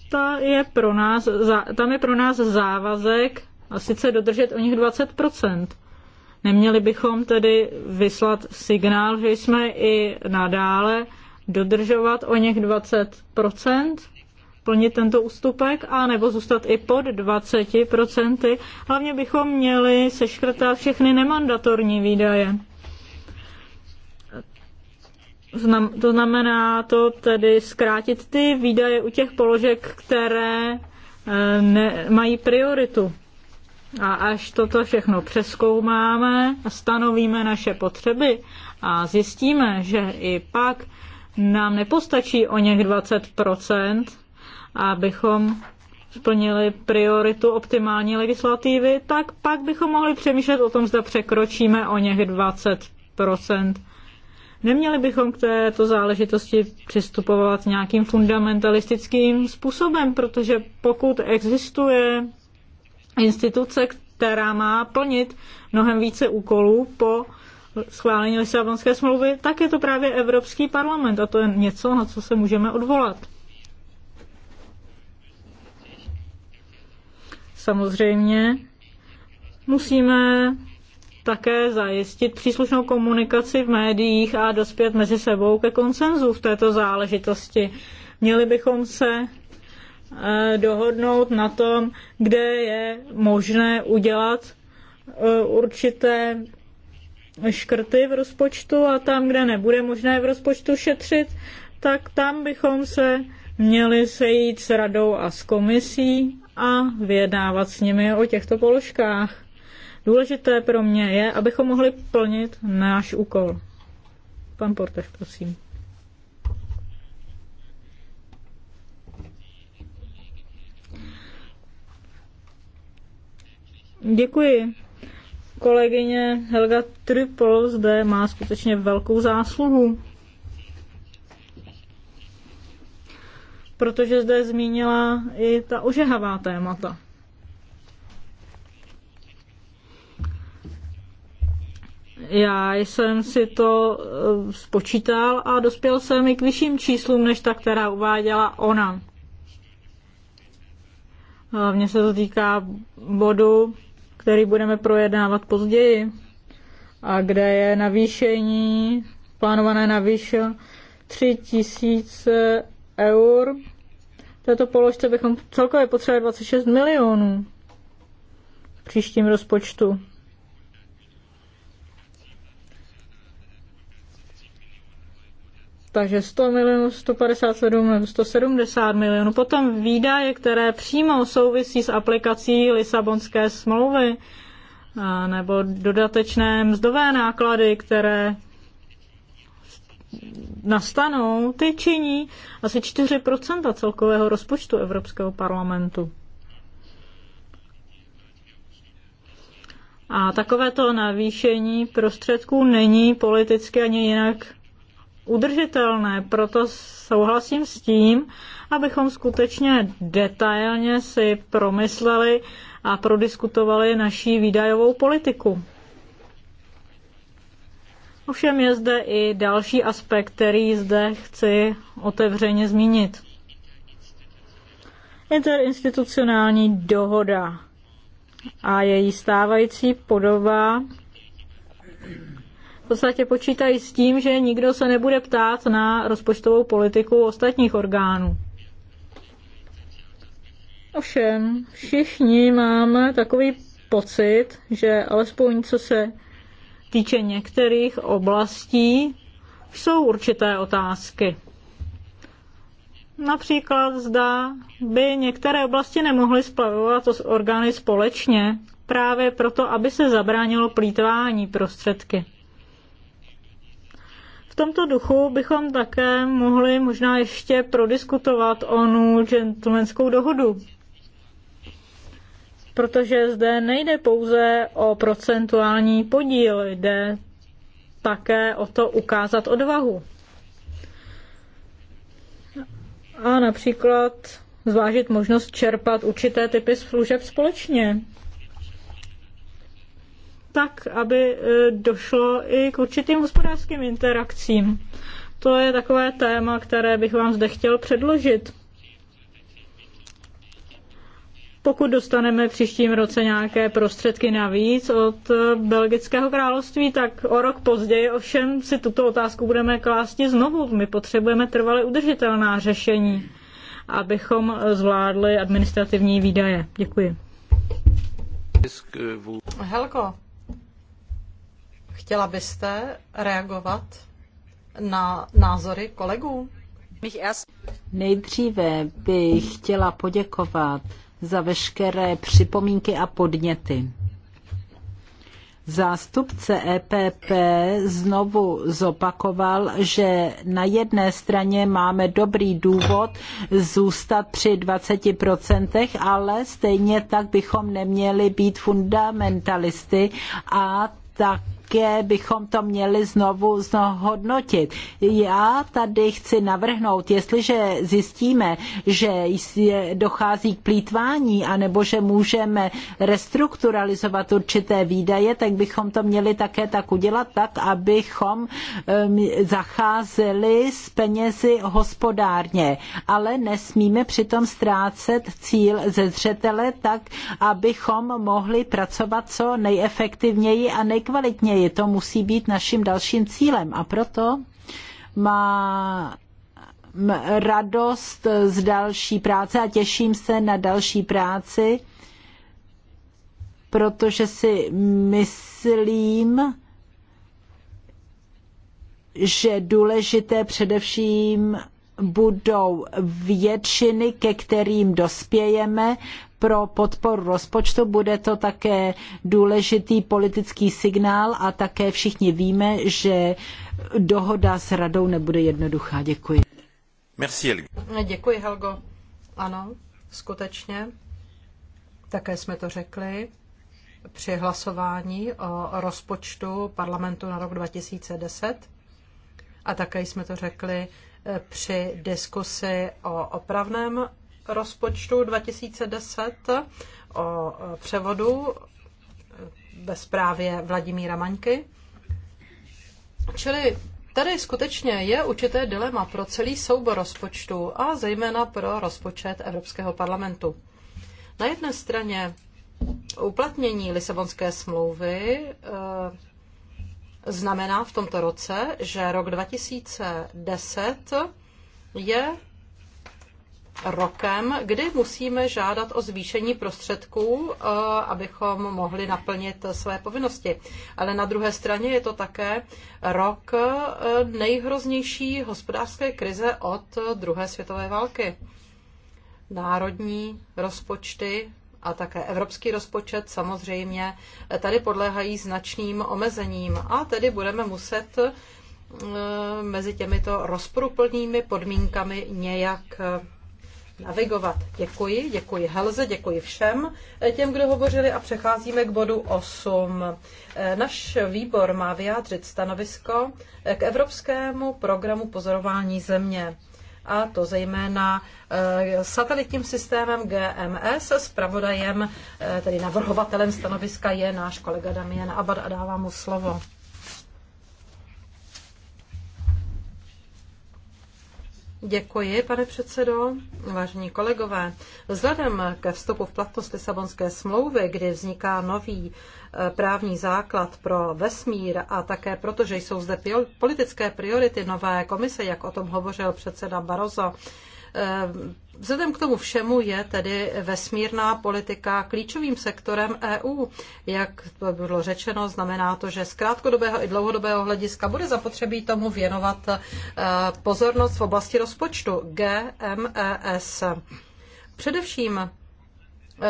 ta je pro nás, tam je pro nás závazek a sice dodržet o nich 20%. Neměli bychom tedy vyslat signál, že jsme i nadále dodržovat o něch 20%, plnit tento ústupek, a nebo zůstat i pod 20%. Hlavně bychom měli seškrtat všechny nemandatorní výdaje. Znam, to znamená to tedy zkrátit ty výdaje u těch položek, které eh, ne, mají prioritu. A až toto všechno přeskoumáme, stanovíme naše potřeby a zjistíme, že i pak nám nepostačí o něch 20%, abychom splnili prioritu optimální legislativy, tak pak bychom mohli přemýšlet o tom, zda překročíme o něch 20% Neměli bychom k této záležitosti přistupovat nějakým fundamentalistickým způsobem, protože pokud existuje instituce, která má plnit mnohem více úkolů po schválení Lisabonské smlouvy, tak je to právě Evropský parlament a to je něco, na co se můžeme odvolat. Samozřejmě musíme také zajistit příslušnou komunikaci v médiích a dospět mezi sebou ke konsenzu v této záležitosti. Měli bychom se eh, dohodnout na tom, kde je možné udělat eh, určité škrty v rozpočtu a tam, kde nebude možné v rozpočtu šetřit, tak tam bychom se měli sejít s radou a s komisí a vyjednávat s nimi o těchto položkách. Důležité pro mě je, abychom mohli plnit náš úkol. Pan Porteš, prosím. Děkuji. Kolegyně Helga Trypol zde má skutečně velkou zásluhu. Protože zde zmínila i ta ožehavá témata. Já jsem si to eh, spočítal a dospěl jsem i k vyšším číslům, než ta, která uváděla ona. Mně se to týká bodu, který budeme projednávat později a kde je navýšení, plánované navýšení 3000 eur. V této položce bychom celkově potřebovali 26 milionů v příštím rozpočtu. takže 100 milionů, 157, 170 milionů. Potom výdaje, které přímo souvisí s aplikací Lisabonské smlouvy, nebo dodatečné mzdové náklady, které nastanou, ty činí asi 4% celkového rozpočtu Evropského parlamentu. A takovéto navýšení prostředků není politicky ani jinak udržitelné. Proto souhlasím s tím, abychom skutečně detailně si promysleli a prodiskutovali naší výdajovou politiku. Ovšem je zde i další aspekt, který zde chci otevřeně zmínit. Interinstitucionální dohoda a její stávající podoba podstatě počítají s tím, že nikdo se nebude ptát na rozpočtovou politiku ostatních orgánů. Ovšem, všichni máme takový pocit, že alespoň co se týče některých oblastí, jsou určité otázky. Například zda by některé oblasti nemohly splavovat orgány společně, právě proto, aby se zabránilo plítvání prostředky tomto duchu bychom také mohli možná ještě prodiskutovat onu gentlemanskou dohodu. Protože zde nejde pouze o procentuální podíl, jde také o to ukázat odvahu. A například zvážit možnost čerpat určité typy služeb společně tak, aby e, došlo i k určitým hospodářským interakcím. To je takové téma, které bych vám zde chtěl předložit. Pokud dostaneme příštím roce nějaké prostředky navíc od e, Belgického království, tak o rok později ovšem si tuto otázku budeme klásti znovu. My potřebujeme trvale udržitelná řešení, abychom zvládli administrativní výdaje. Děkuji. Helko, Chtěla byste reagovat na názory kolegů? Nejdříve bych chtěla poděkovat za veškeré připomínky a podněty. Zástupce EPP znovu zopakoval, že na jedné straně máme dobrý důvod zůstat při 20%, ale stejně tak bychom neměli být fundamentalisty a tak také bychom to měli znovu hodnotit. Já tady chci navrhnout, jestliže zjistíme, že dochází k plítvání, anebo že můžeme restrukturalizovat určité výdaje, tak bychom to měli také tak udělat, tak abychom zacházeli s penězi hospodárně, ale nesmíme přitom ztrácet cíl ze zřetele tak, abychom mohli pracovat co nejefektivněji a nejkvalitněji je To musí být naším dalším cílem a proto má radost z další práce a těším se na další práci, protože si myslím, že důležité především budou většiny, ke kterým dospějeme, pro podporu rozpočtu, bude to také důležitý politický signál a také všichni víme, že dohoda s radou nebude jednoduchá. Děkuji. Merci, Helgo. Děkuji, Helgo. Ano, skutečně. Také jsme to řekli při hlasování o rozpočtu parlamentu na rok 2010. A také jsme to řekli eh, při diskusi o opravném rozpočtu 2010 o e, převodu e, ve zprávě Vladimíra Maňky. Čili tady skutečně je určité dilema pro celý soubor rozpočtu a zejména pro rozpočet Evropského parlamentu. Na jedné straně uplatnění Lisabonské smlouvy e, znamená v tomto roce, že rok 2010 je rokem, kdy musíme žádat o zvýšení prostředků, eh, abychom mohli naplnit své povinnosti. Ale na druhé straně je to také rok eh, nejhroznější hospodářské krize od druhé světové války. Národní rozpočty a také evropský rozpočet samozřejmě tady podléhají značným omezením a tedy budeme muset eh, mezi těmito rozporuplnými podmínkami nějak navigovat. Děkuji, děkuji Helze, děkuji všem těm, kdo hovořili a přecházíme k bodu 8. Eh, Naš výbor má vyjádřit stanovisko eh, k Evropskému programu pozorování země a to zejména eh, satelitním systémem GMS. Spravodajem, tedy navrhovatelem stanoviska je náš kolega Damien Abad a dávám mu slovo. Děkuji, pane předsedo. Vážení kolegové, vzhledem ke vstupu v platnost Lisabonské smlouvy, kdy vzniká nový e, právní základ pro vesmír a také proto, že jsou zde politické priority nové komise, jak o tom hovořil předseda Barroso, Eh, vzhledem k tomu všemu je tedy vesmírná politika klíčovým sektorem EU. Jak to bylo řečeno, znamená to, že z krátkodobého i dlouhodobého hlediska bude zapotřebí tomu věnovat eh, pozornost v oblasti rozpočtu GMES. Především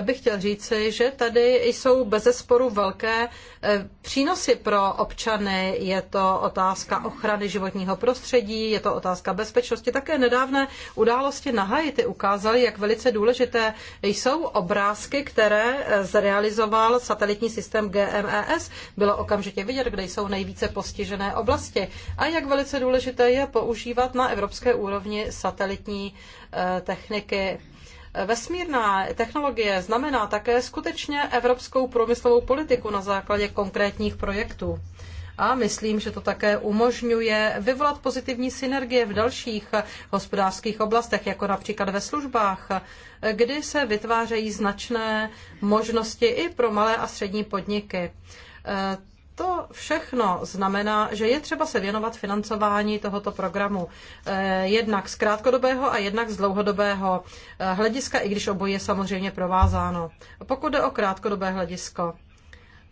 bych chtěl říci, že tady jsou bezesporu velké eh, přínosy pro občany. Je to otázka ochrany životního prostředí, je to otázka bezpečnosti. Také nedávné události na Haiti ukázaly, jak velice důležité jsou obrázky, které eh, zrealizoval satelitní systém GMES. Bylo okamžitě vidět, kde jsou nejvíce postižené oblasti a jak velice důležité je používat na evropské úrovni satelitní eh, techniky Vesmírná technologie znamená také skutečně evropskou průmyslovou politiku na základě konkrétních projektů. A myslím, že to také umožňuje vyvolat pozitivní synergie v dalších hospodářských oblastech, jako například ve službách, kdy se vytvářejí značné možnosti i pro malé a střední podniky to všechno znamená, že je třeba se věnovat financování tohoto programu eh, jednak z krátkodobého a jednak z dlouhodobého eh, hlediska, i když obojí je samozřejmě provázáno. Pokud jde o krátkodobé hledisko,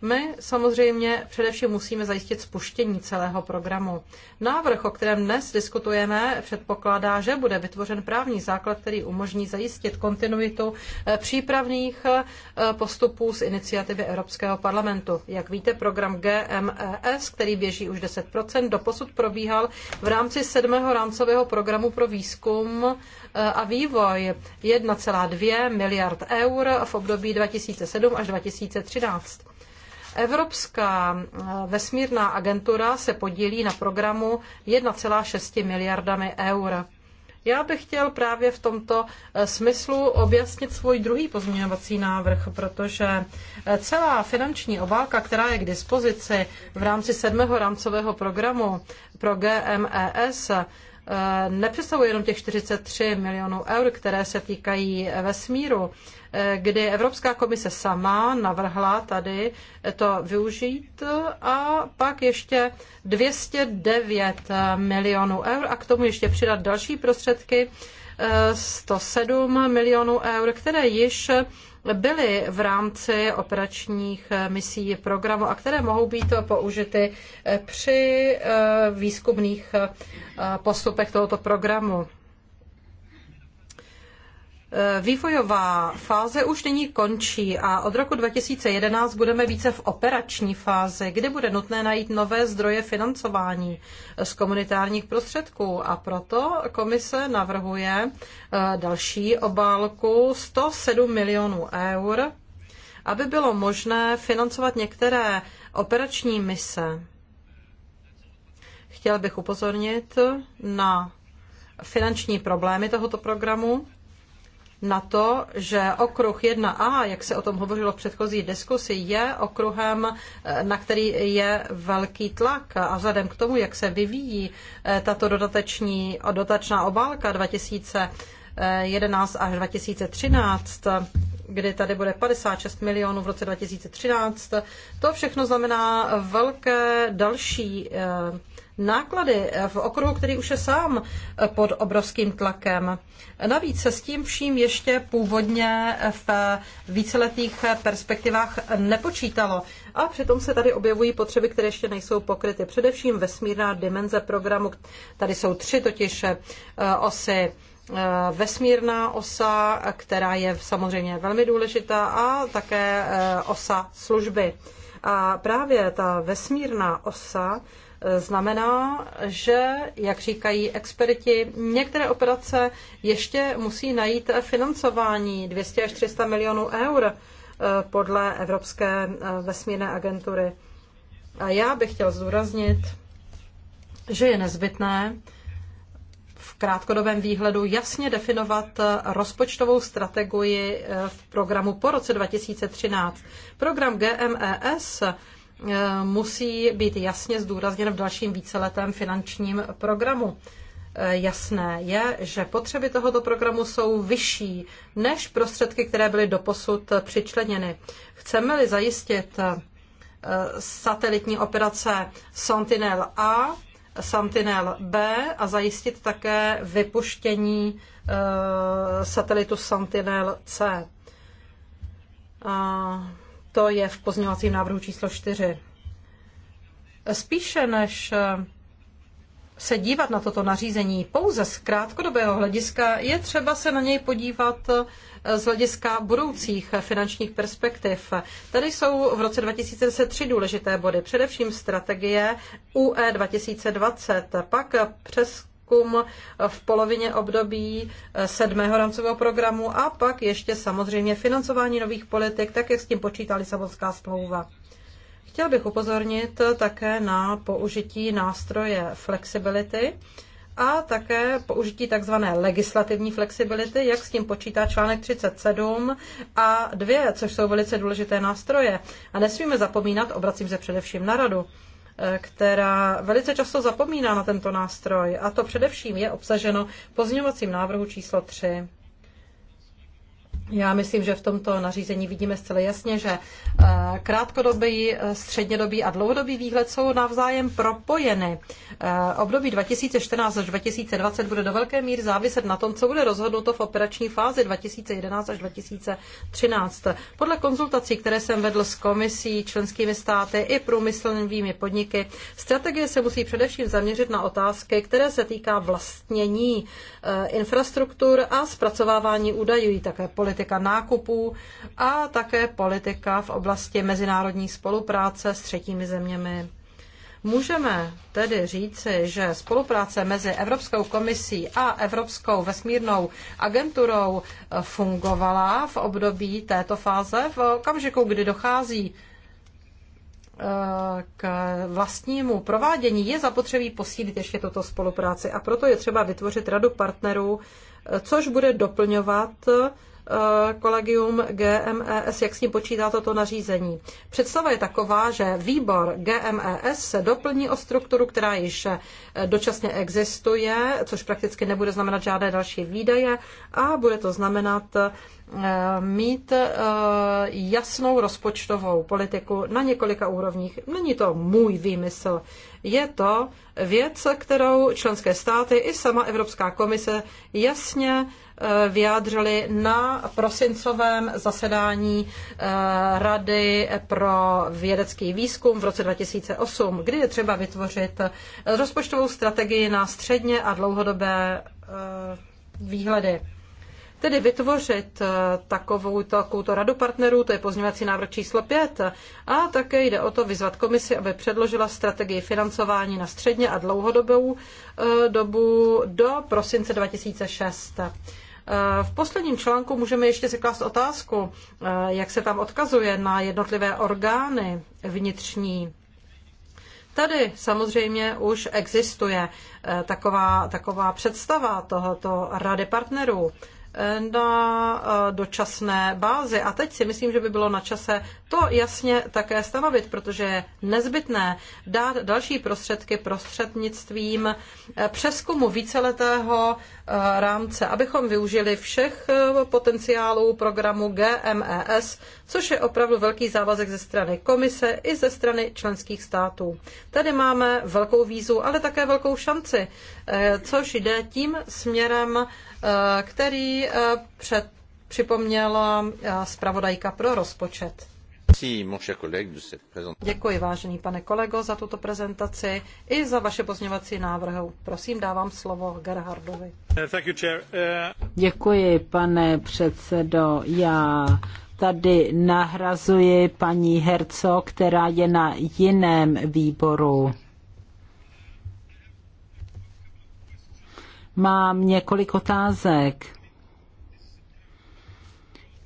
my samozřejmě především musíme zajistit spuštění celého programu. Návrh, o kterém dnes diskutujeme, předpokládá, že bude vytvořen právní základ, který umožní zajistit kontinuitu eh, přípravných eh, postupů z iniciativy Evropského parlamentu. Jak víte, program GMES, který běží už 10%, doposud probíhal v rámci sedmého rámcového programu pro výzkum eh, a vývoj 1,2 miliard eur v období 2007 až 2013. Evropská eh, vesmírná agentura se podílí na programu 1,6 miliardami eur. Já bych chtěl právě v tomto eh, smyslu objasnit svůj druhý pozměňovací návrh, protože eh, celá finanční obálka, která je k dispozici v rámci sedmého rámcového programu pro GMES, Eh, nepřesahuje jenom těch 43 milionů eur, které se týkají eh, vesmíru, eh, kdy Evropská komise sama navrhla tady to využít a pak ještě 209 milionů eur a k tomu ještě přidat další prostředky 107 milionů eur, které již byly v rámci operačních eh, misí programu a které mohou být použity eh, při eh, výzkumných postupech tohoto programu. Eh, vývojová fáze už nyní končí a od roku 2011 budeme více v operační fázi, kdy bude nutné najít nové zdroje financování eh, z komunitárních prostředků a proto komise navrhuje eh, další obálku 107 milionů eur, aby bylo možné financovat některé operační mise. Chtěl bych upozornit na finanční problémy tohoto programu na to, že okruh 1a, jak se o tom hovořilo v předchozí diskusi, je okruhem, eh, na který je velký tlak a vzhledem k tomu, jak se vyvíjí eh, tato dodateční, dotačná obálka 2011 až 2013, kdy tady bude 56 milionů v roce 2013, to všechno znamená velké další eh, náklady v okruhu, který už je sám eh, pod obrovským tlakem. Navíc se s tím vším ještě původně v víceletých perspektivách nepočítalo. A přitom se tady objevují potřeby, které ještě nejsou pokryty. Především vesmírná dimenze programu. Tady jsou tři totiž eh, osy eh, vesmírná osa, která je samozřejmě velmi důležitá, a také osa služby. A právě ta vesmírná osa znamená, že, jak říkají experti, některé operace ještě musí najít financování 200 až 300 milionů eur eh, podle Evropské eh, vesmírné agentury. A já bych chtěl zdůraznit, že je nezbytné v krátkodobém výhledu jasně definovat eh, rozpočtovou strategii v programu po roce 2013. Program GMES Eh, musí být jasně zdůrazněn v dalším víceletém finančním programu. Eh, jasné je, že potřeby tohoto programu jsou vyšší než prostředky, které byly doposud přičleněny. Chceme-li zajistit eh, satelitní operace Sentinel A, Sentinel B a zajistit také vypuštění satelitu Sentinel C. To je v pozměňovacím návrhu číslo 4. Spíše než eh, se dívat na toto nařízení pouze z krátkodobého hlediska, je třeba se na něj podívat eh, z hlediska budoucích finančních perspektiv. Tady jsou v roce 2003 důležité body, především strategie UE 2020, pak přes výzkum v polovině období eh, sedmého rámcového programu a pak ještě samozřejmě financování nových politik, tak jak s tím počítá Lisabonská smlouva. Chtěl bych upozornit také na použití nástroje flexibility a také použití tzv. legislativní flexibility, jak s tím počítá článek 37 a 2, což jsou velice důležité nástroje. A nesmíme zapomínat, obracím se především na radu, která velice často zapomíná na tento nástroj a to především je obsaženo pozměňovacím návrhu číslo 3. Já myslím, že v tomto nařízení vidíme zcela jasně, že eh, krátkodobý, eh, střednědobý a dlouhodobý výhled jsou navzájem propojeny. Eh, období 2014 až 2020 bude do velké míry záviset na tom, co bude rozhodnuto v operační fázi 2011 až 2013. Podle konzultací, které jsem vedl s komisí, členskými státy i průmyslovými podniky, strategie se musí především zaměřit na otázky, které se týká vlastnění infrastruktur a zpracovávání údajů, také politik politika nákupů a také politika v oblasti mezinárodní spolupráce s třetími zeměmi. Můžeme tedy říci, že spolupráce mezi Evropskou komisí a Evropskou vesmírnou agenturou eh, fungovala v období této fáze, v okamžiku, kdy dochází eh, k vlastnímu provádění je zapotřebí posílit ještě toto spolupráci a proto je třeba vytvořit radu partnerů, eh, což bude doplňovat Eh, kolegium GMES, jak s ním počítá toto nařízení. Představa je taková, že výbor GMES se doplní o strukturu, která již eh, dočasně existuje, což prakticky nebude znamenat žádné další výdaje a bude to znamenat mít eh, jasnou rozpočtovou politiku na několika úrovních. Není to můj výmysl, je to věc, kterou členské státy i sama Evropská komise jasně eh, vyjádřili na prosincovém zasedání eh, Rady pro vědecký výzkum v roce 2008, kdy je třeba vytvořit rozpočtovou strategii na středně a dlouhodobé výhledy. Tedy vytvořit eh, takovou, takovouto radu partnerů, to je pozměňovací návrh číslo 5, a také jde o to vyzvat komisi, aby předložila strategii financování na středně a dlouhodobou eh, dobu do prosince 2006. Eh, v posledním článku můžeme ještě si klást otázku, jak se tam odkazuje na jednotlivé orgány vnitřní tady samozřejmě už existuje taková, taková představa tohoto rady partnerů na eh, dočasné bázi. A teď si myslím, že by bylo na čase to jasně také stanovit, protože je nezbytné dát další prostředky prostřednictvím eh, přeskumu víceletého rámce, abychom využili všech eh, potenciálů programu GMES, což je opravdu velký závazek ze strany komise i ze strany členských států. Tady máme velkou výzvu, ale také velkou šanci, eh, což jde tím směrem, eh, který před připomněla zpravodajka pro rozpočet. Děkuji, vážený pane kolego, za tuto prezentaci i za vaše pozměňovací návrhy. Prosím, dávám slovo Gerhardovi. Uh, Děkuji, pane předsedo. Já tady nahrazuji paní Herco, která je na jiném výboru. Mám několik otázek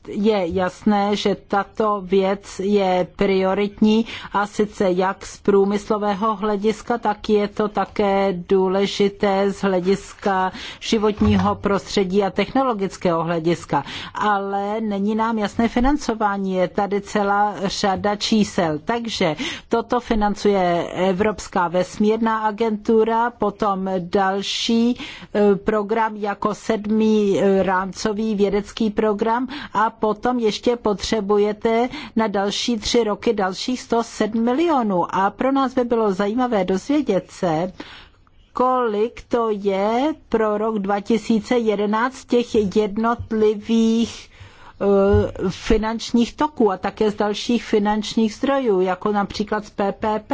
je jasné, že tato věc je prioritní a sice jak z průmyslového hlediska, tak je to také důležité z hlediska životního prostředí a technologického hlediska. Ale není nám jasné financování, je tady celá řada čísel. Takže toto financuje Evropská vesmírná agentura, potom další eh, program jako sedmý eh, rámcový vědecký program a potom ještě potřebujete na další tři roky dalších 107 milionů. A pro nás by bylo zajímavé dozvědět se, kolik to je pro rok 2011 těch jednotlivých Eh, finančních toků a také z dalších finančních zdrojů, jako například z PPP.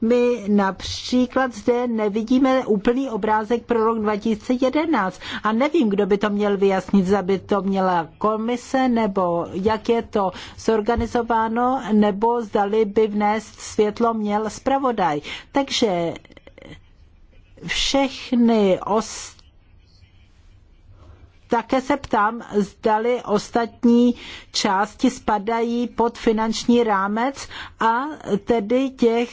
My například zde nevidíme úplný obrázek pro rok 2011 a nevím, kdo by to měl vyjasnit, zda by to měla komise nebo jak je to zorganizováno, nebo zdali by vnést světlo měl zpravodaj. Takže všechny ostatní také se ptám, zdali ostatní části spadají pod finanční rámec a tedy těch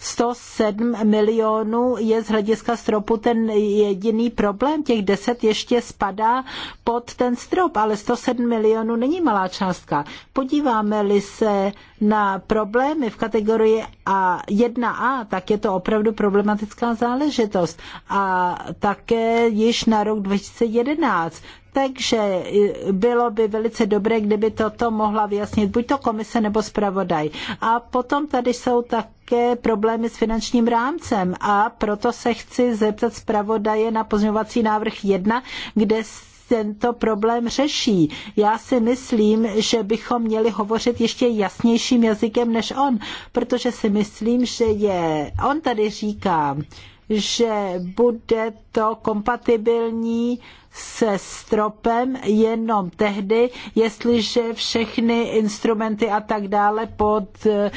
107 milionů je z hlediska stropu ten jediný problém. Těch 10 ještě spadá pod ten strop, ale 107 milionů není malá částka. Podíváme-li se na problémy v kategorii A, 1A, tak je to opravdu problematická záležitost. A také již na rok 2011 takže bylo by velice dobré, kdyby toto mohla vyjasnit buď to komise nebo zpravodaj. A potom tady jsou také problémy s finančním rámcem a proto se chci zeptat zpravodaje na pozměňovací návrh 1, kde tento problém řeší. Já si myslím, že bychom měli hovořit ještě jasnějším jazykem než on, protože si myslím, že je, on tady říká, že bude to kompatibilní se stropem jenom tehdy, jestliže všechny instrumenty a tak dále pod eh,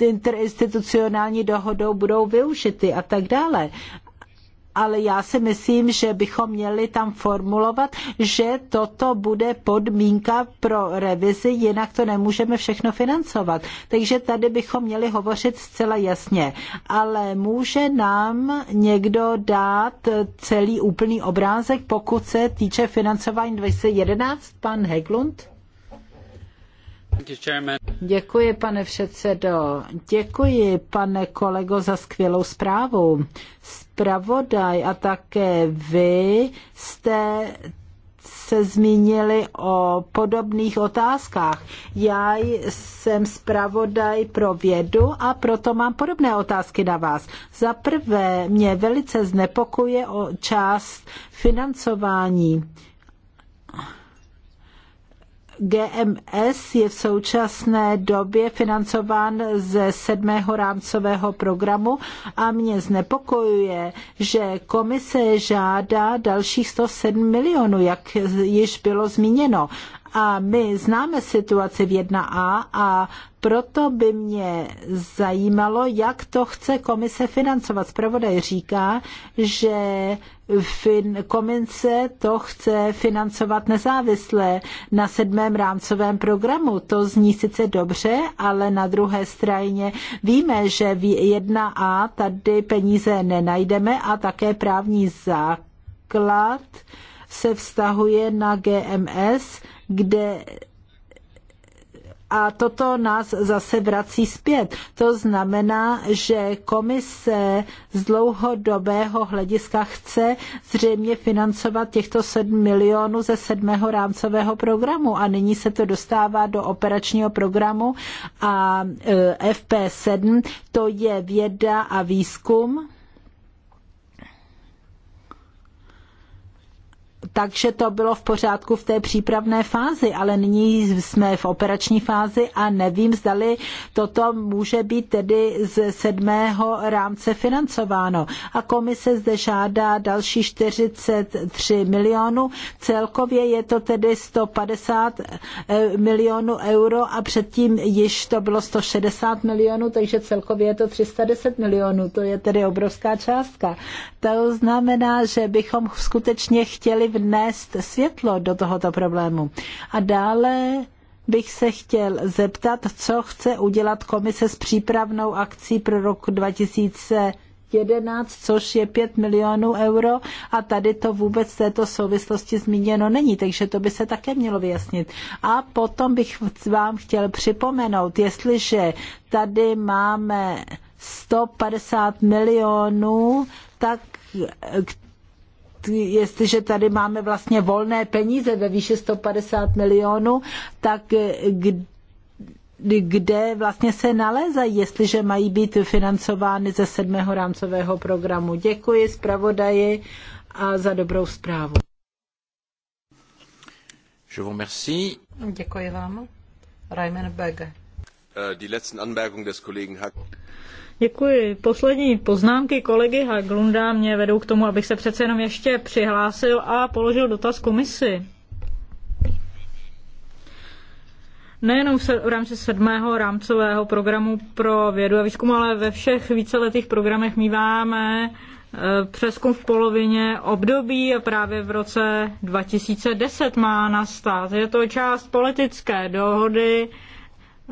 interinstitucionální dohodou budou využity a tak dále ale já si myslím, že bychom měli tam formulovat, že toto bude podmínka pro revizi, jinak to nemůžeme všechno financovat. Takže tady bychom měli hovořit zcela jasně. Ale může nám někdo dát celý úplný obrázek, pokud se týče financování 2011, pan Heglund? Děkuji, pane předsedo. Děkuji, pane kolego, za skvělou zprávu zpravodaj a také vy jste se zmínili o podobných otázkách. Já jsem zpravodaj pro vědu a proto mám podobné otázky na vás. Za prvé mě velice znepokuje o část financování GMS je v současné době financován ze sedmého rámcového programu a mě znepokojuje, že komise žádá dalších 107 milionů, jak již bylo zmíněno. A my známe situaci v 1A a proto by mě zajímalo, jak to chce komise financovat. Zpravodaj říká, že fin- komise to chce financovat nezávisle na sedmém rámcovém programu. To zní sice dobře, ale na druhé straně víme, že v 1A tady peníze nenajdeme a také právní základ se vztahuje na GMS, kde a toto nás zase vrací zpět. To znamená, že komise z dlouhodobého hlediska chce zřejmě financovat těchto 7 milionů ze sedmého rámcového programu a nyní se to dostává do operačního programu a e, FP7 to je věda a výzkum takže to bylo v pořádku v té přípravné fázi, ale nyní jsme v operační fázi a nevím, zdali toto může být tedy z sedmého rámce financováno. A komise zde žádá další 43 milionů, celkově je to tedy 150 eh, milionů euro a předtím již to bylo 160 milionů, takže celkově je to 310 milionů, to je tedy obrovská částka. To znamená, že bychom skutečně chtěli v vnést světlo do tohoto problému. A dále bych se chtěl zeptat, co chce udělat komise s přípravnou akcí pro rok 2011, což je 5 milionů euro a tady to vůbec v této souvislosti zmíněno není, takže to by se také mělo vyjasnit. A potom bych vám chtěl připomenout, jestliže tady máme 150 milionů, tak jestliže tady máme vlastně volné peníze ve výši 150 milionů, tak eh, kde vlastně se nalézají, jestliže mají být financovány ze sedmého rámcového programu. Děkuji zpravodaji a za dobrou zprávu. Je vous remercie. Děkuji vám. Raymond Berger. Eh, die letzten Anmerkungen des Kollegen Hack. Děkuji. Poslední poznámky kolegy Haglunda mě vedou k tomu, abych se přece jenom ještě přihlásil a položil dotaz komisi. Nejenom v rámci sedmého rámcového programu pro vědu a výzkum, ale ve všech víceletých programech míváme e, přeskum v polovině období a právě v roce 2010 má nastat. Je to část politické dohody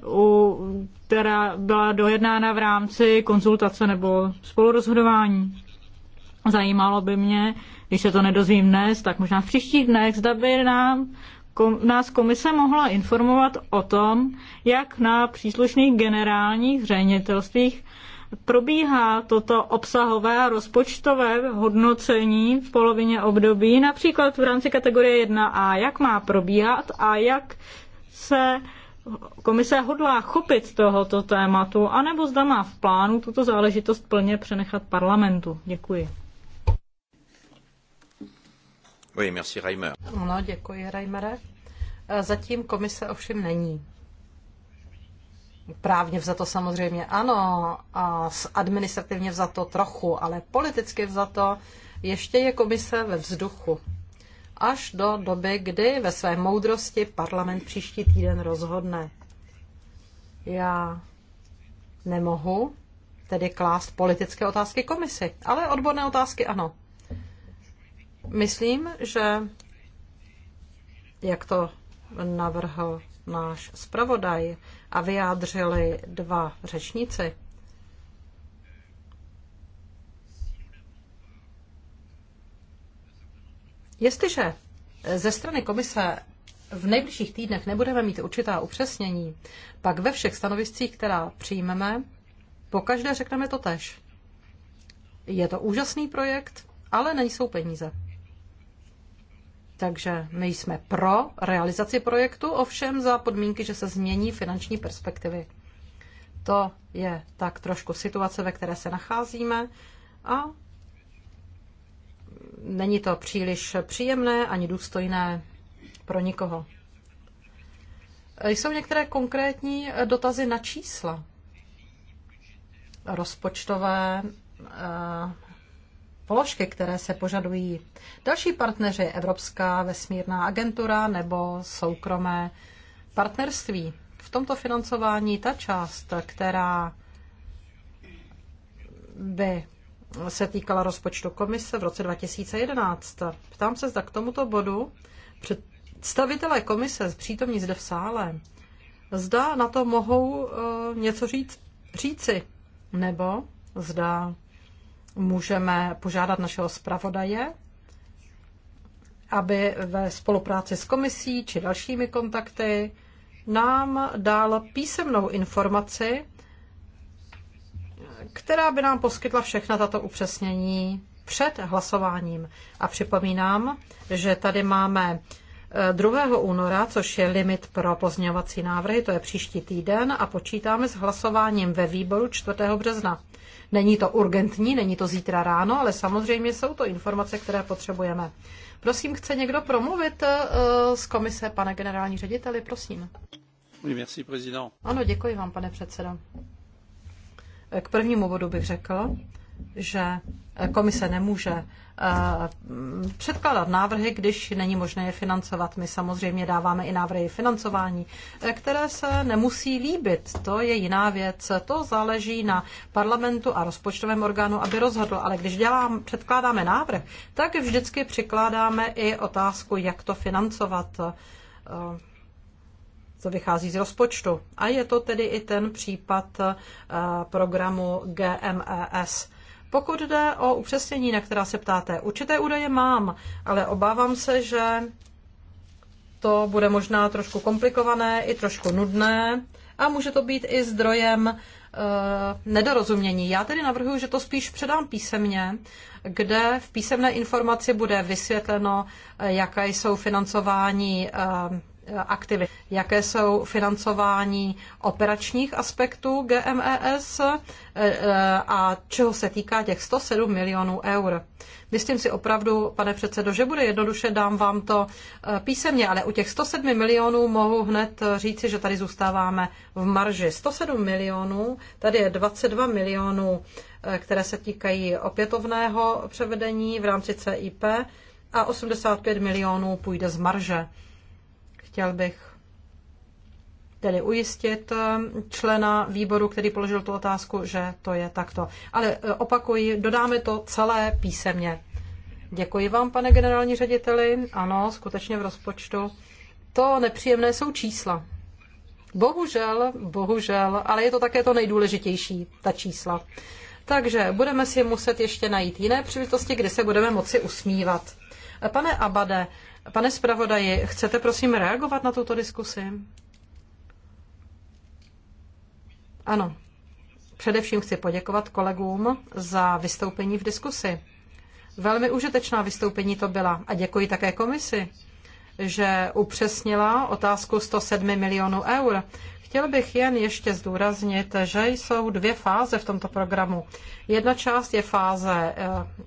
u, která byla dojednána v rámci konzultace nebo spolurozhodování. Zajímalo by mě, když se to nedozvím dnes, tak možná v příštích dnech, zda by nám, kom, nás komise mohla informovat o tom, jak na příslušných generálních ředitelstvích probíhá toto obsahové a rozpočtové hodnocení v polovině období, například v rámci kategorie 1a, jak má probíhat a jak se komise hodlá chopit tohoto tématu, anebo zda má v plánu tuto záležitost plně přenechat parlamentu. Děkuji. Oui, merci, Reimer. Ano, děkuji, Reimere. E, zatím komise ovšem není. Právně vzato samozřejmě ano, a administrativně vzato trochu, ale politicky vzato ještě je komise ve vzduchu až do doby, kdy ve své moudrosti parlament příští týden rozhodne. Já nemohu tedy klást politické otázky komisi, ale odborné otázky ano. Myslím, že jak to navrhl náš zpravodaj a vyjádřili dva řečníci, Jestliže ze strany komise v nejbližších týdnech nebudeme mít určitá upřesnění, pak ve všech stanoviscích, která přijmeme, po každé řekneme to tež. Je to úžasný projekt, ale nejsou peníze. Takže my jsme pro realizaci projektu, ovšem za podmínky, že se změní finanční perspektivy. To je tak trošku situace, ve které se nacházíme a není to příliš příjemné ani důstojné pro nikoho. Jsou některé konkrétní dotazy na čísla rozpočtové eh, položky, které se požadují. Další partneři Evropská vesmírná agentura nebo soukromé partnerství. V tomto financování ta část, která by se týkala rozpočtu komise v roce 2011. Ptám se, zda k tomuto bodu představitelé komise přítomní zde v sále, zda na to mohou eh, něco říct, říci, nebo zda můžeme požádat našeho zpravodaje, aby ve spolupráci s komisí či dalšími kontakty nám dal písemnou informaci která by nám poskytla všechna tato upřesnění před hlasováním. A připomínám, že tady máme 2. E, února, což je limit pro pozměňovací návrhy, to je příští týden a počítáme s hlasováním ve výboru 4. března. Není to urgentní, není to zítra ráno, ale samozřejmě jsou to informace, které potřebujeme. Prosím, chce někdo promluvit e, z komise, pane generální řediteli, prosím. Ano, děkuji vám, pane předsedo. K prvnímu bodu bych řekl, že komise nemůže eh, předkládat návrhy, když není možné je financovat. My samozřejmě dáváme i návrhy financování, eh, které se nemusí líbit. To je jiná věc. To záleží na parlamentu a rozpočtovém orgánu, aby rozhodl. Ale když dělám, předkládáme návrh, tak vždycky přikládáme i otázku, jak to financovat. Eh, co vychází z rozpočtu. A je to tedy i ten případ eh, programu GMES. Pokud jde o upřesnění, na která se ptáte, určité údaje mám, ale obávám se, že to bude možná trošku komplikované i trošku nudné a může to být i zdrojem uh, nedorozumění. Já tedy navrhuji, že to spíš předám písemně, kde v písemné informaci bude vysvětleno, eh, jaké jsou financování uh, aktivit. Jaké jsou financování operačních aspektů GMES e, e, a čeho se týká těch 107 milionů eur. Myslím si opravdu, pane předsedo, že bude jednoduše, dám vám to e, písemně, ale u těch 107 milionů mohu hned říci, že tady zůstáváme v marži. 107 milionů, tady je 22 milionů, které se týkají opětovného převedení v rámci CIP a 85 milionů půjde z marže. Chtěl bych tedy ujistit eh, člena výboru, který položil tu otázku, že to je takto. Ale eh, opakuji, dodáme to celé písemně. Děkuji vám, pane generální řediteli. Ano, skutečně v rozpočtu. To nepříjemné jsou čísla. Bohužel, bohužel, ale je to také to nejdůležitější, ta čísla. Takže budeme si muset ještě najít jiné příležitosti, kdy se budeme moci usmívat. Pane Abade, Pane zpravodaji, chcete prosím reagovat na tuto diskusi? Ano. Především chci poděkovat kolegům za vystoupení v diskusi. Velmi užitečná vystoupení to byla a děkuji také komisi, že upřesnila otázku 107 milionů eur. Chtěl bych jen ještě zdůraznit, že jsou dvě fáze v tomto programu. Jedna část je fáze eh,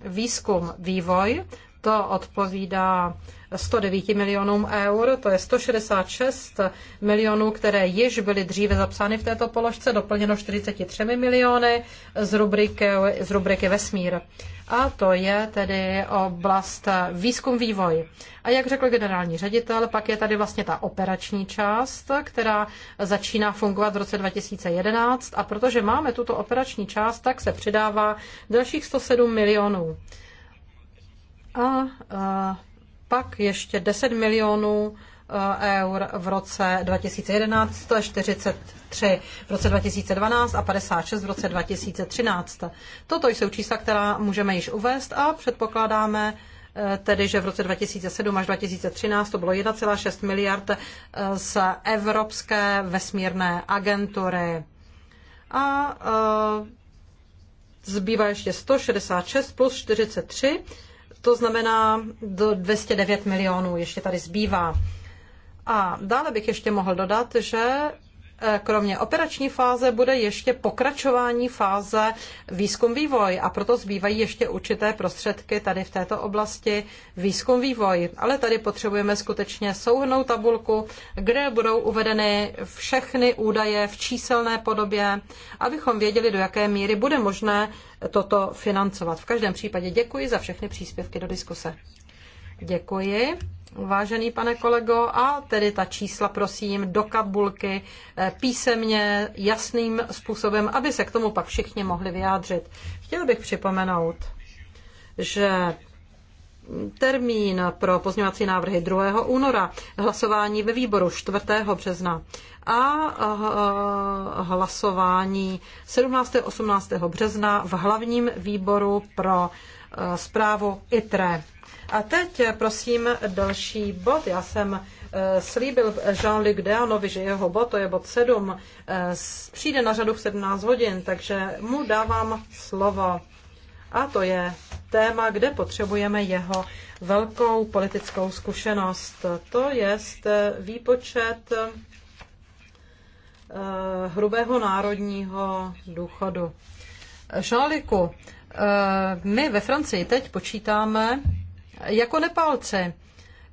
výzkum, vývoj, to odpovídá 109 milionům eur, to je 166 milionů, které již byly dříve zapsány v této položce, doplněno 43 miliony z rubriky, z rubriky Vesmír. A to je tedy oblast výzkum vývoj. A jak řekl generální ředitel, pak je tady vlastně ta operační část, která začíná fungovat v roce 2011 a protože máme tuto operační část, tak se přidává dalších 107 milionů. A, pak ještě 10 milionů eur v roce 2011, 143 v roce 2012 a 56 v roce 2013. Toto jsou čísla, která můžeme již uvést a předpokládáme, e, tedy že v roce 2007 až 2013 to bylo 1,6 miliard e, z Evropské vesmírné agentury. A e, zbývá ještě 166 plus 43 to znamená do 209 milionů, ještě tady zbývá. A dále bych ještě mohl dodat, že Eh, kromě operační fáze bude ještě pokračování fáze výzkum vývoj a proto zbývají ještě určité prostředky tady v této oblasti výzkum vývoj. Ale tady potřebujeme skutečně souhrnou tabulku, kde budou uvedeny všechny údaje v číselné podobě, abychom věděli, do jaké míry bude možné toto financovat. V každém případě děkuji za všechny příspěvky do diskuse. Děkuji. Vážený pane kolego, a tedy ta čísla, prosím, do kabulky eh, písemně, jasným způsobem, aby se k tomu pak všichni mohli vyjádřit. Chtěl bych připomenout, že termín pro pozměňovací návrhy 2. února, hlasování ve výboru 4. března a eh, hlasování 17. 18. března v hlavním výboru pro eh, zprávu ITRE. A teď eh, prosím další bod. Já jsem eh, slíbil Jean-Luc Deanovi, že jeho bod, to je bod 7, eh, přijde na řadu v 17 hodin, takže mu dávám slovo. A to je téma, kde potřebujeme jeho velkou politickou zkušenost. To je výpočet hrubého národního důchodu. jean my ve Francii teď počítáme jako Nepálci.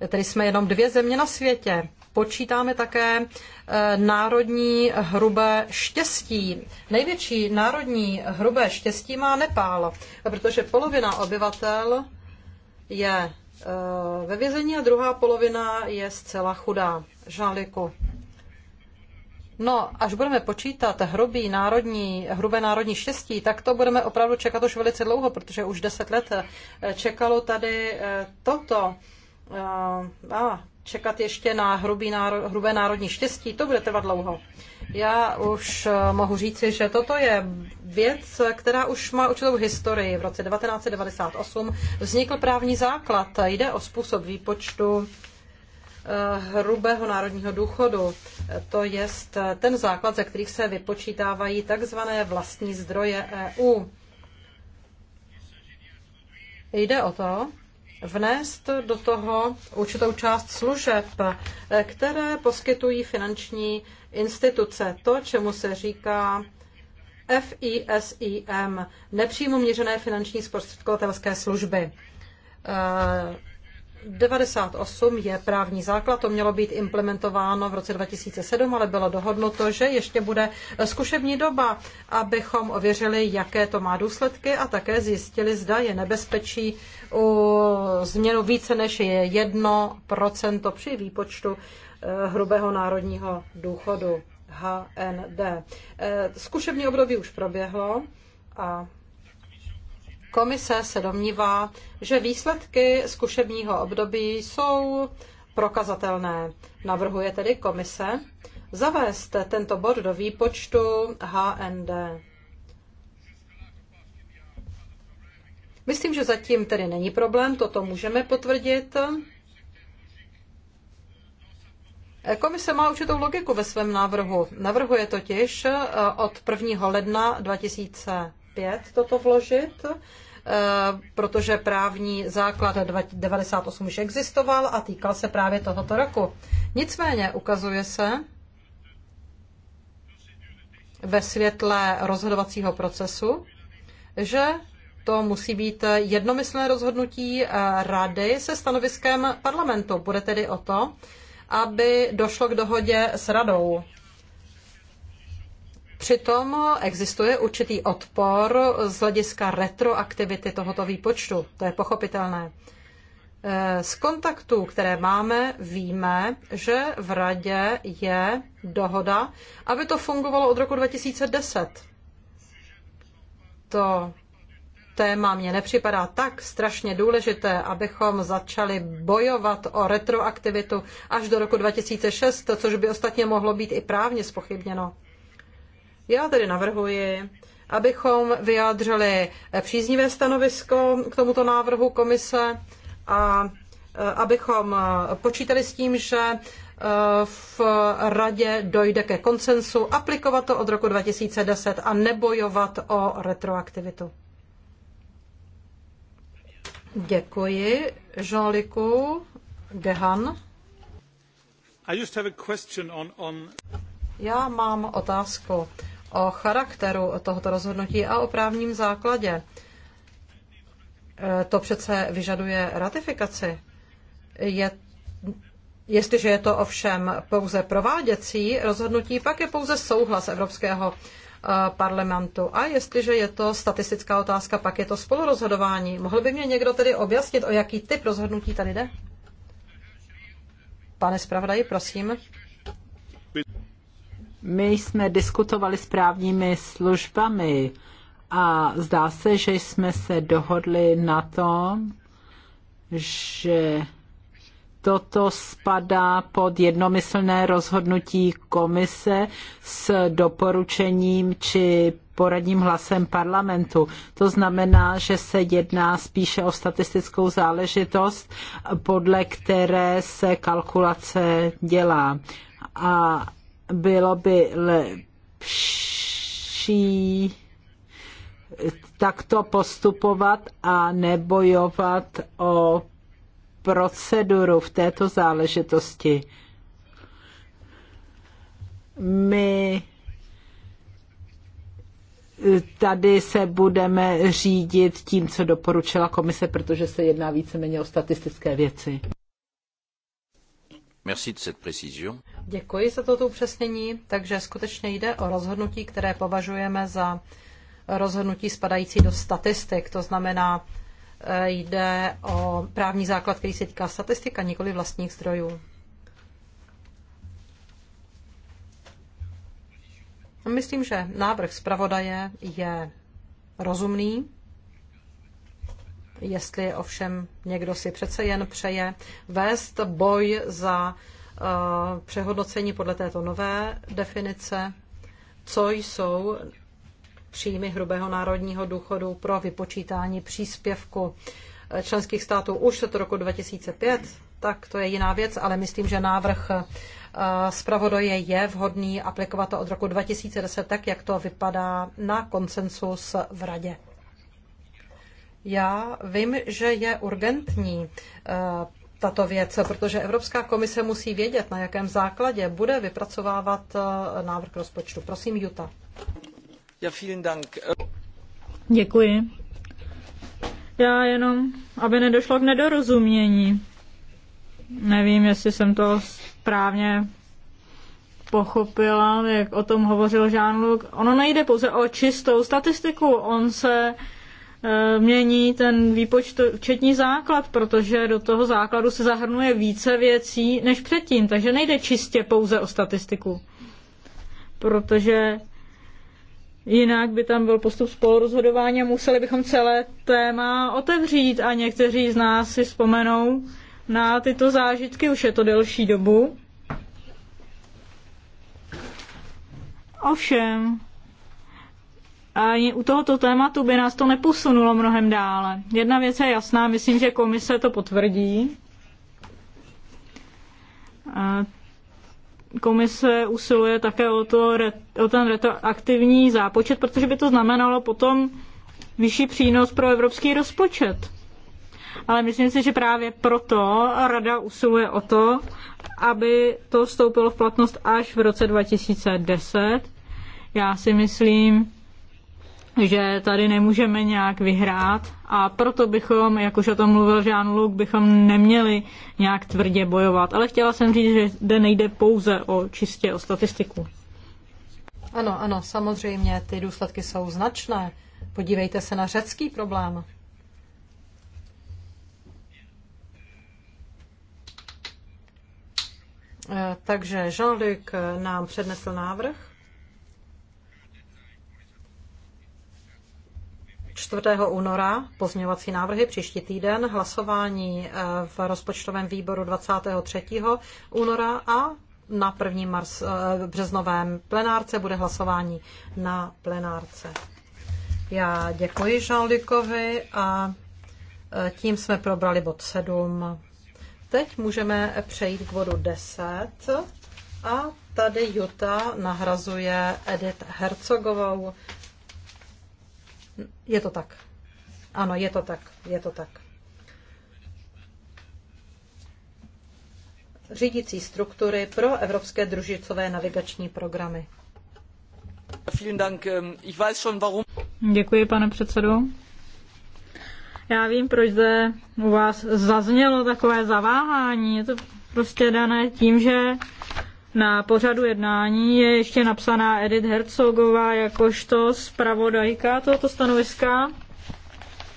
Tedy jsme jenom dvě země na světě. Počítáme také eh, národní hrubé štěstí. Největší národní hrubé štěstí má Nepál, protože polovina obyvatel je eh, ve vězení a druhá polovina je zcela chudá. Žáliku. No, až budeme počítat hrubý národní, hrubé národní štěstí, tak to budeme opravdu čekat už velice dlouho, protože už deset let eh, čekalo tady eh, toto. Eh, a čekat ještě na hrubý náro, hrubé národní štěstí, to bude trvat dlouho. Já už mohu říci, že toto je věc, která už má určitou historii. V roce 1998 vznikl právní základ. Jde o způsob výpočtu Eh, hrubého národního důchodu. To je eh, ten základ, ze kterých se vypočítávají takzvané vlastní zdroje EU. Jde o to, vnést do toho určitou část služeb, eh, které poskytují finanční instituce. To, čemu se říká FISIM, nepřímo měřené finanční zprostředkovatelské služby. 98 je právní základ, to mělo být implementováno v roce 2007, ale bylo dohodnuto, že ještě bude zkušební doba, abychom ověřili, jaké to má důsledky a také zjistili, zda je nebezpečí u změnu více než je 1% při výpočtu eh, hrubého národního důchodu HND. Eh, zkušební období už proběhlo a Komise se domnívá, že výsledky zkušebního období jsou prokazatelné. Navrhuje tedy komise zavést tento bod do výpočtu HND. Myslím, že zatím tedy není problém, toto můžeme potvrdit. Komise má určitou logiku ve svém návrhu. Navrhuje totiž eh, od 1. ledna 2005 toto vložit Eh, protože právní základ 98 už existoval a týkal se právě tohoto roku. Nicméně ukazuje se ve světle rozhodovacího procesu, že to musí být jednomyslné rozhodnutí eh, rady se stanoviskem parlamentu. Bude tedy o to, aby došlo k dohodě s radou. Přitom existuje určitý odpor z hlediska retroaktivity tohoto výpočtu. To je pochopitelné. Eh, z kontaktů, které máme, víme, že v radě je dohoda, aby to fungovalo od roku 2010. To téma mě nepřipadá tak strašně důležité, abychom začali bojovat o retroaktivitu až do roku 2006, což by ostatně mohlo být i právně spochybněno. Já tedy navrhuji, abychom vyjádřili příznivé stanovisko k tomuto návrhu komise a e, abychom e, počítali s tím, že e, v radě dojde ke konsensu aplikovat to od roku 2010 a nebojovat o retroaktivitu. Děkuji, Jean-Lucu Gehan. Já mám otázku o charakteru tohoto rozhodnutí a o právním základě. E, to přece vyžaduje ratifikaci. Je, jestliže je to ovšem pouze prováděcí rozhodnutí, pak je pouze souhlas Evropského e, parlamentu. A jestliže je to statistická otázka, pak je to spolurozhodování. Mohl by mě někdo tedy objasnit, o jaký typ rozhodnutí tady jde? Pane zpravodaji, prosím. My jsme diskutovali s právními službami a zdá se, že jsme se dohodli na tom, že toto spadá pod jednomyslné rozhodnutí komise s doporučením či poradním hlasem parlamentu. To znamená, že se jedná spíše o statistickou záležitost, podle které se kalkulace dělá. A bylo by lepší takto postupovat a nebojovat o proceduru v této záležitosti. My tady se budeme řídit tím, co doporučila komise, protože se jedná víceméně o statistické věci. Merci de cette précision. Děkuji za toto upřesnění. Takže skutečně jde o rozhodnutí, které považujeme za rozhodnutí spadající do statistik. To znamená, eh, jde o právní základ, který se týká statistika, nikoli vlastních zdrojů. Myslím, že návrh zpravodaje je rozumný Jestli ovšem někdo si přece jen přeje vést boj za eh, přehodnocení podle této nové definice, co jsou příjmy hrubého národního důchodu pro vypočítání příspěvku členských států už od roku 2005, tak to je jiná věc, ale myslím, že návrh eh, zpravodaje je vhodný aplikovat to od roku 2010, tak jak to vypadá na konsensus v radě. Já vím, že je urgentní eh, tato věc, protože Evropská komise musí vědět, na jakém základě bude vypracovávat eh, návrh rozpočtu. Prosím, Juta. Ja, vielen Dank. Děkuji. Já jenom, aby nedošlo k nedorozumění. Nevím, jestli jsem to správně pochopila, jak o tom hovořil Jean-Luc. Ono nejde pouze o čistou statistiku, on se Eh, mění ten výpočt včetní základ, protože do toho základu se zahrnuje více věcí než předtím, takže nejde čistě pouze o statistiku. Protože Jinak by tam byl postup spolurozhodování a museli bychom celé téma otevřít a někteří z nás si vzpomenou na tyto zážitky, už je to delší dobu. Ovšem, ani u tohoto tématu by nás to neposunulo mnohem dále. Jedna věc je jasná, myslím, že komise to potvrdí. Komise usiluje také o, to, o ten retroaktivní zápočet, protože by to znamenalo potom vyšší přínos pro evropský rozpočet. Ale myslím si, že právě proto Rada usiluje o to, aby to vstoupilo v platnost až v roce 2010. Já si myslím, že tady nemůžeme nějak vyhrát a proto bychom, jak už o tom mluvil Jean-Luc, bychom neměli nějak tvrdě bojovat. Ale chtěla jsem říct, že zde nejde pouze o čistě o statistiku. Ano, ano, samozřejmě, ty důsledky jsou značné. Podívejte se na řecký problém. Eh, takže Jean-Luc nám přednesl návrh. 4. února pozměňovací návrhy příští týden, hlasování eh, v rozpočtovém výboru 23. února a na 1. mars, eh, březnovém plenárce bude hlasování na plenárce. Já děkuji jean a eh, tím jsme probrali bod 7. Teď můžeme přejít k bodu 10 a tady Juta nahrazuje Edith Hercogovou. Je to tak. Ano, je to tak. Je to tak. Řídící struktury pro evropské družicové navigační programy. Ähm, Děkuji, pane předsedo. Já vím, proč zde u vás zaznělo takové zaváhání. Je to prostě dané tím, že na pořadu jednání je ještě napsaná Edith Herzogová jakožto zpravodajka tohoto stanoviska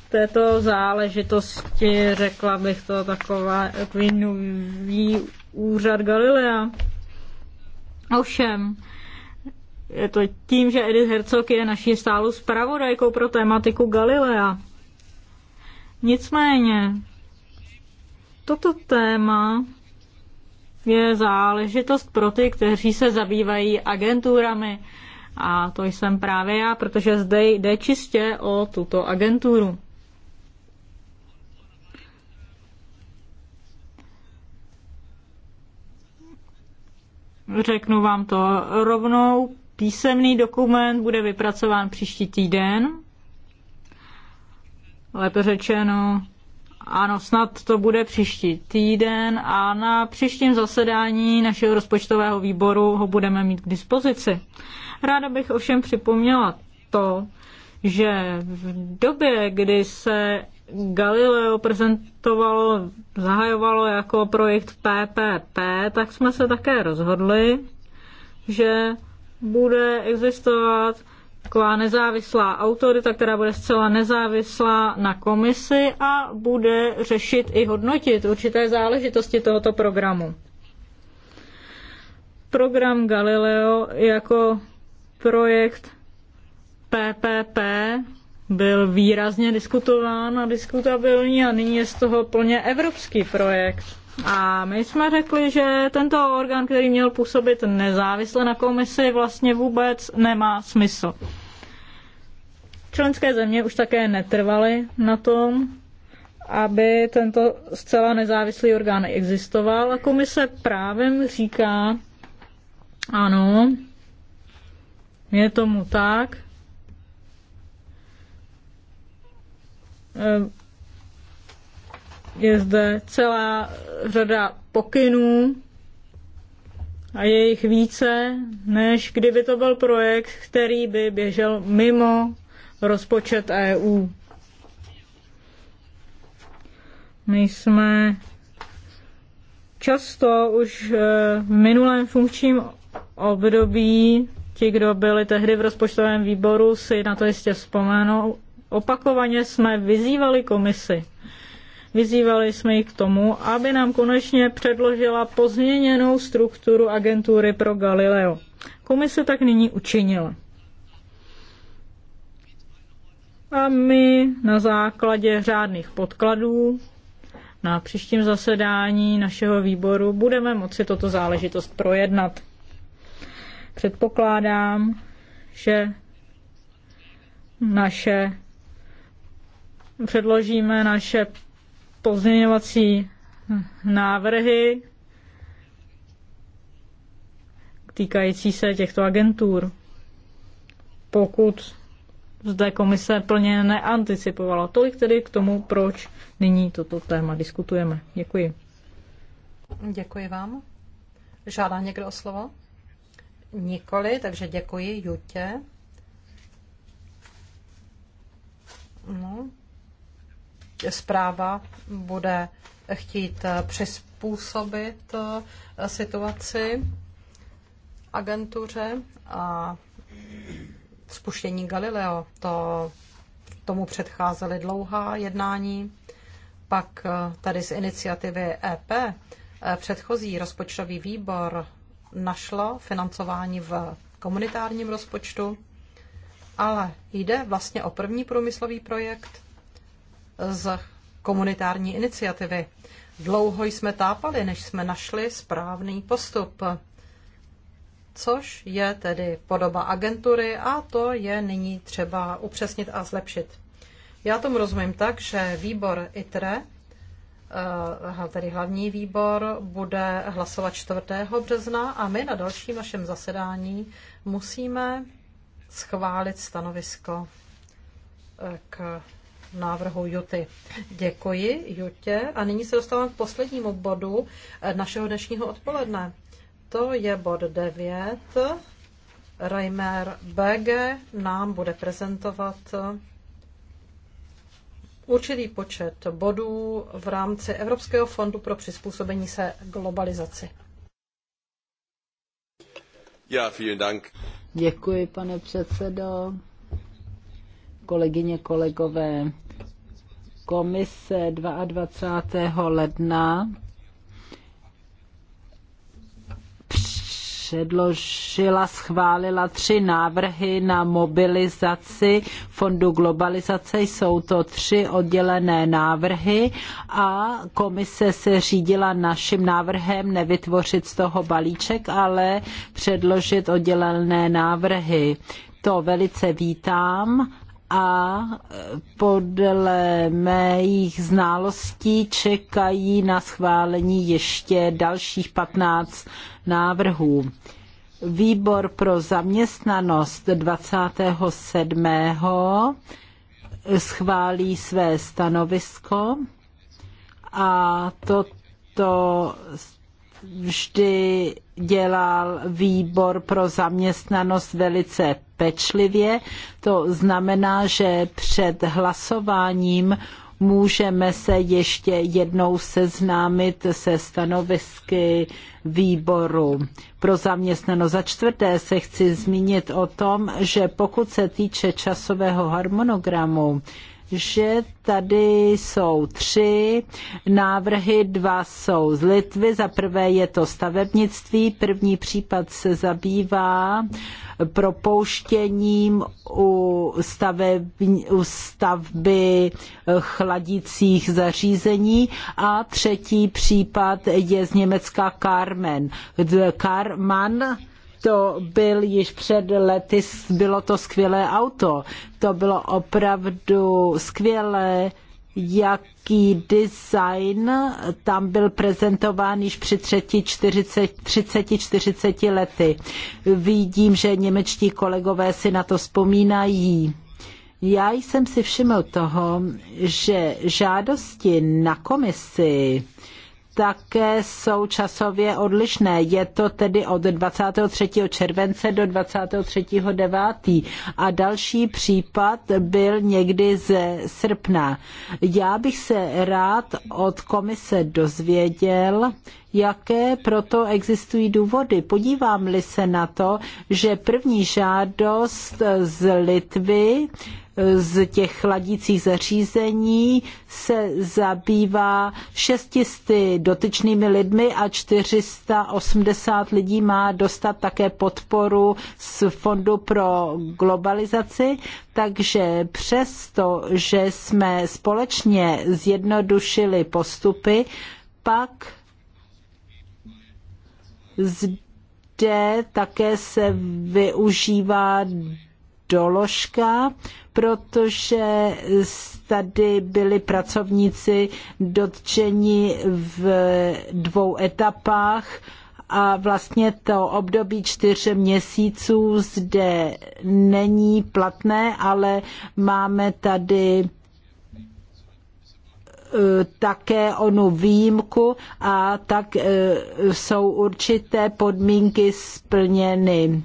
této záležitosti, řekla bych to taková, takový nový úřad Galilea. Ovšem, je to tím, že Edith Herzog je naší stálou zpravodajkou pro tématiku Galilea. Nicméně, toto téma vlastně záležitost pro ty, kteří se zabývají agenturami. A to jsem právě já, protože zde jde čistě o tuto agenturu. Řeknu vám to rovnou. Písemný dokument bude vypracován příští týden. Lépe řečeno, ano, snad to bude příští týden a na příštím zasedání našeho rozpočtového výboru ho budeme mít k dispozici. Ráda bych ovšem připomněla to, že v době, kdy se Galileo prezentovalo, zahajovalo jako projekt PPP, tak jsme se také rozhodli, že bude existovat taková nezávislá autorita, která bude zcela nezávislá na komisi a bude řešit i hodnotit určité záležitosti tohoto programu. Program Galileo jako projekt PPP byl výrazně diskutován a diskutabilní a nyní je z toho plně evropský projekt. A my jsme řekli, že tento orgán, který měl působit nezávisle na komisi, vlastně vůbec nemá smysl. Členské země už také netrvaly na tom, aby tento zcela nezávislý orgán existoval a komise právem říká, ano, je tomu tak. Eh, je zde celá řada pokynů a je jich více, než kdyby to byl projekt, který by běžel mimo rozpočet EU. My jsme často už eh, v minulém funkčním období, ti, kdo byli tehdy v rozpočtovém výboru, si na to jistě vzpomenou, opakovaně jsme vyzývali komisi. Vyzývali jsme ji k tomu, aby nám konečně předložila pozměněnou strukturu agentury pro Galileo. Komise tak nyní učinila. A my na základě řádných podkladů na příštím zasedání našeho výboru budeme moci toto záležitost projednat. Předpokládám, že naše předložíme naše pozměňovací návrhy týkající se těchto agentur. Pokud zde komise plně neanticipovala. Tolik tedy k tomu, proč nyní toto téma diskutujeme. Děkuji. Děkuji vám. Žádá někdo o slovo? Nikoli, takže děkuji Jutě. No. Zpráva bude chtít přizpůsobit eh, situaci agentuře a spuštění Galileo. To tomu předcházely dlouhá jednání. Pak eh, tady z iniciativy EP eh, předchozí rozpočtový výbor našlo financování v komunitárním rozpočtu, ale jde vlastně o první průmyslový projekt z komunitární iniciativy. Dlouho jsme tápali, než jsme našli správný postup což je tedy podoba agentury a to je nyní třeba upřesnit a zlepšit. Já tomu rozumím tak, že výbor ITRE, eh, tedy hlavní výbor, bude hlasovat 4. března a my na dalším našem zasedání musíme schválit stanovisko eh, k návrhu Juty. Děkuji Jutě a nyní se dostávám k poslednímu bodu eh, našeho dnešního odpoledne to je bod 9. Reimer Bege nám bude prezentovat určitý počet bodů v rámci Evropského fondu pro přizpůsobení se globalizaci. Ja, vielen Dank. Děkuji, pane předsedo. Kolegyně, kolegové, komise 22. ledna předložila, schválila tři návrhy na mobilizaci Fondu globalizace. Jsou to tři oddělené návrhy a komise se řídila naším návrhem nevytvořit z toho balíček, ale předložit oddělené návrhy. To velice vítám a podle mých znalostí čekají na schválení ještě dalších 15 návrhů. Výbor pro zaměstnanost 27. schválí své stanovisko a toto vždy dělal výbor pro zaměstnanost velice pečlivě. To znamená, že před hlasováním můžeme se ještě jednou seznámit se stanovisky výboru pro zaměstnanost. Za čtvrté se chci zmínit o tom, že pokud se týče časového harmonogramu, že tady jsou tři návrhy, dva jsou z Litvy. Za prvé je to stavebnictví, první případ se zabývá propouštěním u, staveb, u stavby chladicích zařízení a třetí případ je z Německa Carmen. Karman to byl již před lety, bylo to skvělé auto. To bylo opravdu skvělé, jaký design tam byl prezentován již při 30-40 lety. Vidím, že němečtí kolegové si na to vzpomínají. Já jsem si všiml toho, že žádosti na komisi také jsou časově odlišné. Je to tedy od 23. července do 23. 9. a další případ byl někdy ze srpna. Já bych se rád od komise dozvěděl, jaké proto existují důvody. Podívám-li se na to, že první žádost z Litvy z těch chladících zařízení se zabývá 600 dotyčnými lidmi a 480 lidí má dostat také podporu z Fondu pro globalizaci. Takže přesto, že jsme společně zjednodušili postupy, pak zde také se využívá doložka protože tady byli pracovníci dotčeni v dvou etapách a vlastně to období čtyř měsíců zde není platné, ale máme tady eh, také onu výjimku a tak eh, jsou určité podmínky splněny.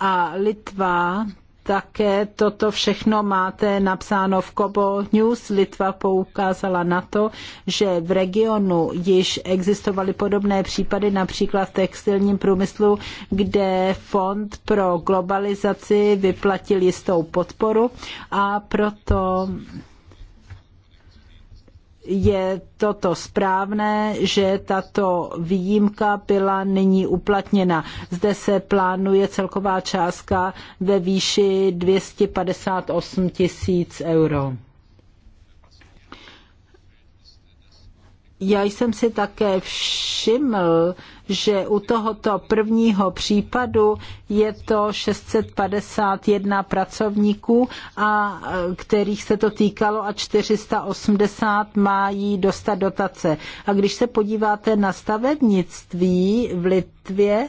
a Litva také toto všechno máte napsáno v Kobo News. Litva poukázala na to, že v regionu již existovaly podobné případy, například v textilním průmyslu, kde Fond pro globalizaci vyplatil jistou podporu a proto je toto správné, že tato výjimka byla nyní uplatněna. Zde se plánuje celková částka ve výši 258 tisíc euro. já jsem si také všiml, že u tohoto prvního případu je to 651 pracovníků, a, kterých se to týkalo a 480 mají dostat dotace. A když se podíváte na stavebnictví v Litvě,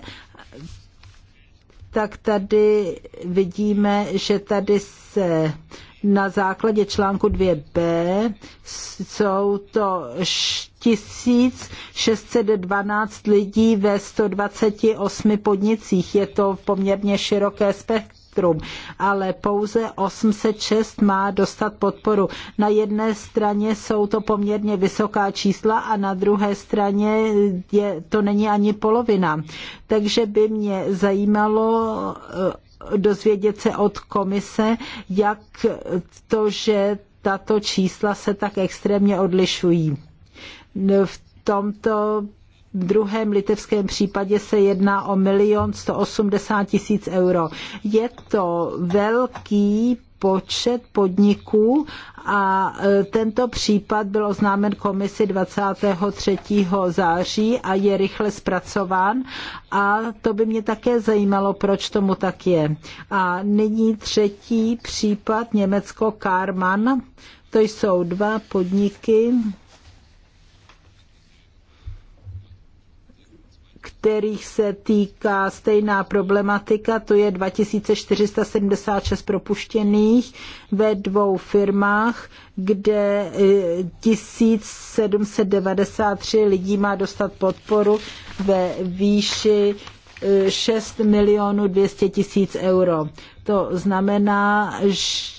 tak tady vidíme, že tady se na základě článku 2b jsou to 1612 lidí ve 128 podnicích. Je to poměrně široké spektrum ale pouze 806 má dostat podporu. Na jedné straně jsou to poměrně vysoká čísla a na druhé straně je, to není ani polovina. Takže by mě zajímalo, dozvědět se od komise, jak to, že tato čísla se tak extrémně odlišují. V tomto v druhém litevském případě se jedná o milion 180 tisíc euro. Je to velký počet podniků a e, tento případ byl oznámen komisi 23. září a je rychle zpracován a to by mě také zajímalo, proč tomu tak je. A nyní třetí případ Německo Karman. To jsou dva podniky, kterých se týká stejná problematika, to je 2476 propuštěných ve dvou firmách, kde 1793 e, lidí má dostat podporu ve výši 6 e, milionů 200 tisíc euro. To znamená,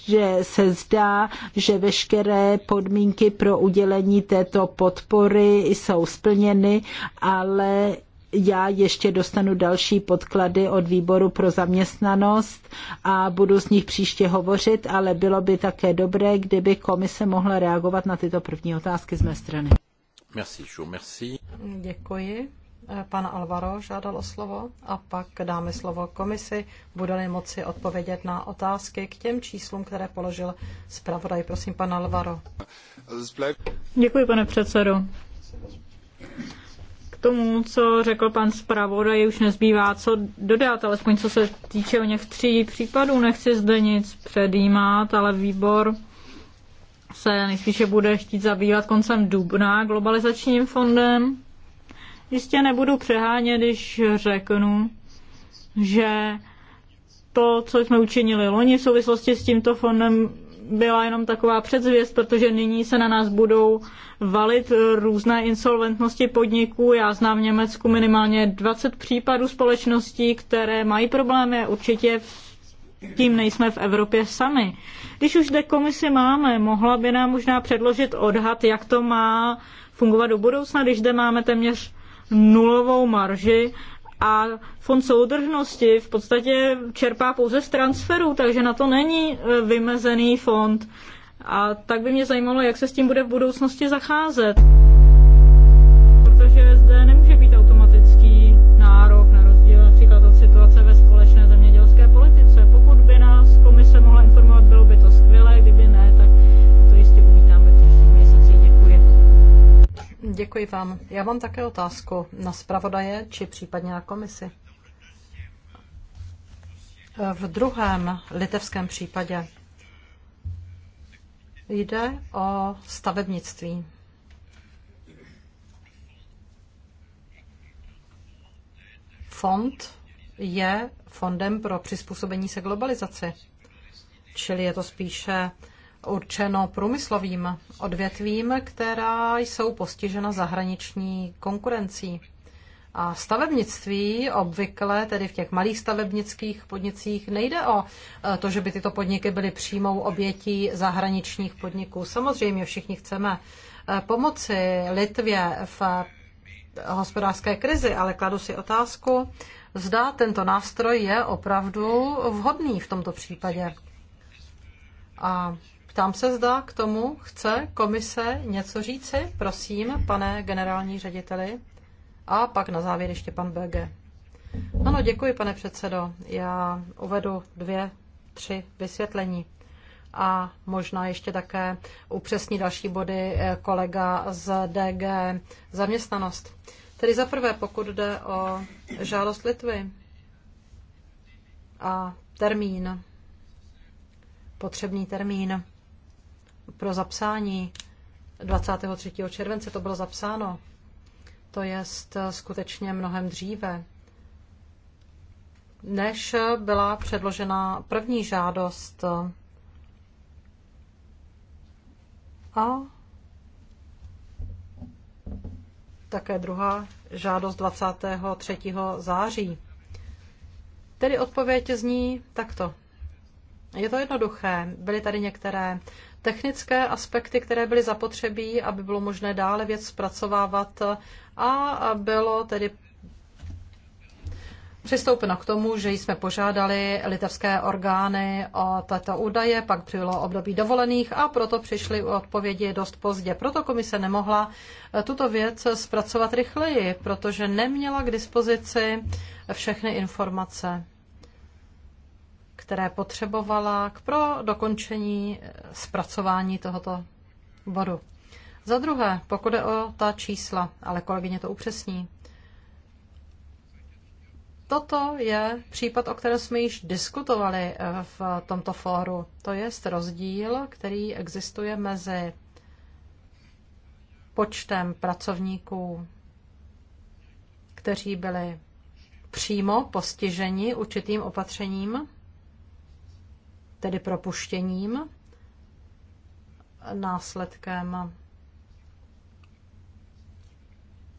že se zdá, že veškeré podmínky pro udělení této podpory jsou splněny, ale já ještě dostanu další podklady od výboru pro zaměstnanost a budu z nich příště hovořit, ale bylo by také dobré, kdyby komise mohla reagovat na tyto první otázky z mé strany. Merci, merci. Děkuji. Pan Alvaro žádal o slovo a pak dáme slovo komisi, bude-li moci odpovědět na otázky k těm číslům, které položil zpravodaj. Prosím, pan Alvaro. Děkuji, pane předsedo tomu, co řekl pan zpravodaj, už nezbývá co dodat, alespoň co se týče o něch tří případů. Nechci zde nic předjímat, ale výbor se nejspíše bude chtít zabývat koncem dubna globalizačním fondem. Jistě nebudu přehánět, když řeknu, že to, co jsme učinili loni v souvislosti s tímto fondem, byla jenom taková předzvěst, protože nyní se na nás budou valit eh, různé insolventnosti podniků. Já znám v Německu minimálně 20 případů společností, které mají problémy. Určitě tím nejsme v Evropě sami. Když už zde komisi máme, mohla by nám možná předložit odhad, jak to má fungovat do budoucna, když zde máme téměř nulovou marži a fond soudržnosti v podstatě čerpá pouze z transferu, takže na to není e, vymezený fond. A tak by mě zajímalo, jak se s tím bude v budoucnosti zacházet. Protože Děkuji vám. Já mám také otázku na zpravodaje či případně na komisi. V druhém litevském případě jde o stavebnictví. Fond je fondem pro přizpůsobení se globalizaci, čili je to spíše určeno průmyslovým odvětvím, která jsou postižena zahraniční konkurencí. A stavebnictví obvykle, tedy v těch malých stavebnických podnicích, nejde o eh, to, že by tyto podniky byly přímou obětí zahraničních podniků. Samozřejmě všichni chceme eh, pomoci Litvě v hospodářské krizi, ale kladu si otázku, zda tento nástroj je opravdu vhodný v tomto případě. A Ptám se, zda k tomu chce komise něco říci. Prosím, pane generální řediteli. A pak na závěr ještě pan BG. Ano, děkuji, pane předsedo. Já uvedu dvě, tři vysvětlení a možná ještě také upřesní další body eh, kolega z DG zaměstnanost. Tedy za prvé, pokud jde o žádost Litvy a termín, potřebný termín pro zapsání 23. července to bylo zapsáno. To je eh, skutečně mnohem dříve, než byla předložena první žádost a také druhá žádost 23. září. Tedy odpověď zní takto. Je to jednoduché. Byly tady některé technické aspekty, které byly zapotřebí, aby bylo možné dále věc zpracovávat a bylo tedy Přistoupeno k tomu, že jsme požádali litevské orgány o tato údaje, pak přišlo období dovolených a proto přišly odpovědi dost pozdě. Proto komise nemohla eh, tuto věc zpracovat rychleji, protože neměla k dispozici všechny informace které potřebovala k pro dokončení eh, zpracování tohoto bodu. Za druhé, pokud je o ta čísla, ale kolegyně to upřesní, Toto je případ, o kterém jsme již diskutovali eh, v tomto fóru. To je rozdíl, který existuje mezi počtem pracovníků, kteří byli přímo postiženi určitým opatřením tedy propuštěním, následkem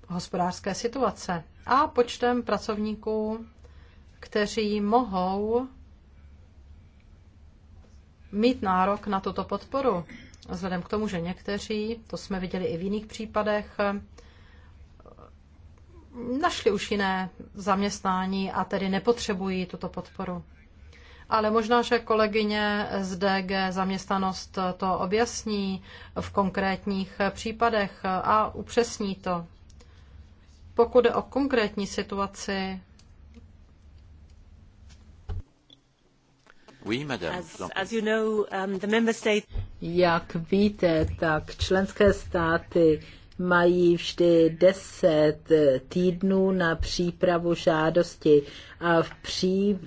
hospodářské situace a počtem pracovníků, kteří mohou mít nárok na tuto podporu. Vzhledem k tomu, že někteří, to jsme viděli i v jiných případech, našli už jiné zaměstnání a tedy nepotřebují tuto podporu ale možná, že kolegyně z DG zaměstnanost to objasní v konkrétních případech a upřesní to. Pokud je o konkrétní situaci, um, Jak víte, tak členské státy mají vždy 10 týdnů na přípravu žádosti a v pří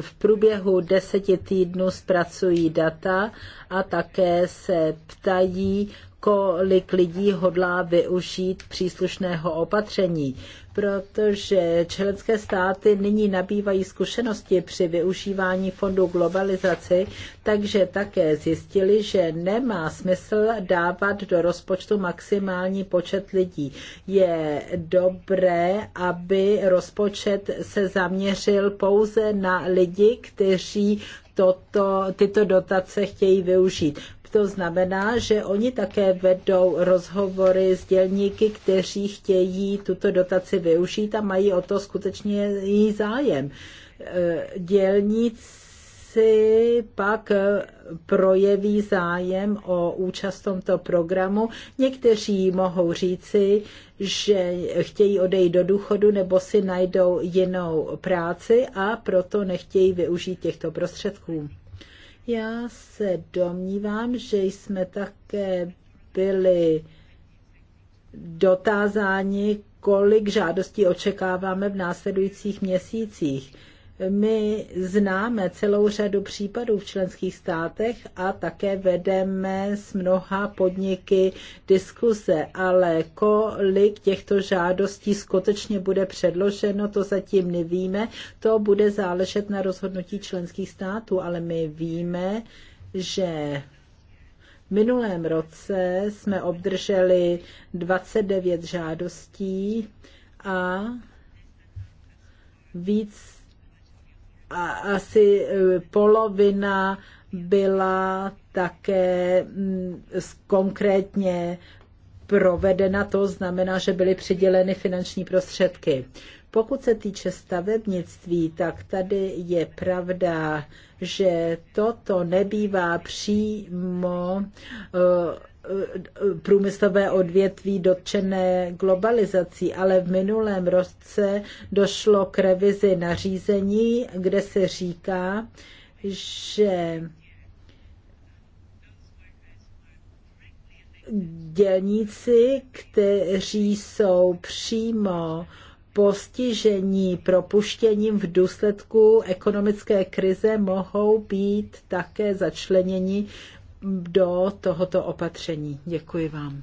v průběhu deseti týdnů zpracují data a také se ptají, kolik lidí hodlá využít příslušného opatření protože členské státy nyní nabývají zkušenosti při využívání fondu globalizaci, takže také zjistili, že nemá smysl dávat do rozpočtu maximální počet lidí. Je dobré, aby rozpočet se zaměřil pouze na lidi, kteří toto, tyto dotace chtějí využít. To znamená, že oni také vedou rozhovory s dělníky, kteří chtějí tuto dotaci využít a mají o to skutečně jí zájem. E, dělníci pak projeví zájem o účast v tomto programu. Někteří mohou říci, že chtějí odejít do důchodu nebo si najdou jinou práci a proto nechtějí využít těchto prostředků. Já se domnívám, že jsme také byli dotázáni, kolik žádostí očekáváme v následujících měsících. My známe celou řadu případů v členských státech a také vedeme s mnoha podniky diskuze, ale kolik těchto žádostí skutečně bude předloženo, to zatím nevíme. To bude záležet na rozhodnutí členských států, ale my víme, že v minulém roce jsme obdrželi 29 žádostí a víc a asi e, polovina byla také mm, konkrétně provedena, to znamená, že byly přiděleny finanční prostředky. Pokud se týče stavebnictví, tak tady je pravda, že toto nebývá přímo uh, průmyslové odvětví dotčené globalizací, ale v minulém roce došlo k revizi nařízení, kde se říká, že dělníci, kteří jsou přímo postižení propuštěním v důsledku ekonomické krize mohou být také začleněni do tohoto opatření. Děkuji vám.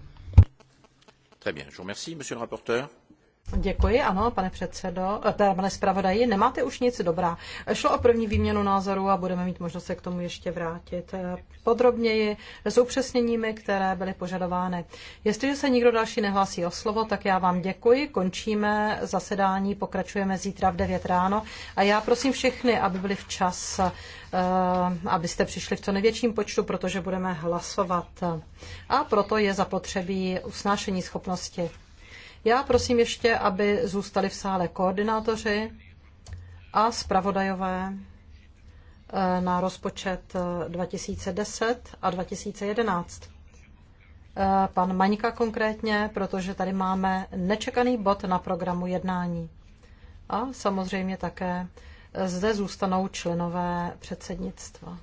Très bien, je vous remercie, monsieur le rapporteur. Děkuji, ano, pane předsedo, teda, eh, pane zpravodaji, nemáte už nic dobrá. Šlo o první výměnu názoru a budeme mít možnost se k tomu ještě vrátit eh, podrobněji s upřesněními, které byly požadovány. Jestliže se nikdo další nehlásí o slovo, tak já vám děkuji, končíme zasedání, pokračujeme zítra v 9 ráno a já prosím všechny, aby byli včas, eh, abyste přišli v co největším počtu, protože budeme hlasovat a proto je zapotřebí usnášení schopnosti. Já prosím ještě, aby zůstali v sále koordinátoři a zpravodajové eh, na rozpočet 2010 eh, a 2011. Eh, pan Maňka konkrétně, protože tady máme nečekaný bod na programu jednání. A samozřejmě také zde zůstanou členové předsednictva.